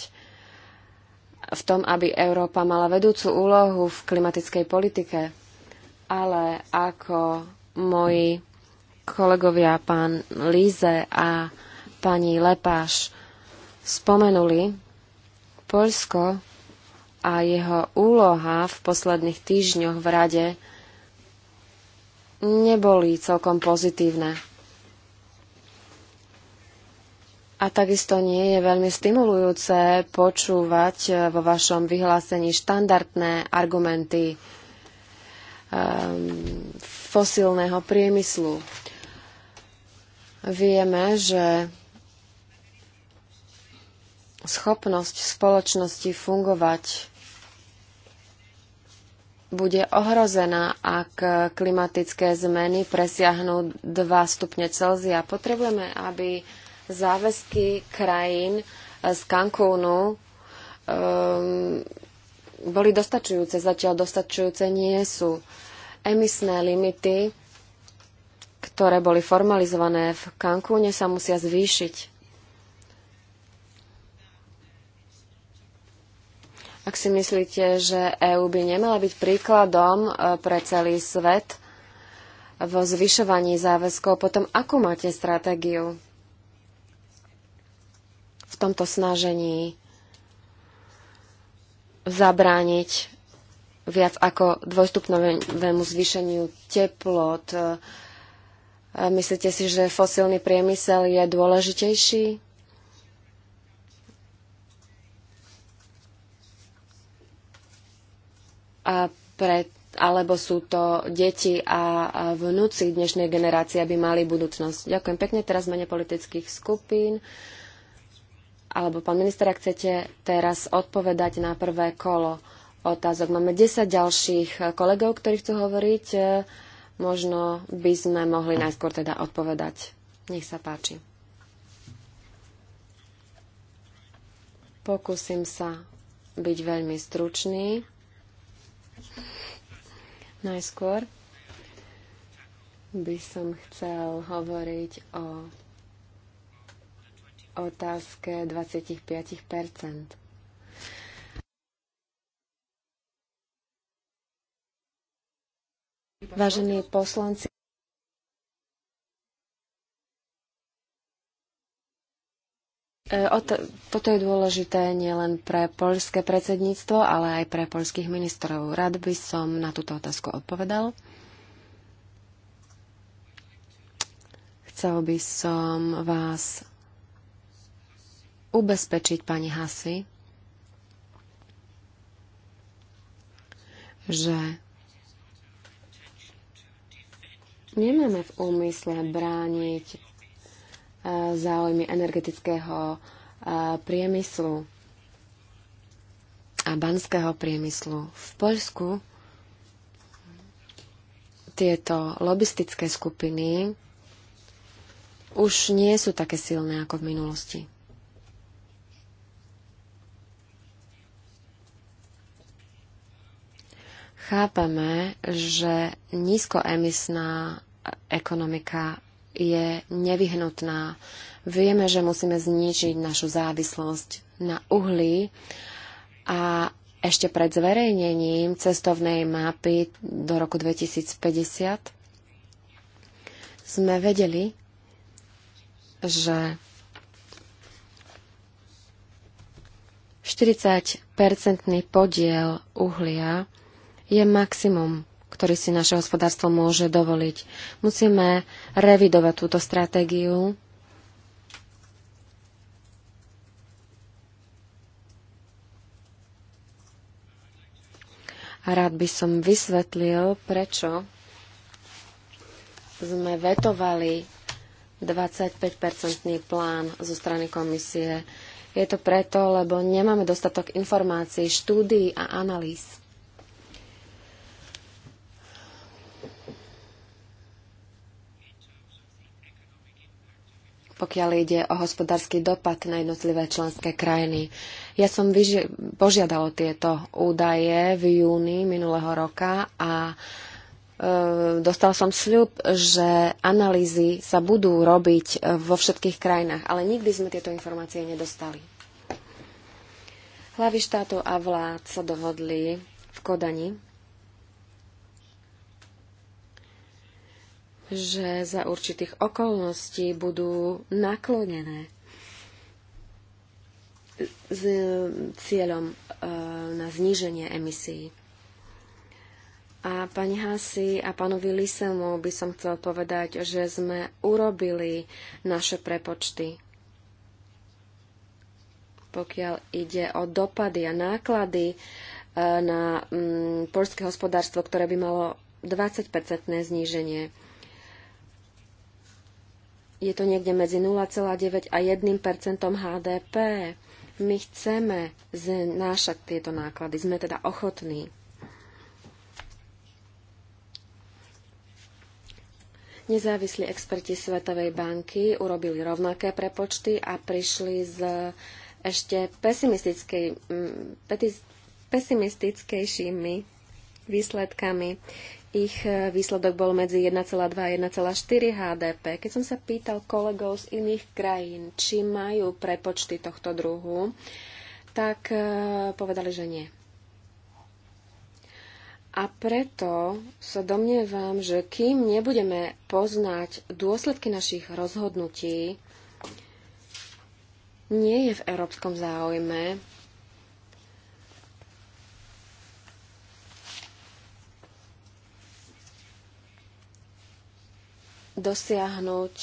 v tom, aby Európa mala vedúcu úlohu v klimatickej politike ale ako moji kolegovia pán Líze a pani Lepáš spomenuli, Poľsko a jeho úloha v posledných týždňoch v rade neboli celkom pozitívne. A takisto nie je veľmi stimulujúce počúvať vo vašom vyhlásení štandardné argumenty Ehm, fosilného priemyslu. Vieme, že schopnosť spoločnosti fungovať bude ohrozená, ak klimatické zmeny presiahnu 2 stupne Celzia. Potrebujeme, aby záväzky krajín z Cancúnu um, boli dostačujúce, zatiaľ dostačujúce nie sú. Emisné limity, ktoré boli formalizované v Cancúne, sa musia zvýšiť. Ak si myslíte, že EÚ by nemala byť príkladom e, pre celý svet vo zvyšovaní záväzkov, potom akú máte stratégiu v tomto snažení zabrániť viac ako dvojstupnovému zvýšeniu teplot. Myslíte si, že fosílny priemysel je dôležitejší? A pre, alebo sú to deti a, vnúci dnešnej generácie, aby mali budúcnosť. Ďakujem pekne. Teraz mene politických skupín alebo pán minister, ak chcete teraz odpovedať na prvé kolo otázok. Máme 10 ďalších kolegov, ktorí chcú hovoriť. E, možno by sme mohli najskôr teda odpovedať. Nech sa páči. Pokúsim sa byť veľmi stručný. Najskôr by som chcel hovoriť o otázke 25 Vážení poslanci, e, toto je dôležité nielen pre poľské predsedníctvo, ale aj pre poľských ministrov. Rád by som na túto otázku odpovedal. Chcel by som vás ubezpečiť pani Hasi, že nemáme v úmysle brániť e, záujmy energetického e, priemyslu a banského priemyslu. V Poľsku tieto lobistické skupiny už nie sú také silné ako v minulosti. chápame, že nízkoemisná ekonomika je nevyhnutná. Vieme, že musíme znižiť našu závislosť na uhlí a ešte pred zverejnením cestovnej mapy do roku 2050 sme vedeli, že 40-percentný podiel uhlia je maximum, ktorý si naše hospodárstvo môže dovoliť. Musíme revidovať túto stratégiu. A rád by som vysvetlil, prečo sme vetovali 25-percentný plán zo strany komisie. Je to preto, lebo nemáme dostatok informácií, štúdií a analýz. pokiaľ ide o hospodársky dopad na jednotlivé členské krajiny. Ja som vyži- tieto údaje v júni minulého roka a e, dostal som sľub, že analýzy sa budú robiť e, vo všetkých krajinách, ale nikdy sme tieto informácie nedostali. Hlavy štátu a vlád sa dohodli v Kodani že za určitých okolností budú naklonené s e, cieľom e, na zníženie emisí. A pani Hasi a pánovi Lisemu by som chcel povedať, že sme urobili naše prepočty. Pokiaľ ide o dopady a náklady e, na mm, poľské hospodárstvo, ktoré by malo 20-percentné zníženie je to niekde medzi 0,9 a 1 HDP. My chceme znášať tieto náklady, sme teda ochotní. Nezávislí experti Svetovej banky urobili rovnaké prepočty a prišli z ešte pesimistickej, mm, pesimistickejšími výsledkami ich e, výsledok bol medzi 1,2 a 1,4 HDP. Keď som sa pýtal kolegov z iných krajín, či majú prepočty tohto druhu, tak e, povedali, že nie. A preto sa domnievam, že kým nebudeme poznať dôsledky našich rozhodnutí, nie je v európskom záujme dosiahnuť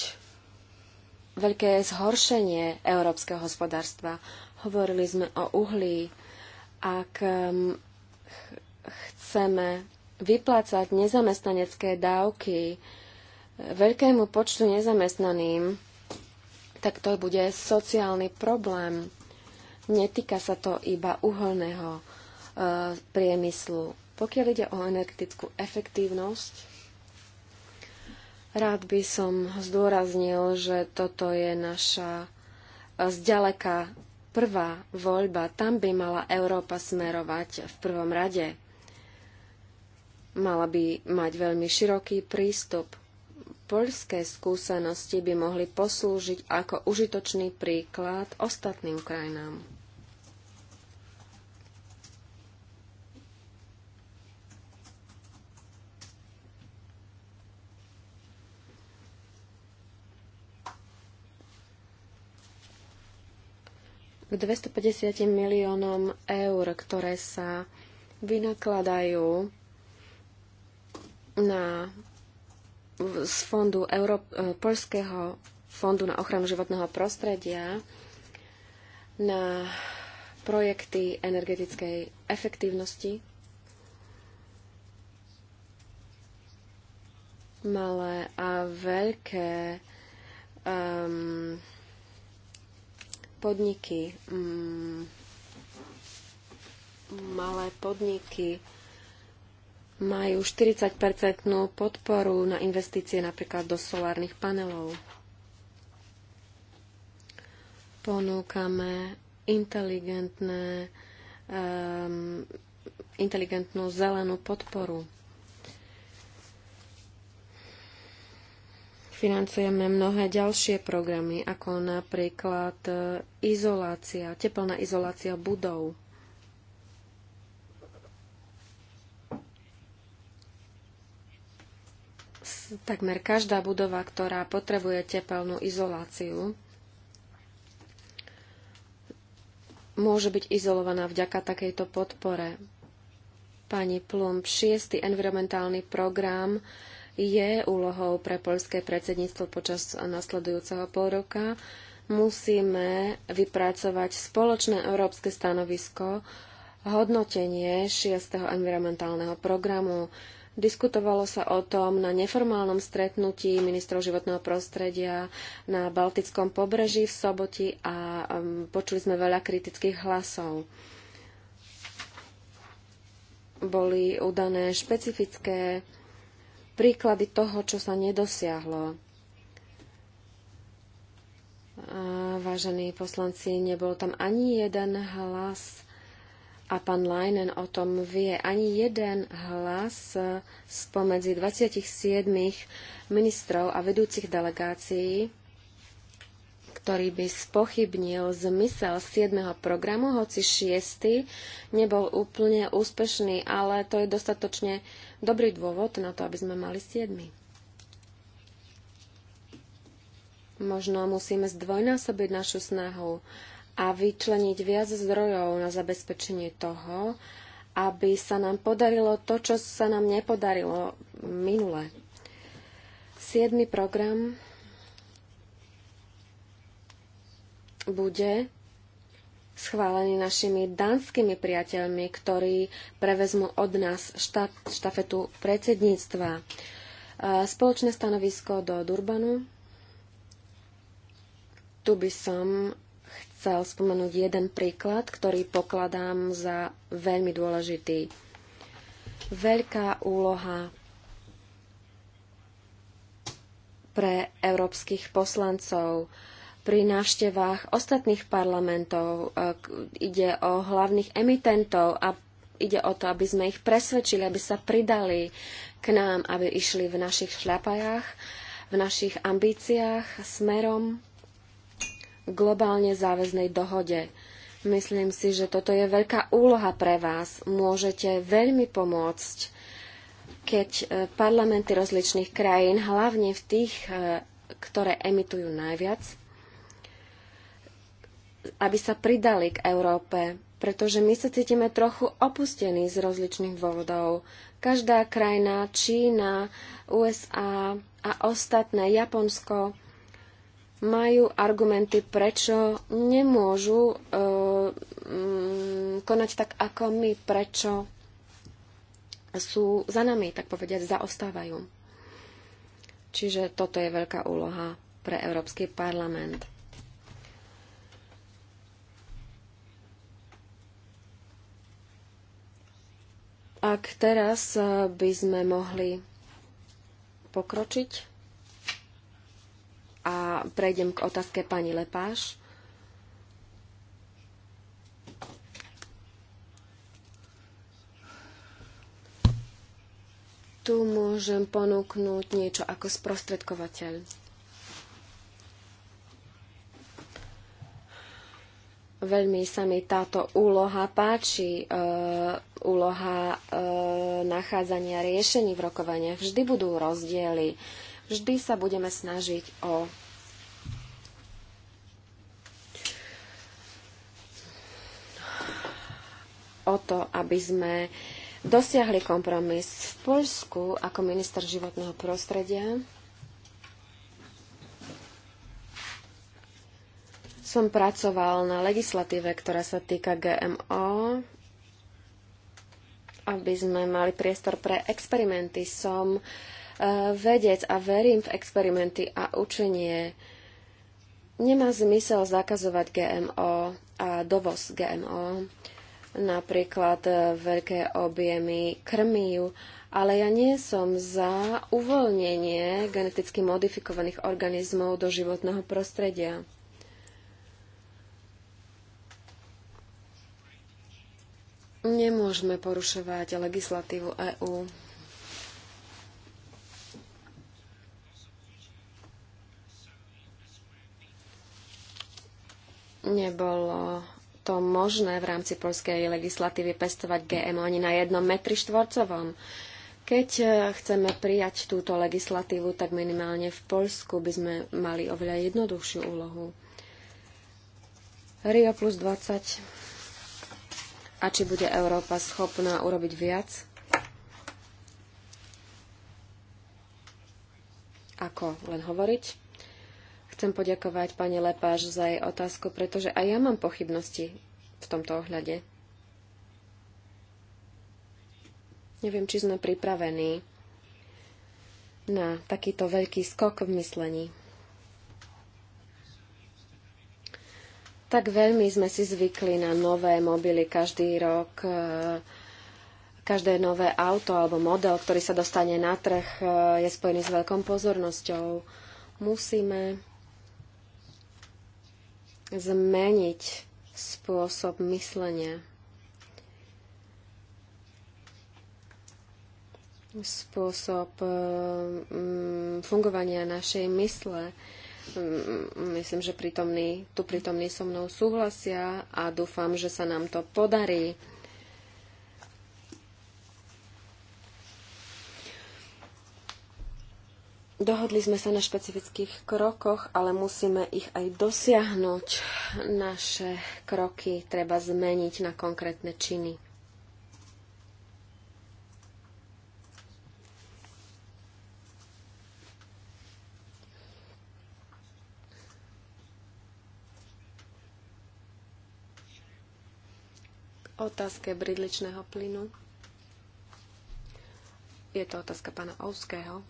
veľké zhoršenie európskeho hospodárstva. Hovorili sme o uhlí. Ak um, chceme vyplácať nezamestnanecké dávky veľkému počtu nezamestnaným, tak to bude sociálny problém. Netýka sa to iba uholného e, priemyslu. Pokiaľ ide o energetickú efektívnosť, Rád by som zdôraznil, že toto je naša e, zďaleka prvá voľba. Tam by mala Európa smerovať v prvom rade. Mala by mať veľmi široký prístup. Poľské skúsenosti by mohli poslúžiť ako užitočný príklad ostatným krajinám. k 250 miliónom eur, ktoré sa vynakladajú na, z fondu Euró, e, Polského fondu na ochranu životného prostredia na projekty energetickej efektívnosti, malé a veľké um, podniky, mm, malé podniky majú 40-percentnú podporu na investície napríklad do solárnych panelov. Ponúkame inteligentné, um, inteligentnú zelenú podporu. financujeme mnohé ďalšie programy, ako napríklad e, izolácia, teplná izolácia budov. Takmer každá budova, ktorá potrebuje tepelnú izoláciu, môže byť izolovaná vďaka takejto podpore. Pani Plum, šiestý environmentálny program je úlohou pre poľské predsedníctvo počas nasledujúceho pol roka. Musíme vypracovať spoločné európske stanovisko, hodnotenie 6. environmentálneho programu. Diskutovalo sa o tom na neformálnom stretnutí ministrov životného prostredia na Baltickom pobreží v soboti a um, počuli sme veľa kritických hlasov boli udané špecifické príklady toho, čo sa nedosiahlo. Vážení poslanci, nebol tam ani jeden hlas a pán Leinen o tom vie. Ani jeden hlas spomedzi 27 ministrov a vedúcich delegácií ktorý by spochybnil zmysel 7. programu, hoci 6. nebol úplne úspešný, ale to je dostatočne dobrý dôvod na to, aby sme mali 7. Možno musíme zdvojnásobiť našu snahu a vyčleniť viac zdrojov na zabezpečenie toho, aby sa nám podarilo to, čo sa nám nepodarilo minule. Siedmy program bude schválený našimi dánskymi priateľmi, ktorí prevezmú od nás štát, štafetu predsedníctva. Spoločné stanovisko do Durbanu. Tu by som chcel spomenúť jeden príklad, ktorý pokladám za veľmi dôležitý. Veľká úloha pre európskych poslancov. Uh, pri návštevách ostatných parlamentov. E, ide o hlavných emitentov a ide o to, aby sme ich presvedčili, aby sa pridali k nám, aby išli v našich šľapajách, v našich ambíciách smerom k globálne záväznej dohode. Myslím si, že toto je veľká úloha pre vás. Môžete veľmi pomôcť, keď e, parlamenty rozličných krajín, hlavne v tých e, ktoré emitujú najviac, aby sa pridali k Európe, pretože my sa cítime trochu opustení z rozličných dôvodov. Každá krajina, Čína, USA a ostatné, Japonsko, majú argumenty, prečo nemôžu e, mm, konať tak ako my, prečo sú za nami, tak povediať, zaostávajú. Čiže toto je veľká úloha pre Európsky parlament. Ak teraz eh, by sme mohli pokročiť a prejdem k otázke pani Lepáš. Tu môžem ponúknúť niečo ako sprostredkovateľ. Veľmi sa mi táto úloha páči, e, úloha e, nachádzania riešení v rokovaniach. Vždy budú rozdiely. Vždy sa budeme snažiť o o to, aby sme dosiahli kompromis v Poľsku ako minister životného prostredia. som pracoval na legislatíve, ktorá sa týka GMO, aby sme mali priestor pre experimenty. Som e, vedec a verím v experimenty a učenie. Nemá zmysel zakazovať GMO a dovoz GMO, napríklad e, veľké objemy krmív, ale ja nie som za uvoľnenie geneticky modifikovaných organizmov do životného prostredia. Nemôžeme porušovať legislatívu EÚ. Nebolo to možné v rámci polskej legislatívy pestovať GMO ani na jednom metri štvorcovom. Keď e, chceme prijať túto legislatívu, tak minimálne v Polsku by sme mali oveľa jednoduchšiu úlohu. Rio plus 20 a či bude Európa schopná urobiť viac ako len hovoriť. Chcem poďakovať pani Lepáš za jej otázku, pretože aj ja mám pochybnosti v tomto ohľade. Neviem, či sme pripravení na takýto veľký skok v myslení. tak veľmi sme si zvykli na nové mobily každý rok, e, každé nové auto alebo model, ktorý sa dostane na trh, e, je spojený s veľkou pozornosťou. Musíme zmeniť spôsob myslenia. spôsob e, fungovania našej mysle. Mm, myslím, že prítomní, tu prítomní so mnou súhlasia a dúfam, že sa nám to podarí. Dohodli sme sa na špecifických krokoch, ale musíme ich aj dosiahnuť. Naše kroky treba zmeniť na konkrétne činy. otázke bridličného plynu. Je to otázka pána Ouského.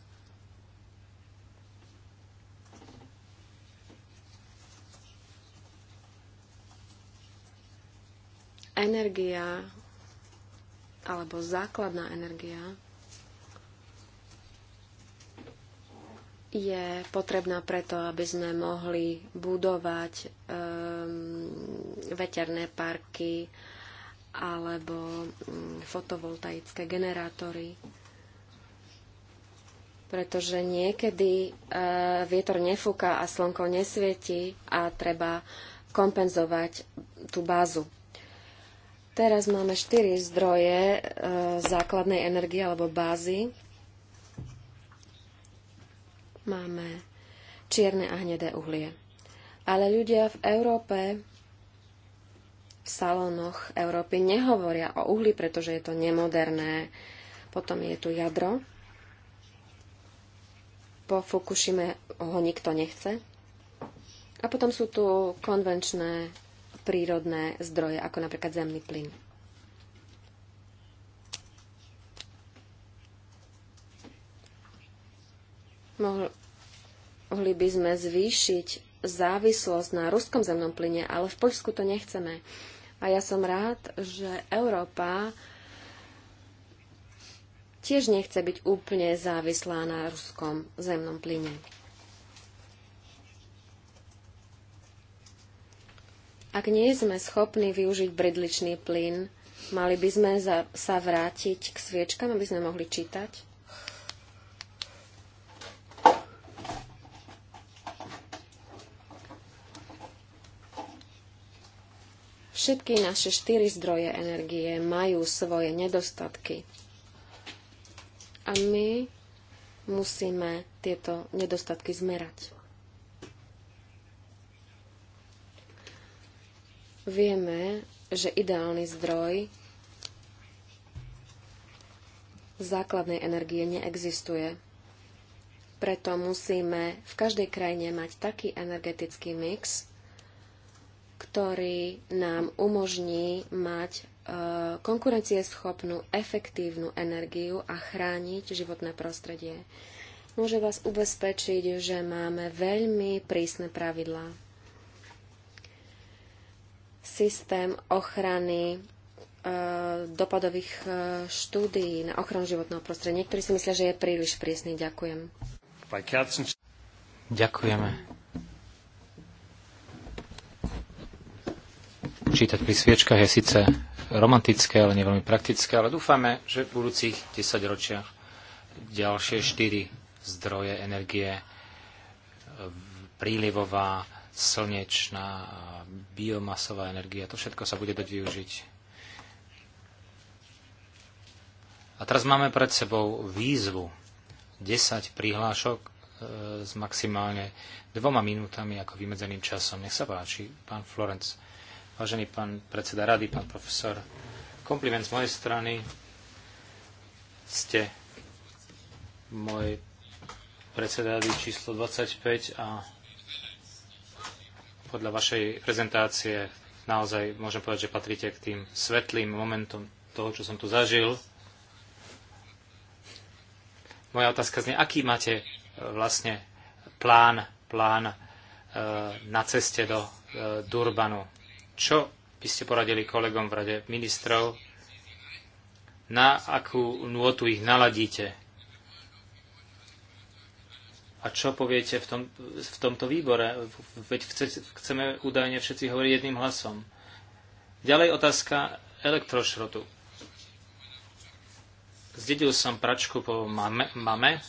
Energia alebo základná energia je potrebná preto, aby sme mohli budovať um, veterné parky, alebo mm, fotovoltaické generátory. Pretože niekedy e, vietor nefúka a slnko nesvieti a treba kompenzovať tú bázu. Teraz máme štyri zdroje e, základnej energie alebo bázy. Máme čierne a hnedé uhlie. Ale ľudia v Európe v salónoch Európy nehovoria o uhli, pretože je to nemoderné. Potom je tu jadro. Po Fukushime ho nikto nechce. A potom sú tu konvenčné prírodné zdroje, ako napríklad zemný plyn. Mohli by sme zvýšiť závislosť na ruskom zemnom plyne, ale v Poľsku to nechceme. A ja som rád, že Európa tiež nechce byť úplne závislá na ruskom zemnom plyne. Ak nie sme schopní využiť bridličný plyn, mali by sme sa vrátiť k sviečkam, aby sme mohli čítať? Všetky naše štyri zdroje energie majú svoje nedostatky. A my musíme tieto nedostatky zmerať. Vieme, že ideálny zdroj základnej energie neexistuje. Preto musíme v každej krajine mať taký energetický mix, ktorý nám umožní mať e, konkurencieschopnú, efektívnu energiu a chrániť životné prostredie. Môže vás ubezpečiť, že máme veľmi prísne pravidlá. Systém ochrany e, dopadových e, štúdií na ochranu životného prostredia. Niektorí si myslia, že je príliš prísny. Ďakujem. Ďakujeme čítať pri sviečkach je síce romantické, ale neveľmi praktické, ale dúfame, že v budúcich 10 ročiach ďalšie štyri zdroje energie prílivová, slnečná, biomasová energia, to všetko sa bude dať využiť. A teraz máme pred sebou výzvu 10 prihlášok e, s maximálne dvoma minútami ako vymedzeným časom. Nech sa páči, pán Florenc. Vážený pán predseda rady, pán profesor, kompliment z mojej strany. Ste môj predseda rady číslo 25 a podľa vašej prezentácie naozaj môžem povedať, že patríte k tým svetlým momentom toho, čo som tu zažil. Moja otázka znie, aký máte e, vlastne plán, plán e, na ceste do e, Durbanu čo by ste poradili kolegom v rade ministrov? Na akú nôtu ich naladíte? A čo poviete v, tom, v tomto výbore? Veď chceme údajne všetci hovoriť jedným hlasom. Ďalej otázka elektrošrotu. Zdedil som pračku po mame, mame.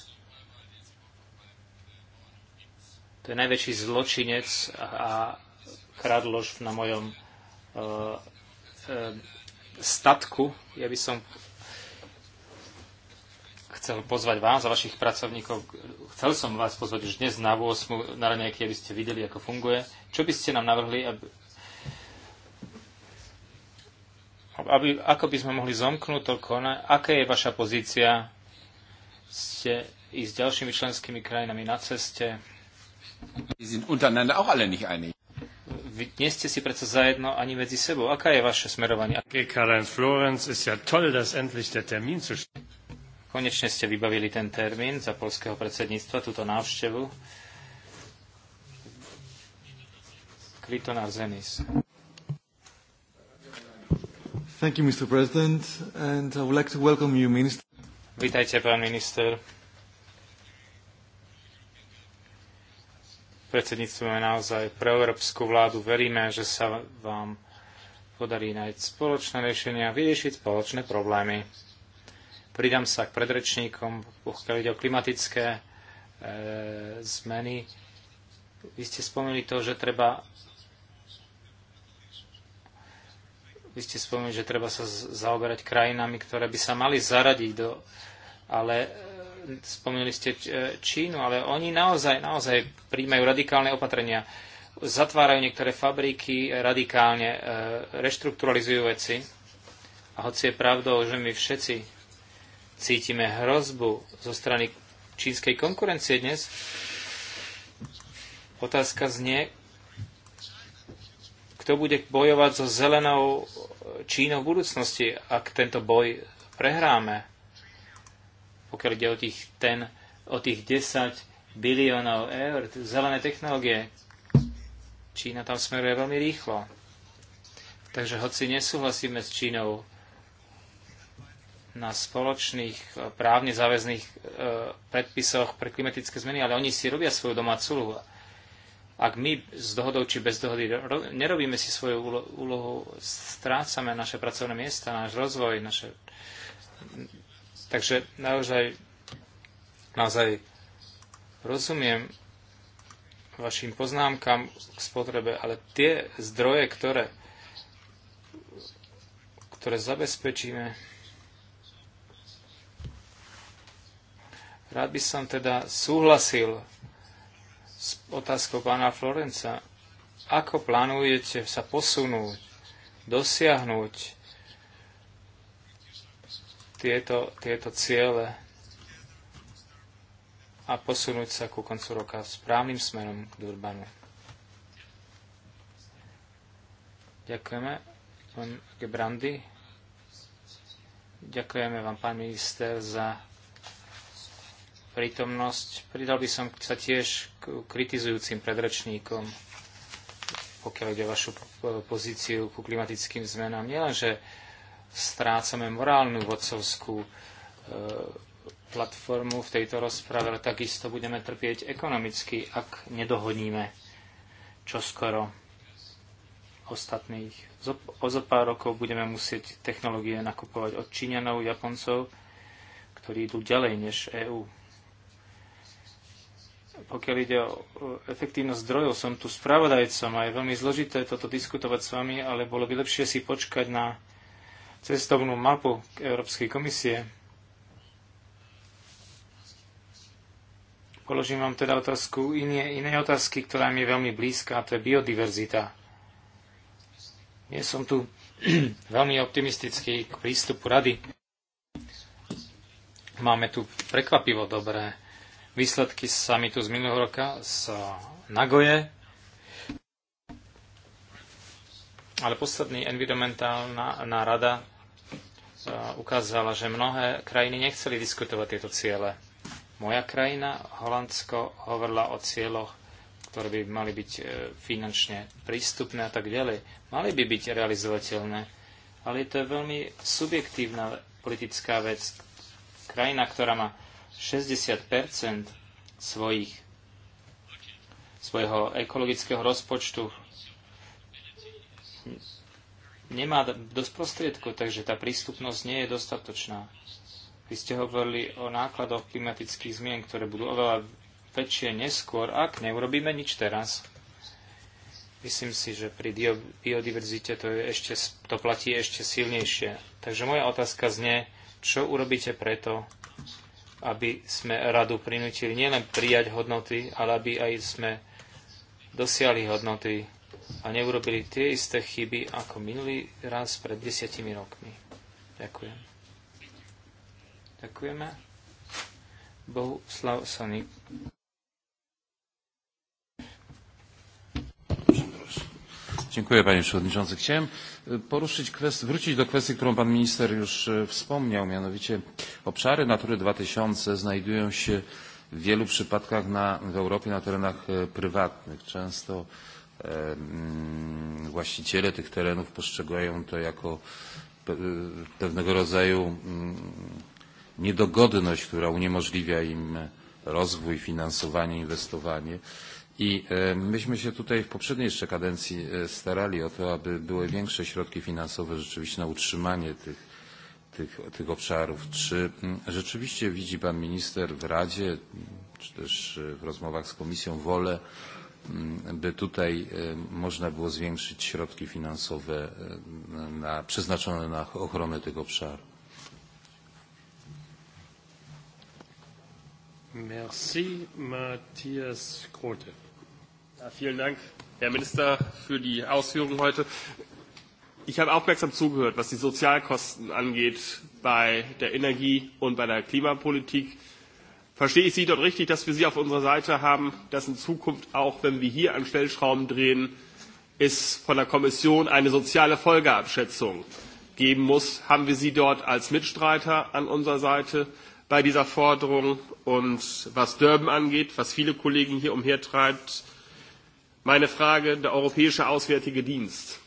To je najväčší zločinec a Kradlož na mojom uh, statku. Ja by som chcel pozvať vás a vašich pracovníkov. Chcel som vás pozvať už dnes na 8. na ranejky, aby ste videli, ako funguje. Čo by ste nám navrhli, aby, aby, ako by sme mohli zomknúť to kone? Aká je vaša pozícia? Ste i s ďalšími členskými krajinami na ceste? Wir sind untereinander auch alle nicht einig. Vy nie ste si predsa zajedno ani medzi sebou. Aká je vaše smerovanie? Konečne ste vybavili ten termín za polského predsedníctva, túto návštevu. Kriton Zenis. Thank you, Mr. President, and I would like to welcome you, Minister. Vítajte, pán minister. Predsedníctvom je naozaj pre európsku vládu. Veríme, že sa vám podarí nájsť spoločné riešenia, vyriešiť spoločné problémy. Pridám sa k predrečníkom, pokiaľ ide o klimatické e, zmeny. Vy ste spomenuli to, že treba Vy ste spomenuli, že treba sa zaoberať krajinami, ktoré by sa mali zaradiť do... Ale spomenuli ste e, Čínu, ale oni naozaj, naozaj príjmajú radikálne opatrenia. Zatvárajú niektoré fabriky, radikálne e, reštrukturalizujú veci. A hoci je pravdou, že my všetci cítime hrozbu zo strany čínskej konkurencie dnes, otázka znie, kto bude bojovať so zelenou Čínou v budúcnosti, ak tento boj prehráme pokiaľ ide o tých, ten, o tých 10 biliónov eur, zelené technológie, Čína tam smeruje veľmi rýchlo. Takže hoci nesúhlasíme s Čínou na spoločných e, právne záväzných e, predpisoch pre klimatické zmeny, ale oni si robia svoju domácu úlohu. Ak my s dohodou či bez dohody ro, nerobíme si svoju úlohu, strácame naše pracovné miesta, náš rozvoj, naše Takže naozaj, naozaj rozumiem vašim poznámkam k spotrebe, ale tie zdroje, ktoré, ktoré zabezpečíme, rád by som teda súhlasil s otázkou pána Florenca, ako plánujete sa posunúť, dosiahnuť tieto, tieto ciele a posunúť sa ku koncu roka správnym smerom k Durbanu. Ďakujeme, pán Gebrandy. Ďakujeme vám, pán minister, za prítomnosť. Pridal by som sa tiež k kritizujúcim predrečníkom, pokiaľ ide o vašu pozíciu ku klimatickým zmenám. Nielenže strácame morálnu vodcovskú e, platformu v tejto rozprave, ale takisto budeme trpieť ekonomicky, ak nedohodníme čoskoro ostatných. O zo pár rokov budeme musieť technológie nakupovať od Číňanov, Japoncov, ktorí idú ďalej než EÚ. Pokiaľ ide o efektívnosť zdrojov, som tu spravodajcom a je veľmi zložité toto diskutovať s vami, ale bolo by lepšie si počkať na cestovnú mapu Európskej komisie. Položím vám teda otázku iné, inej otázky, ktorá mi je veľmi blízka, a to je biodiverzita. Nie som tu veľmi optimistický k prístupu rady. Máme tu prekvapivo dobré výsledky samitu z minulého roka z Nagoje. Ale posledný environmentálna rada e, ukázala, že mnohé krajiny nechceli diskutovať tieto ciele. Moja krajina, Holandsko, hovorila o cieľoch, ktoré by mali byť e, finančne prístupné a tak ďalej. Mali by byť realizovateľné, ale to je veľmi subjektívna politická vec. Krajina, ktorá má 60 svojich, svojho ekologického rozpočtu nemá dosť prostriedkov, takže tá prístupnosť nie je dostatočná. Vy ste hovorili o nákladoch klimatických zmien, ktoré budú oveľa väčšie neskôr, ak neurobíme nič teraz. Myslím si, že pri biodiverzite to, je ešte, to platí ešte silnejšie. Takže moja otázka znie, čo urobíte preto, aby sme radu prinútili nielen prijať hodnoty, ale aby aj sme dosiahli hodnoty, a neurobili tie isté chyby ako minulý raz pred desiatimi rokmi. Ďakujem. Ďakujeme. Bohu slav Sonik. Dziękuję panie przewodniczący. Chciałem e, poruszyć kwestię, wrócić do kwestii, którą pan minister już e, wspomniał, mianowicie obszary Natury 2000 znajdują się w wielu przypadkach na, w Europie na terenach e, prywatnych. Często właściciele tych terenów postrzegają to jako pewnego rodzaju mm, niedogodność, która uniemożliwia im rozwój, finansowanie, inwestowanie. I myśmy się tutaj w poprzedniej jeszcze kadencji e, starali o to, aby były większe środki finansowe rzeczywiście na utrzymanie tych, tych, tych obszarów. Czy mm, rzeczywiście widzi Pan Minister w Radzie, czy też e, w rozmowach z Komisją wolę by tutaj e, można było zwiększyć środki finansowe e, na, przeznaczone na ochronę tych obszarów. Merci, Matthias Grote. Ja, vielen Dank, Herr Minister, für die Ausführungen heute. Ich habe aufmerksam zugehört, was die Sozialkosten angeht bei der Energie- und bei der Klimapolitik. Verstehe ich Sie dort richtig, dass wir Sie auf unserer Seite haben, dass in Zukunft auch, wenn wir hier an Stellschrauben drehen, es von der Kommission eine soziale Folgeabschätzung geben muss? Haben wir Sie dort als Mitstreiter an unserer Seite bei dieser Forderung? Und was Durban angeht, was viele Kollegen hier umhertreibt, meine Frage, der Europäische Auswärtige Dienst.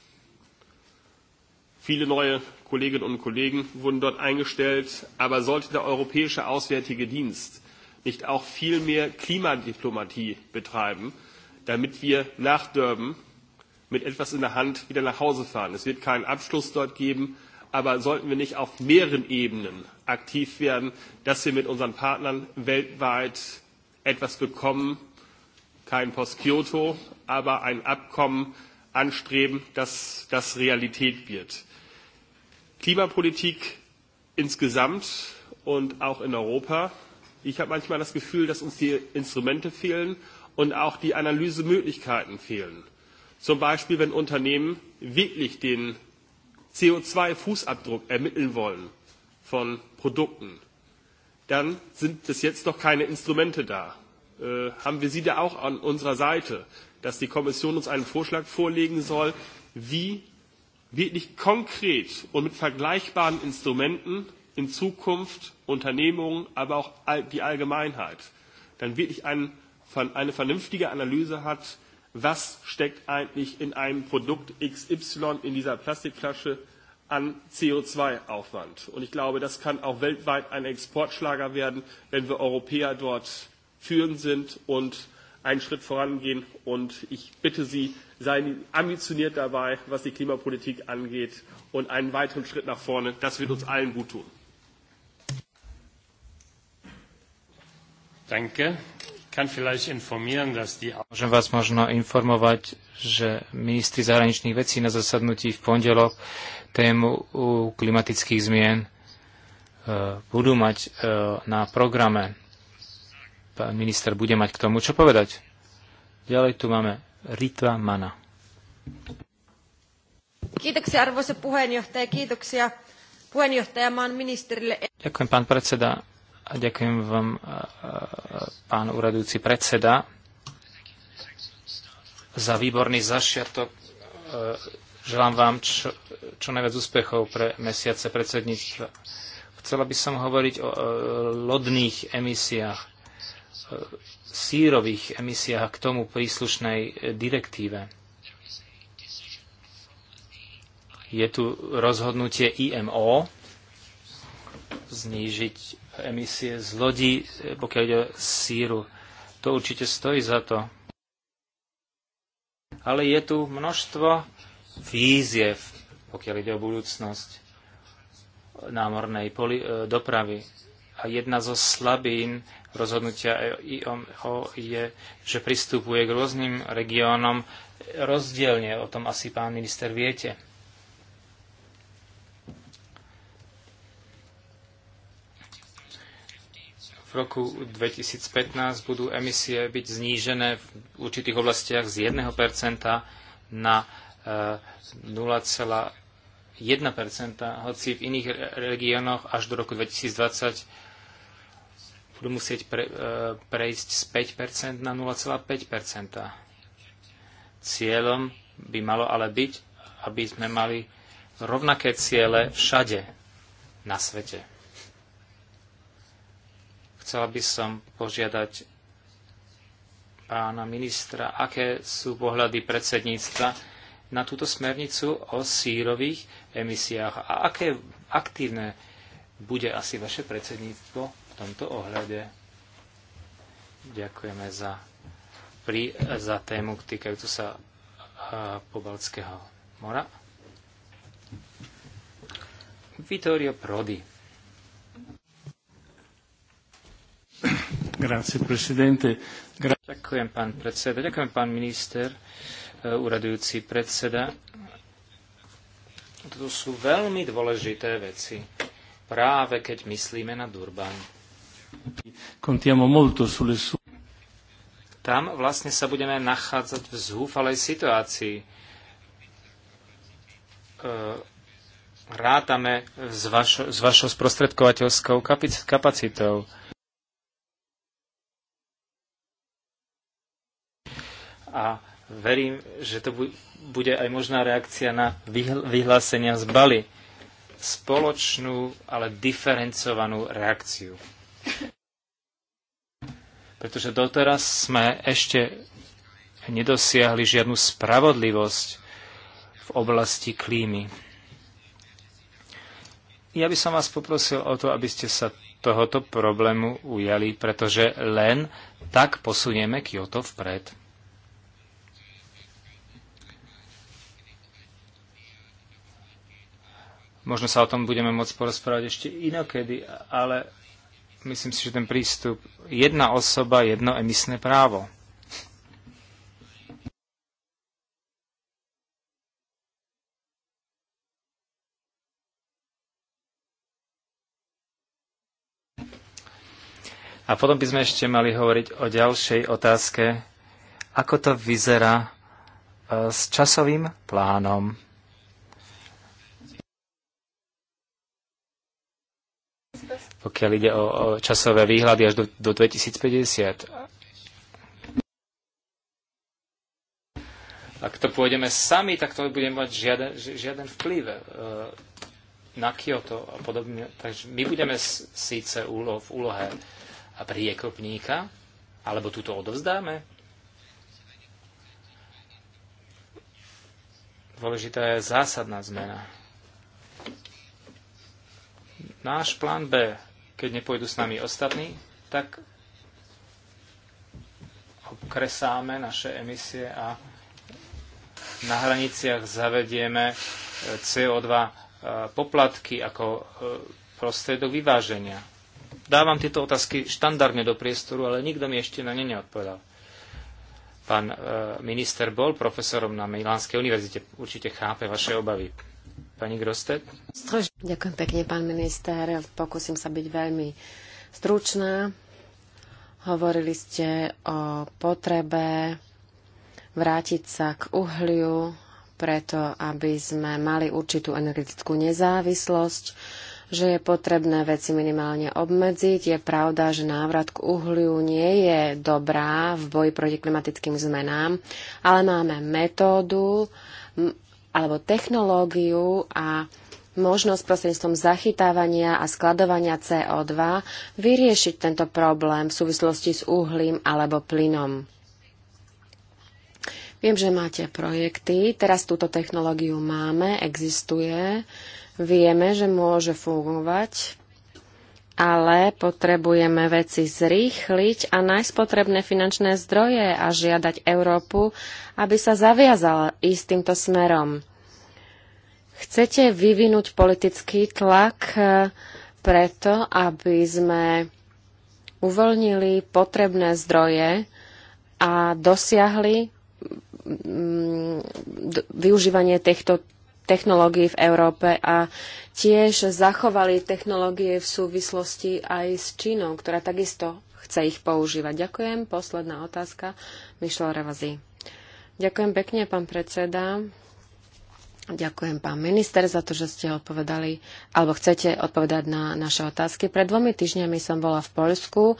Viele neue Kolleginnen und Kollegen wurden dort eingestellt, aber sollte der Europäische Auswärtige Dienst nicht auch viel mehr Klimadiplomatie betreiben, damit wir nach Durban mit etwas in der Hand wieder nach Hause fahren. Es wird keinen Abschluss dort geben, aber sollten wir nicht auf mehreren Ebenen aktiv werden, dass wir mit unseren Partnern weltweit etwas bekommen, kein Post-Kyoto, aber ein Abkommen anstreben, dass das Realität wird. Klimapolitik insgesamt und auch in Europa ich habe manchmal das Gefühl, dass uns die Instrumente fehlen und auch die Analysemöglichkeiten fehlen. Zum Beispiel, wenn Unternehmen wirklich den co zwei fußabdruck ermitteln wollen von Produkten, dann sind es jetzt noch keine Instrumente da. Äh, haben wir Sie da auch an unserer Seite, dass die Kommission uns einen Vorschlag vorlegen soll, wie wirklich konkret und mit vergleichbaren Instrumenten in Zukunft Unternehmungen, aber auch die Allgemeinheit dann wirklich ein, eine vernünftige Analyse hat, was steckt eigentlich in einem Produkt XY in dieser Plastikflasche an CO2-Aufwand. Und ich glaube, das kann auch weltweit ein Exportschlager werden, wenn wir Europäer dort führend sind und einen Schritt vorangehen. Und ich bitte Sie, seien ambitioniert dabei, was die Klimapolitik angeht und einen weiteren Schritt nach vorne. Das wird uns allen gut tun. Danke. Môžem vás možno informovať, že ministri zahraničných vecí na zasadnutí v pondelok tému klimatických zmien e, budú mať e, na programe. Pán minister bude mať k tomu čo povedať. Ďalej tu máme Ritva Mana. Kiitoksia arvoisa puheenjohtaja, kiitoksia ministerille. Ďakujem pán predseda a ďakujem vám, pán uradujúci predseda, za výborný zašiatok, e, Želám vám čo, čo najviac úspechov pre mesiace predsedníctva. Chcela by som hovoriť o e, lodných emisiách, e, sírových emisiách k tomu príslušnej direktíve. Je tu rozhodnutie IMO znížiť emisie z lodí, eh, pokiaľ ide o síru. To určite stojí za to. Ale je tu množstvo víziev, pokiaľ ide o budúcnosť námornej poli- eh, dopravy. A jedna zo slabín rozhodnutia IOMO je, že pristupuje k rôznym regiónom rozdielne. O tom asi pán minister viete. v roku 2015 budú emisie byť znížené v určitých oblastiach z 1% na 0,1%, e, hoci v iných regiónoch až do roku 2020 budú musieť pre, e, prejsť z 5% na 0,5%. Cieľom by malo ale byť, aby sme mali rovnaké ciele všade na svete. Chcela by som požiadať pána ministra, aké sú pohľady predsedníctva na túto smernicu o sírových emisiách a aké aktívne bude asi vaše predsedníctvo v tomto ohľade. Ďakujeme za, pri, za tému týkajúcu sa Pobalského mora. Vittorio Prodi. Ďakujem, pán predseda. Ďakujem, pán minister, eh, uradujúci predseda. To sú veľmi dôležité veci, práve keď myslíme na Durban. Contiamo molto sulle sue tam vlastne sa budeme nachádzať v zúfalej situácii. Eh, rátame s, vaš, s vašou sprostredkovateľskou kapacitou. a verím, že to bude aj možná reakcia na vyhlásenia z Bali. Spoločnú, ale diferencovanú reakciu. Pretože doteraz sme ešte nedosiahli žiadnu spravodlivosť v oblasti klímy. Ja by som vás poprosil o to, aby ste sa tohoto problému ujali, pretože len tak posunieme Kyoto vpred. Možno sa o tom budeme môcť porozprávať ešte inokedy, ale myslím si, že ten prístup jedna osoba, jedno emisné právo. A potom by sme ešte mali hovoriť o ďalšej otázke, ako to vyzerá e, s časovým plánom pokiaľ ide o, o časové výhľady až do, do 2050. Ak to pôjdeme sami, tak to budeme mať žiaden, žiaden vplyv e, na Kyoto a podobne. Takže my budeme síce úlo, v úlohe a priekopníka, alebo túto odovzdáme. Dôležitá je zásadná zmena náš plán B keď nepôjdu s nami ostatní, tak okresáme naše emisie a na hraniciach zavedieme e, CO2 e, poplatky ako e, prostriedok vyváženia. Dávam tieto otázky štandardne do priestoru, ale nikto mi ešte na ne neodpovedal. Pán minister bol profesorom na Milánskej univerzite. Určite chápe vaše obavy. Pani Grostet. Ďakujem pekne, pán minister. Pokúsim sa byť veľmi stručná. Hovorili ste o potrebe vrátiť sa k uhliu, preto aby sme mali určitú energetickú nezávislosť, že je potrebné veci minimálne obmedziť. Je pravda, že návrat k uhliu nie je dobrá v boji proti klimatickým zmenám, ale máme metódu, alebo technológiu a možnosť prostredníctvom zachytávania a skladovania CO2 vyriešiť tento problém v súvislosti s uhlím alebo plynom. Viem, že máte projekty, teraz túto technológiu máme, existuje, vieme, že môže fungovať ale potrebujeme veci zrýchliť a nájsť potrebné finančné zdroje a žiadať Európu, aby sa zaviazala ísť týmto smerom. Chcete vyvinúť politický tlak eh, preto, aby sme uvoľnili potrebné zdroje a dosiahli mm, využívanie týchto technológií v Európe a tiež zachovali technológie v súvislosti aj s Čínou, ktorá takisto chce ich používať. Ďakujem. Posledná otázka. Mišlo Revazí. Ďakujem pekne, pán predseda. Ďakujem, pán minister, za to, že ste odpovedali, alebo chcete odpovedať na naše otázky. Pred dvomi týždňami som bola v Poľsku,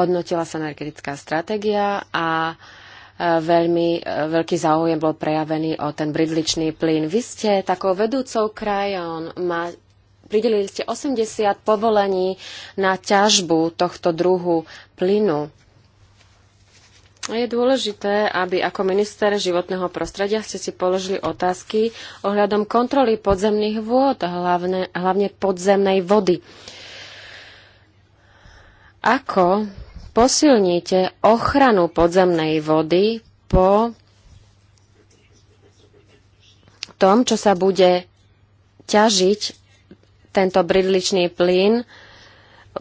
hodnotila sa energetická stratégia a uh, veľmi e, veľký záujem bol prejavený o ten bridličný plyn. Vy ste takou vedúcou krajon, má, pridelili ste 80 povolení na ťažbu tohto druhu plynu. Je dôležité, aby ako minister životného prostredia ste si položili otázky ohľadom kontroly podzemných vôd, hlavne, hlavne podzemnej vody. Ako posilníte ochranu podzemnej vody po tom, čo sa bude ťažiť tento bridličný plyn,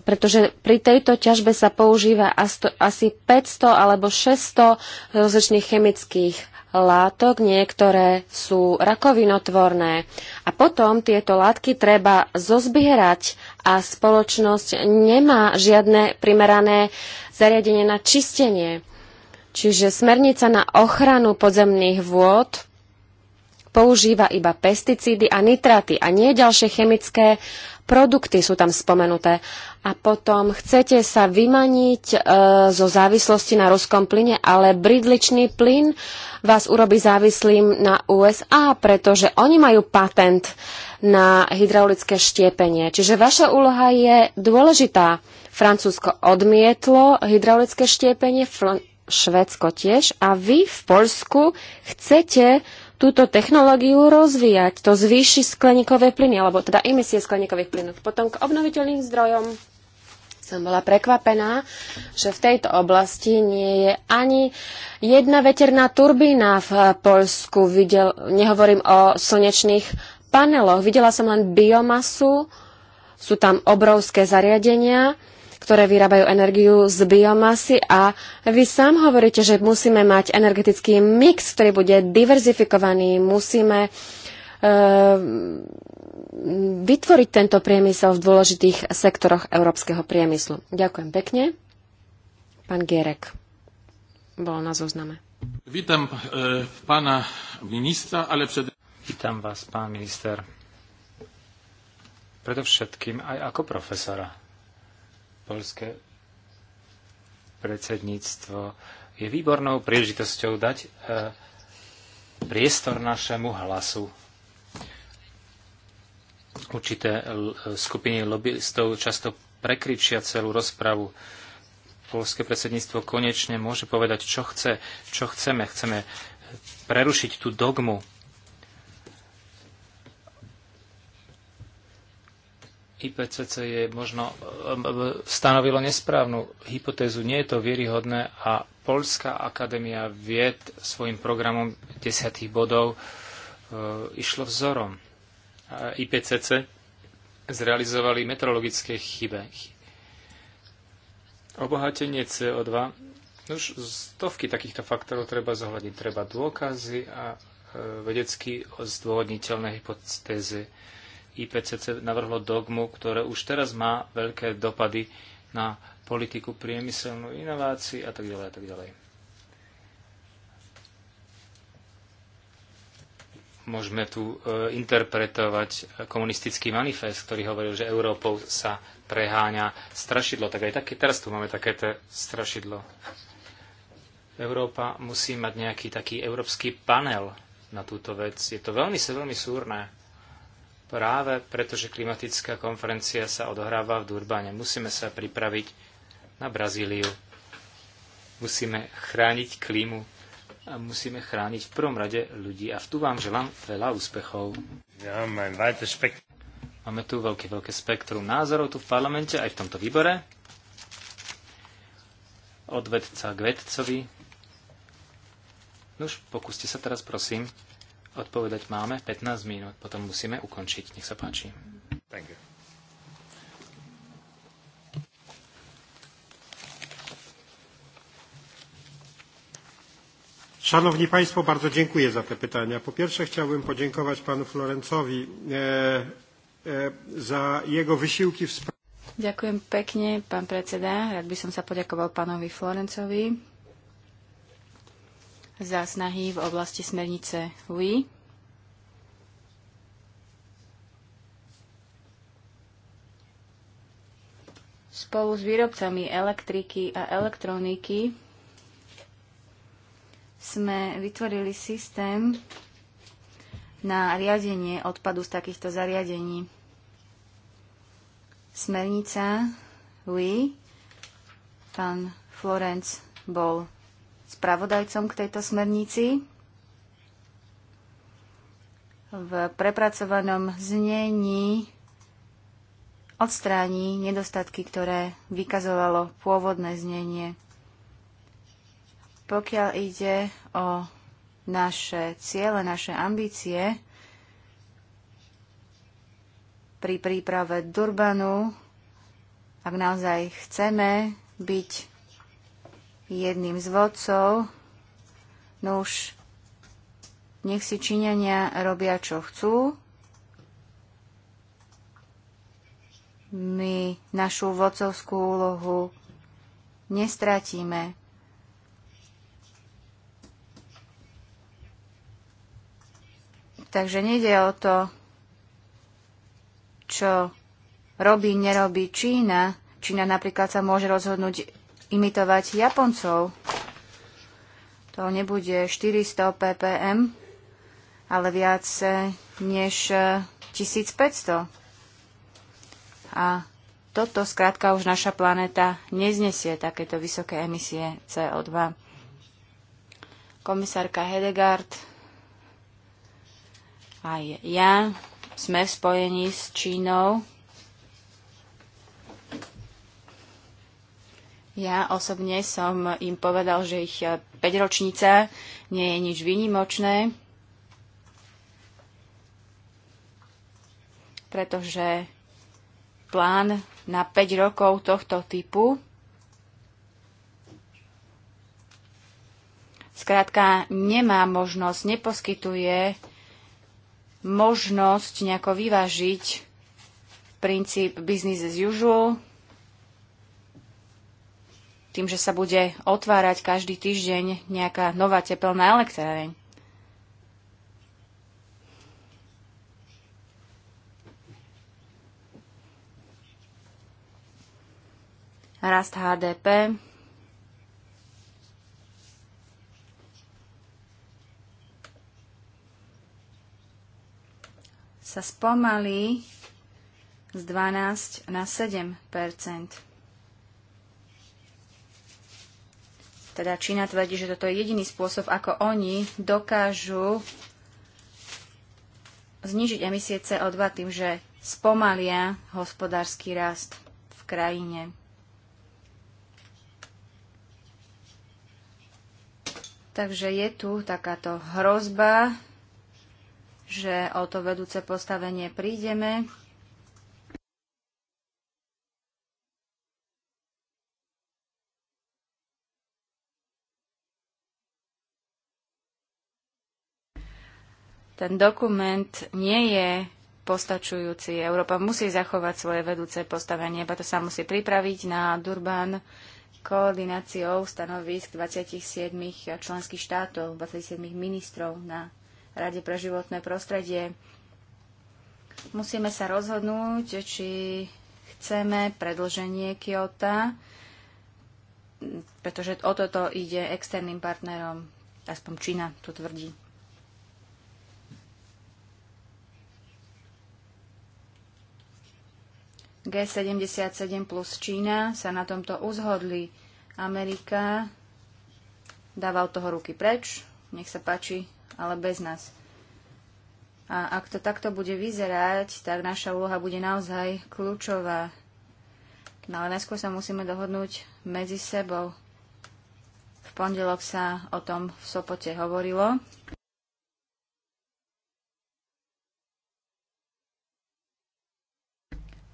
pretože pri tejto ťažbe sa používa asi 500 alebo 600 rozličných chemických látok, niektoré sú rakovinotvorné. A potom tieto látky treba zozbierať a spoločnosť nemá žiadne primerané zariadenie na čistenie. Čiže smernica na ochranu podzemných vôd používa iba pesticídy a nitraty a nie ďalšie chemické produkty sú tam spomenuté. A potom chcete sa vymaniť e, zo závislosti na ruskom plyne, ale bridličný plyn vás urobí závislým na USA, pretože oni majú patent na hydraulické štiepenie. Čiže vaša úloha je dôležitá. Francúzsko odmietlo hydraulické štiepenie, Fl- Švedsko tiež a vy v Polsku chcete túto technológiu rozvíjať. To zvýši skleníkové plyny, alebo teda emisie skleníkových plynov. Potom k obnoviteľným zdrojom som bola prekvapená, že v tejto oblasti nie je ani jedna veterná turbína v Poľsku. Videl, nehovorím o slnečných paneloch. Videla som len biomasu, sú tam obrovské zariadenia ktoré vyrábajú energiu z biomasy a vy sám hovoríte, že musíme mať energetický mix, ktorý bude diverzifikovaný, musíme e, vytvoriť tento priemysel v dôležitých sektoroch európskeho priemyslu. Ďakujem pekne. Pán Gierek bol na zozname. Vítam e, pána ministra, ale pred... Vítam vás, pán minister. Predovšetkým aj ako profesora. Polské predsedníctvo je výbornou príležitosťou dať e, priestor našemu hlasu. Určité e, skupiny lobbyistov často prekryčia celú rozpravu. Polské predsedníctvo konečne môže povedať, čo chce, čo chceme. Chceme prerušiť tú dogmu IPCC je možno stanovilo nesprávnu hypotézu. Nie je to vieryhodné a Polská akadémia vied svojim programom desiatých bodov e, išlo vzorom. A IPCC zrealizovali meteorologické chyby. Obohatenie CO2. No už stovky takýchto faktorov treba zohľadiť. Treba dôkazy a e, vedecky zdôvodniteľné hypotézy IPCC navrhlo dogmu, ktoré už teraz má veľké dopady na politiku priemyselnú inovácií a tak ďalej a tak ďalej. Môžeme tu e, interpretovať komunistický manifest, ktorý hovoril, že Európou sa preháňa strašidlo. Tak aj také, teraz tu máme takéto strašidlo. Európa musí mať nejaký taký európsky panel na túto vec. Je to veľmi, veľmi súrne. Práve pretože klimatická konferencia sa odohráva v Durbane. Musíme sa pripraviť na Brazíliu. Musíme chrániť klímu a musíme chrániť v prvom rade ľudí. A v tu vám želám veľa úspechov. Ja, Máme tu veľké, veľké spektrum názorov tu v parlamente, aj v tomto výbore. Od vedca k vedcovi. Nuž, pokúste sa teraz, prosím. Odpovedať máme 15 minút, potom musíme ukončiť. Nech sa páči. Thank you. Szanowni Państwo, bardzo dziękuję za te pytania. Po pierwsze chciałbym podziękować panu Florencowi e, e, za jego wysiłki w sprawie. Ďakujem pekne, pán predseda. Rád by som sa poďakoval pánovi Florencovi za snahy v oblasti smernice WI. Spolu s výrobcami elektriky a elektroniky sme vytvorili systém na riadenie odpadu z takýchto zariadení. Smernica WI, pán Florenc bol spravodajcom k tejto smernici. V prepracovanom znení odstráni nedostatky, ktoré vykazovalo pôvodné znenie. Pokiaľ ide o naše ciele, naše ambície pri príprave Durbanu, ak naozaj chceme byť jedným z vodcov. No už nech si činenia robia, čo chcú. My našu vodcovskú úlohu nestratíme. Takže nejde o to, čo robí, nerobí Čína. Čína napríklad sa môže rozhodnúť imitovať Japoncov. To nebude 400 ppm, ale viac eh, než 1500. Eh, a toto skrátka už naša planéta neznesie takéto vysoké emisie CO2. Komisárka Hedegaard aj ja sme v spojení s Čínou Ja osobne som im povedal, že ich 5 e, ročnica nie je nič výnimočné, pretože plán na 5 rokov tohto typu zkrátka nemá možnosť, neposkytuje možnosť nejako vyvážiť princíp business as usual tým, že sa bude otvárať každý týždeň nejaká nová tepelná elektráreň. Rast HDP sa spomalí z 12 na 7 Teda Čína tvrdí, že toto je jediný spôsob, ako oni dokážu znižiť emisie CO2 tým, že spomalia hospodársky rast v krajine. Takže je tu takáto hrozba, že o to vedúce postavenie prídeme Ten dokument nie je postačujúci. Európa musí zachovať svoje vedúce postavenie, preto sa musí pripraviť na Durban koordináciou stanovisk 27 členských štátov, 27 ministrov na Rade pre životné prostredie. Musíme sa rozhodnúť, či chceme predlženie Kyoto, pretože o toto ide externým partnerom, aspoň Čína to tvrdí. G77 plus Čína sa na tomto uzhodli. Amerika dával toho ruky preč, nech sa páči, ale bez nás. A ak to takto bude vyzerať, tak naša úloha bude naozaj kľúčová. No ale najskôr sa musíme dohodnúť medzi sebou. V pondelok sa o tom v Sopote hovorilo.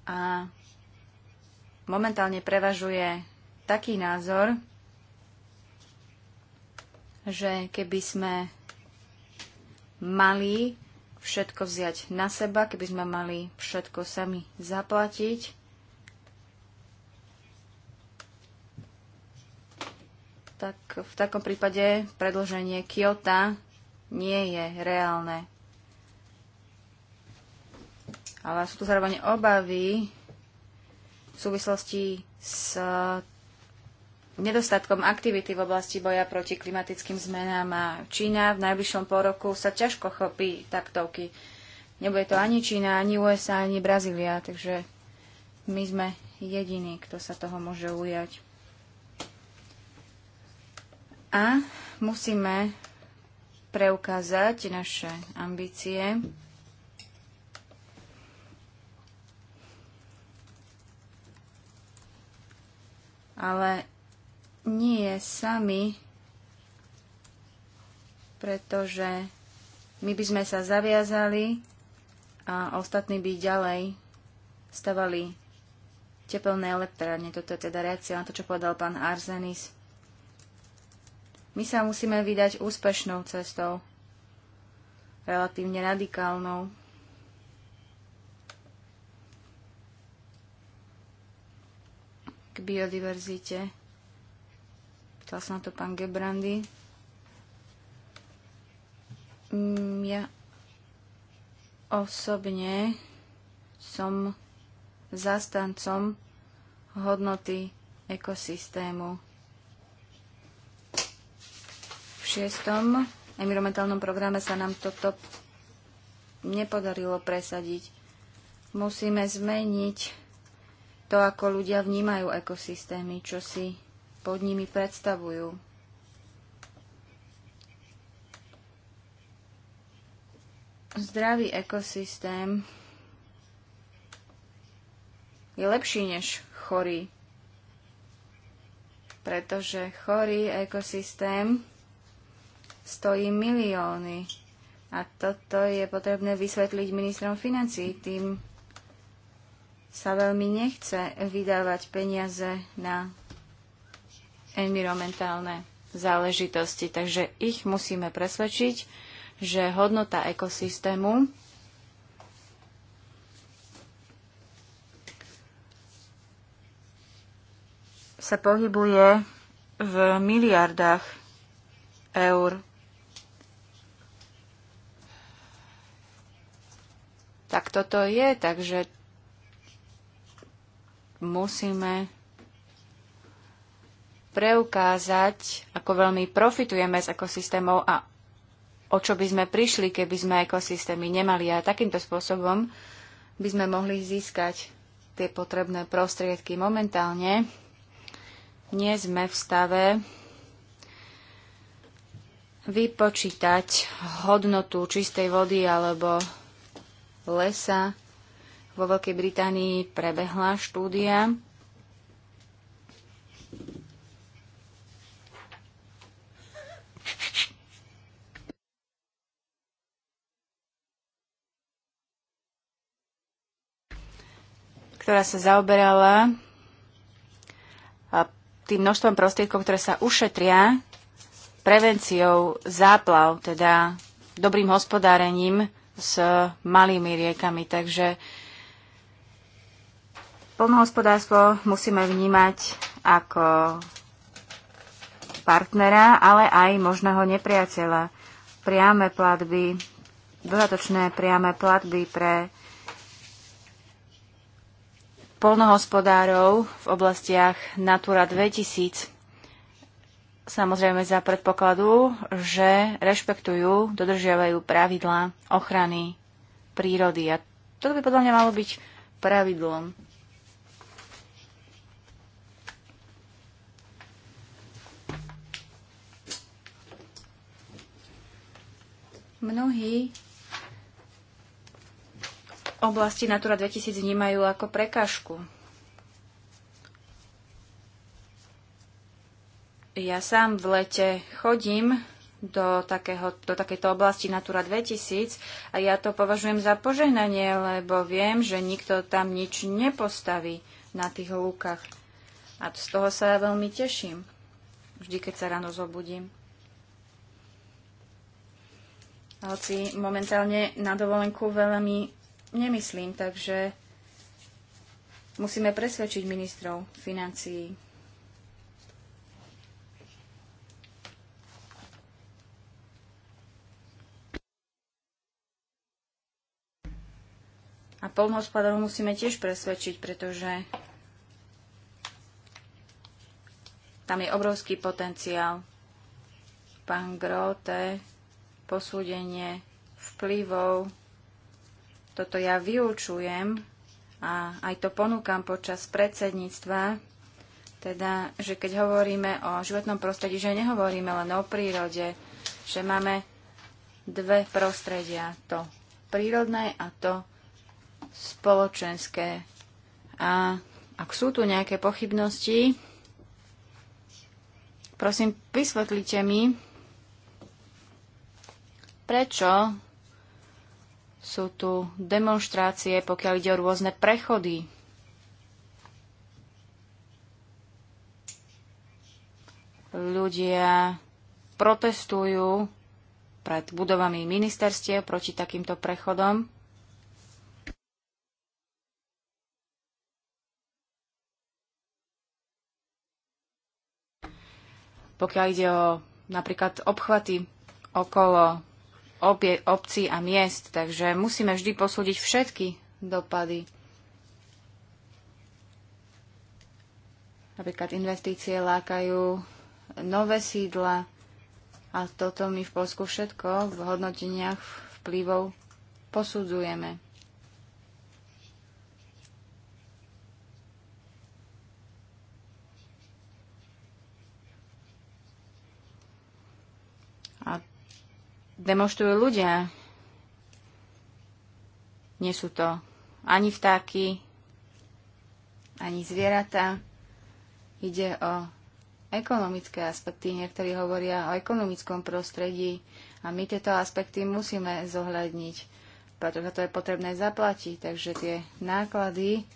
A momentálne prevažuje taký názor, že keby sme mali všetko vziať na seba, keby sme mali všetko sami zaplatiť, tak v takom prípade predloženie Kyoto nie je reálne ale sú tu zároveň obavy v súvislosti s nedostatkom aktivity v oblasti boja proti klimatickým zmenám a Čína v najbližšom poroku sa ťažko chopí taktovky. Nebude to ani Čína, ani USA, ani Brazília, takže my sme jediní, kto sa toho môže ujať. A musíme preukázať naše ambície ale nie sami, pretože my by sme sa zaviazali a ostatní by ďalej stavali tepelné elektrárne. Toto je teda reakcia na to, čo povedal pán Arzenis. My sa musíme vydať úspešnou cestou, relatívne radikálnou. k biodiverzite. Ptal sa na to pán Gebrandy. Mm, ja osobne som zastancom hodnoty ekosystému. V šiestom environmentálnom programe sa nám toto nepodarilo presadiť. Musíme zmeniť to, ako ľudia vnímajú ekosystémy, čo si pod nimi predstavujú. Zdravý ekosystém je lepší než chorý, pretože chorý ekosystém stojí milióny. A toto je potrebné vysvetliť ministrom financí, tým sa veľmi nechce vydávať peniaze na environmentálne záležitosti. Takže ich musíme presvedčiť, že hodnota ekosystému sa pohybuje v miliardách eur. Tak toto je, takže musíme preukázať, ako veľmi profitujeme z ekosystémov a o čo by sme prišli, keby sme ekosystémy nemali. A takýmto spôsobom by sme mohli získať tie potrebné prostriedky. Momentálne nie sme v stave vypočítať hodnotu čistej vody alebo lesa vo Veľkej Británii prebehla štúdia. ktorá sa zaoberala tým množstvom prostriedkov, ktoré sa ušetria prevenciou záplav, teda dobrým hospodárením s malými riekami. Takže Polnohospodárstvo musíme vnímať ako partnera, ale aj možného nepriateľa. Priame platby, dodatočné priame platby pre polnohospodárov v oblastiach Natura 2000 samozrejme za predpokladu, že rešpektujú, dodržiavajú pravidlá ochrany prírody. A toto by podľa mňa malo byť pravidlom. Mnohí oblasti Natura 2000 vnímajú ako prekážku. Ja sám v lete chodím do, takého, do takejto oblasti Natura 2000 a ja to považujem za požehnanie, lebo viem, že nikto tam nič nepostaví na tých lúkach. A z toho sa ja veľmi teším, vždy keď sa ráno zobudím hoci momentálne na dovolenku veľmi nemyslím, takže musíme presvedčiť ministrov financií. A polnohospodárov musíme tiež presvedčiť, pretože tam je obrovský potenciál. Pán Grote posúdenie vplyvov. Toto ja vyučujem a aj to ponúkam počas predsedníctva, teda, že keď hovoríme o životnom prostredí, že nehovoríme len o prírode, že máme dve prostredia, to prírodné a to spoločenské. A ak sú tu nejaké pochybnosti, prosím, vysvetlite mi, prečo sú tu demonstrácie, pokiaľ ide o rôzne prechody. Ľudia protestujú pred budovami ministerstiev proti takýmto prechodom. Pokiaľ ide o napríklad obchvaty okolo obie, obcí a miest, takže musíme vždy posúdiť všetky dopady. Napríklad investície lákajú nové sídla a toto my v Polsku všetko v hodnoteniach vplyvov posudzujeme. A demonstrujú ľudia. Nie sú to ani vtáky, ani zvieratá. Ide o ekonomické aspekty. Niektorí hovoria o ekonomickom prostredí a my tieto aspekty musíme zohľadniť, pretože to je potrebné zaplatiť. Takže tie náklady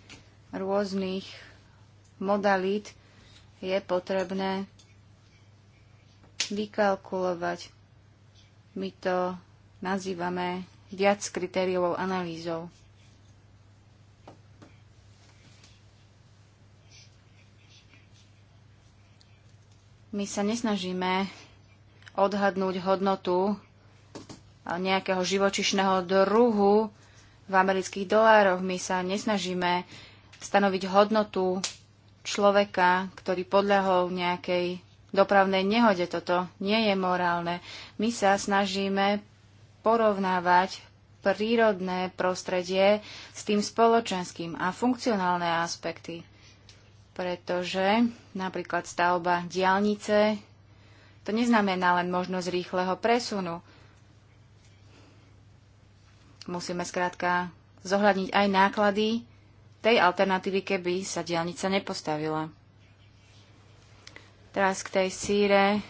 rôznych modalít je potrebné vykalkulovať. My to nazývame viac kritériovou analýzou. My sa nesnažíme odhadnúť hodnotu nejakého živočišného druhu v amerických dolároch. My sa nesnažíme stanoviť hodnotu človeka, ktorý podľahol nejakej dopravnej nehode. Toto nie je morálne. My sa snažíme porovnávať prírodné prostredie s tým spoločenským a funkcionálne aspekty. Pretože napríklad stavba diálnice to neznamená len možnosť rýchleho presunu. Musíme skrátka zohľadniť aj náklady tej alternatívy, keby sa diálnica nepostavila. Teraz k tej síre,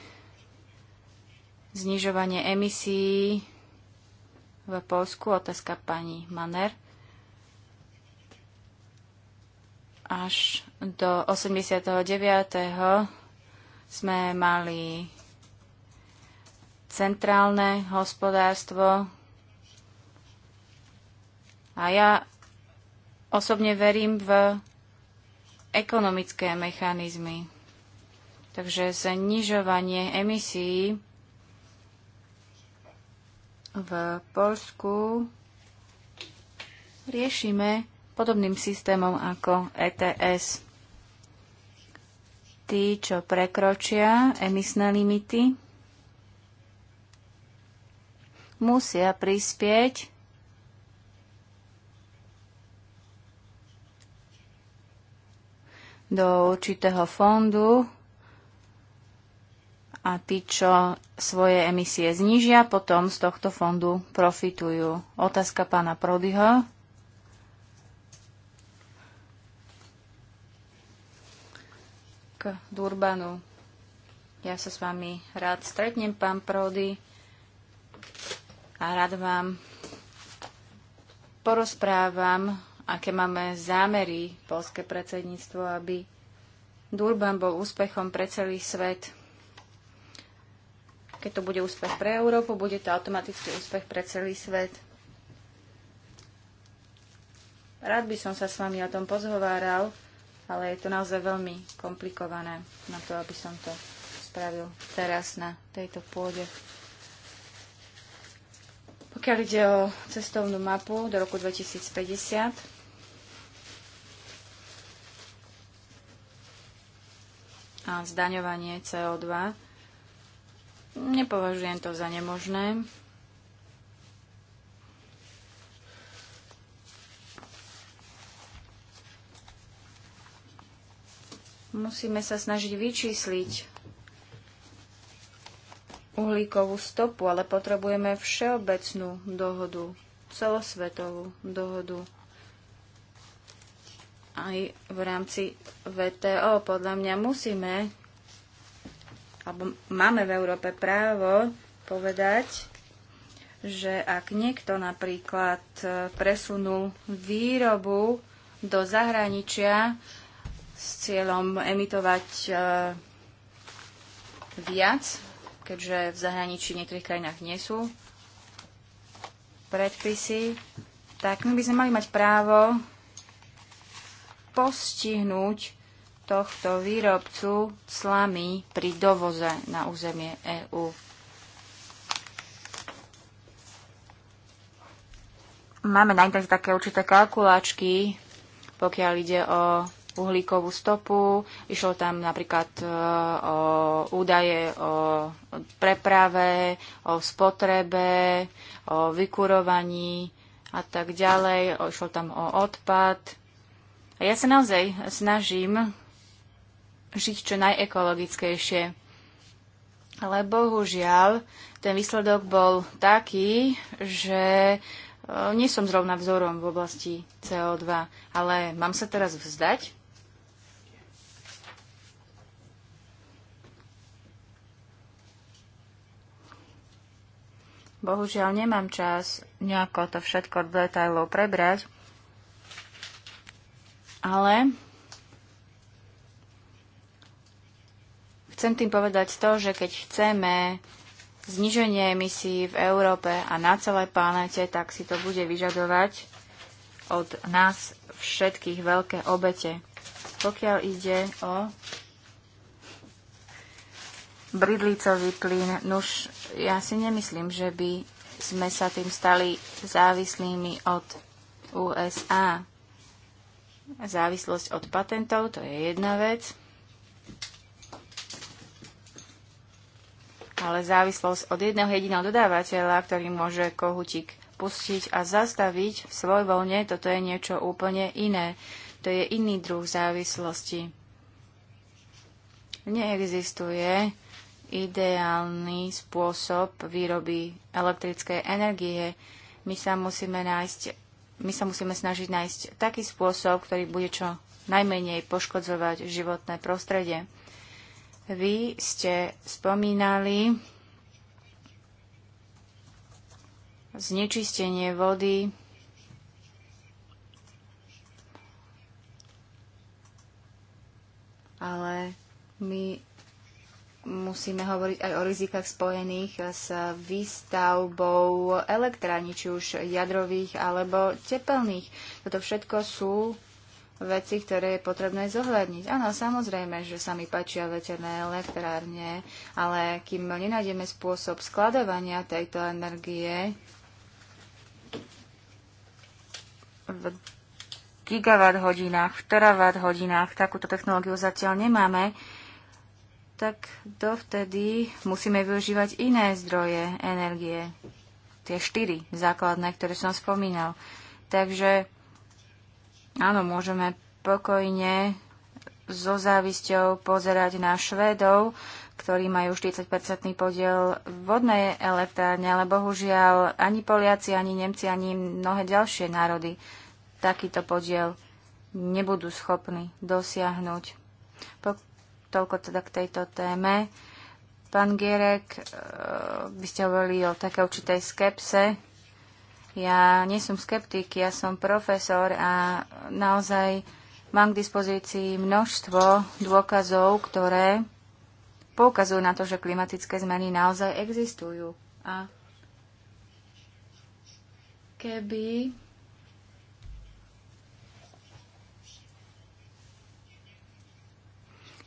znižovanie emisí v Polsku, otázka pani Maner. Až do 89. sme mali centrálne hospodárstvo a ja osobne verím v ekonomické mechanizmy Takže znižovanie emisí v Polsku riešime podobným systémom ako ETS. Tí, čo prekročia emisné limity, musia prispieť do určitého fondu, a tí, čo svoje emisie znížia, potom z tohto fondu profitujú. Otázka pána Prodyho. K Durbanu. Ja sa s vami rád stretnem, pán Prody, a rád vám porozprávam, aké máme zámery polské predsedníctvo, aby Durban bol úspechom pre celý svet keď to bude úspech pre Európu, bude to automaticky úspech pre celý svet. Rád by som sa s vami o tom pozhováral, ale je to naozaj veľmi komplikované na to, aby som to spravil teraz na tejto pôde. Pokiaľ ide o cestovnú mapu do roku 2050, a zdaňovanie CO2, Nepovažujem to za nemožné. Musíme sa snažiť vyčísliť uhlíkovú stopu, ale potrebujeme všeobecnú dohodu, celosvetovú dohodu. Aj v rámci VTO podľa mňa musíme alebo máme v Európe právo povedať, že ak niekto napríklad e, presunul výrobu do zahraničia s cieľom emitovať e, viac, keďže v zahraničí v niektorých krajinách nie sú predpisy, tak my by sme mali mať právo postihnúť tohto výrobcu slamy pri dovoze na územie EÚ. Máme na internete také určité kalkulačky, pokiaľ ide o uhlíkovú stopu. Išlo tam napríklad e, o údaje o preprave, o spotrebe, o vykurovaní a tak ďalej. Išlo tam o odpad. A ja sa naozaj snažím žiť čo najekologickejšie. Ale bohužiaľ, ten výsledok bol taký, že e, nie som zrovna vzorom v oblasti CO2, ale mám sa teraz vzdať? Bohužiaľ nemám čas nejako to všetko do detajlov prebrať, ale Chcem tým povedať to, že keď chceme zniženie emisí v Európe a na celej planete, tak si to bude vyžadovať od nás všetkých veľké obete. Pokiaľ ide o bridlicový plyn, nuž ja si nemyslím, že by sme sa tým stali závislými od USA. Závislosť od patentov, to je jedna vec. ale závislosť od jedného jediného dodávateľa, ktorý môže kohutík pustiť a zastaviť v svoj voľne, toto je niečo úplne iné. To je iný druh závislosti. Neexistuje ideálny spôsob výroby elektrickej energie. My sa musíme nájsť my sa musíme snažiť nájsť taký spôsob, ktorý bude čo najmenej poškodzovať životné prostredie. Vy ste spomínali znečistenie vody ale my musíme hovoriť aj o rizikách spojených s výstavbou elektrární, či už jadrových alebo tepelných. Toto všetko sú veci, ktoré je potrebné zohľadniť. Áno, samozrejme, že sa mi páčia veterné elektrárne, ale kým nenájdeme spôsob skladovania tejto energie v gigawatt hodinách, v teravatt hodinách, takúto technológiu zatiaľ nemáme, tak dovtedy musíme využívať iné zdroje energie. Tie štyri základné, ktoré som spomínal. Takže Áno, môžeme pokojne so závisťou pozerať na Švédov, ktorí majú 40-percentný podiel vodnej elektrárne, ale bohužiaľ ani Poliaci, ani Nemci, ani mnohé ďalšie národy takýto podiel nebudú schopní dosiahnuť. Po, toľko teda k tejto téme. Pán Gierek, by e, ste hovorili o také určitej skepse ja nie som skeptik, ja som profesor a naozaj mám k dispozícii množstvo dôkazov, ktoré poukazujú na to, že klimatické zmeny naozaj existujú. A keby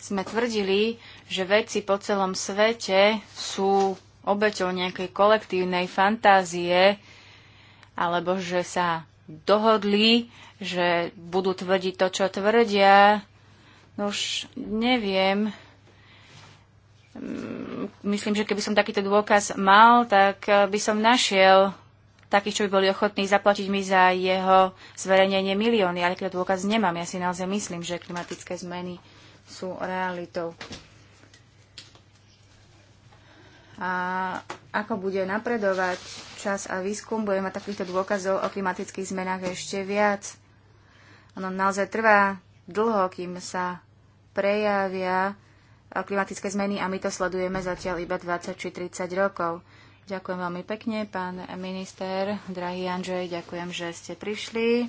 sme tvrdili, že veci po celom svete sú obeťou nejakej kolektívnej fantázie, alebo že sa dohodli, že budú tvrdiť to, čo tvrdia. No už neviem. Mm, myslím, že keby som takýto dôkaz mal, tak eh, by som našiel takých, čo by boli ochotní zaplatiť mi za jeho zverejnenie milióny. Ale keď dôkaz nemám, ja si naozaj myslím, že klimatické zmeny sú realitou. A ako bude napredovať čas a výskum, budeme mať takýchto dôkazov o klimatických zmenách ešte viac. Ono naozaj trvá dlho, kým sa prejavia eh, klimatické zmeny a my to sledujeme zatiaľ iba 20 či 30 rokov. Ďakujem veľmi pekne, pán minister, drahý Andrej, ďakujem, že ste prišli.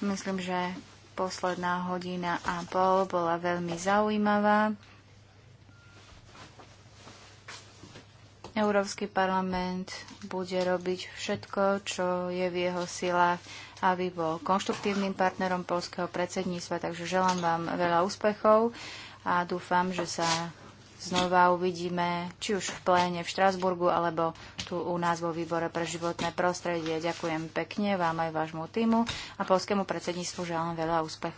Myslím, že posledná hodina a pol bola veľmi zaujímavá. Európsky parlament bude robiť všetko, čo je v jeho silách, aby bol konštruktívnym partnerom polského predsedníctva. Takže želám vám veľa úspechov a dúfam, že sa znova uvidíme, či už v pléne v Štrasburgu, alebo tu u nás vo výbore pre životné prostredie. Ďakujem pekne vám aj vášmu týmu a polskému predsedníctvu želám veľa úspechov.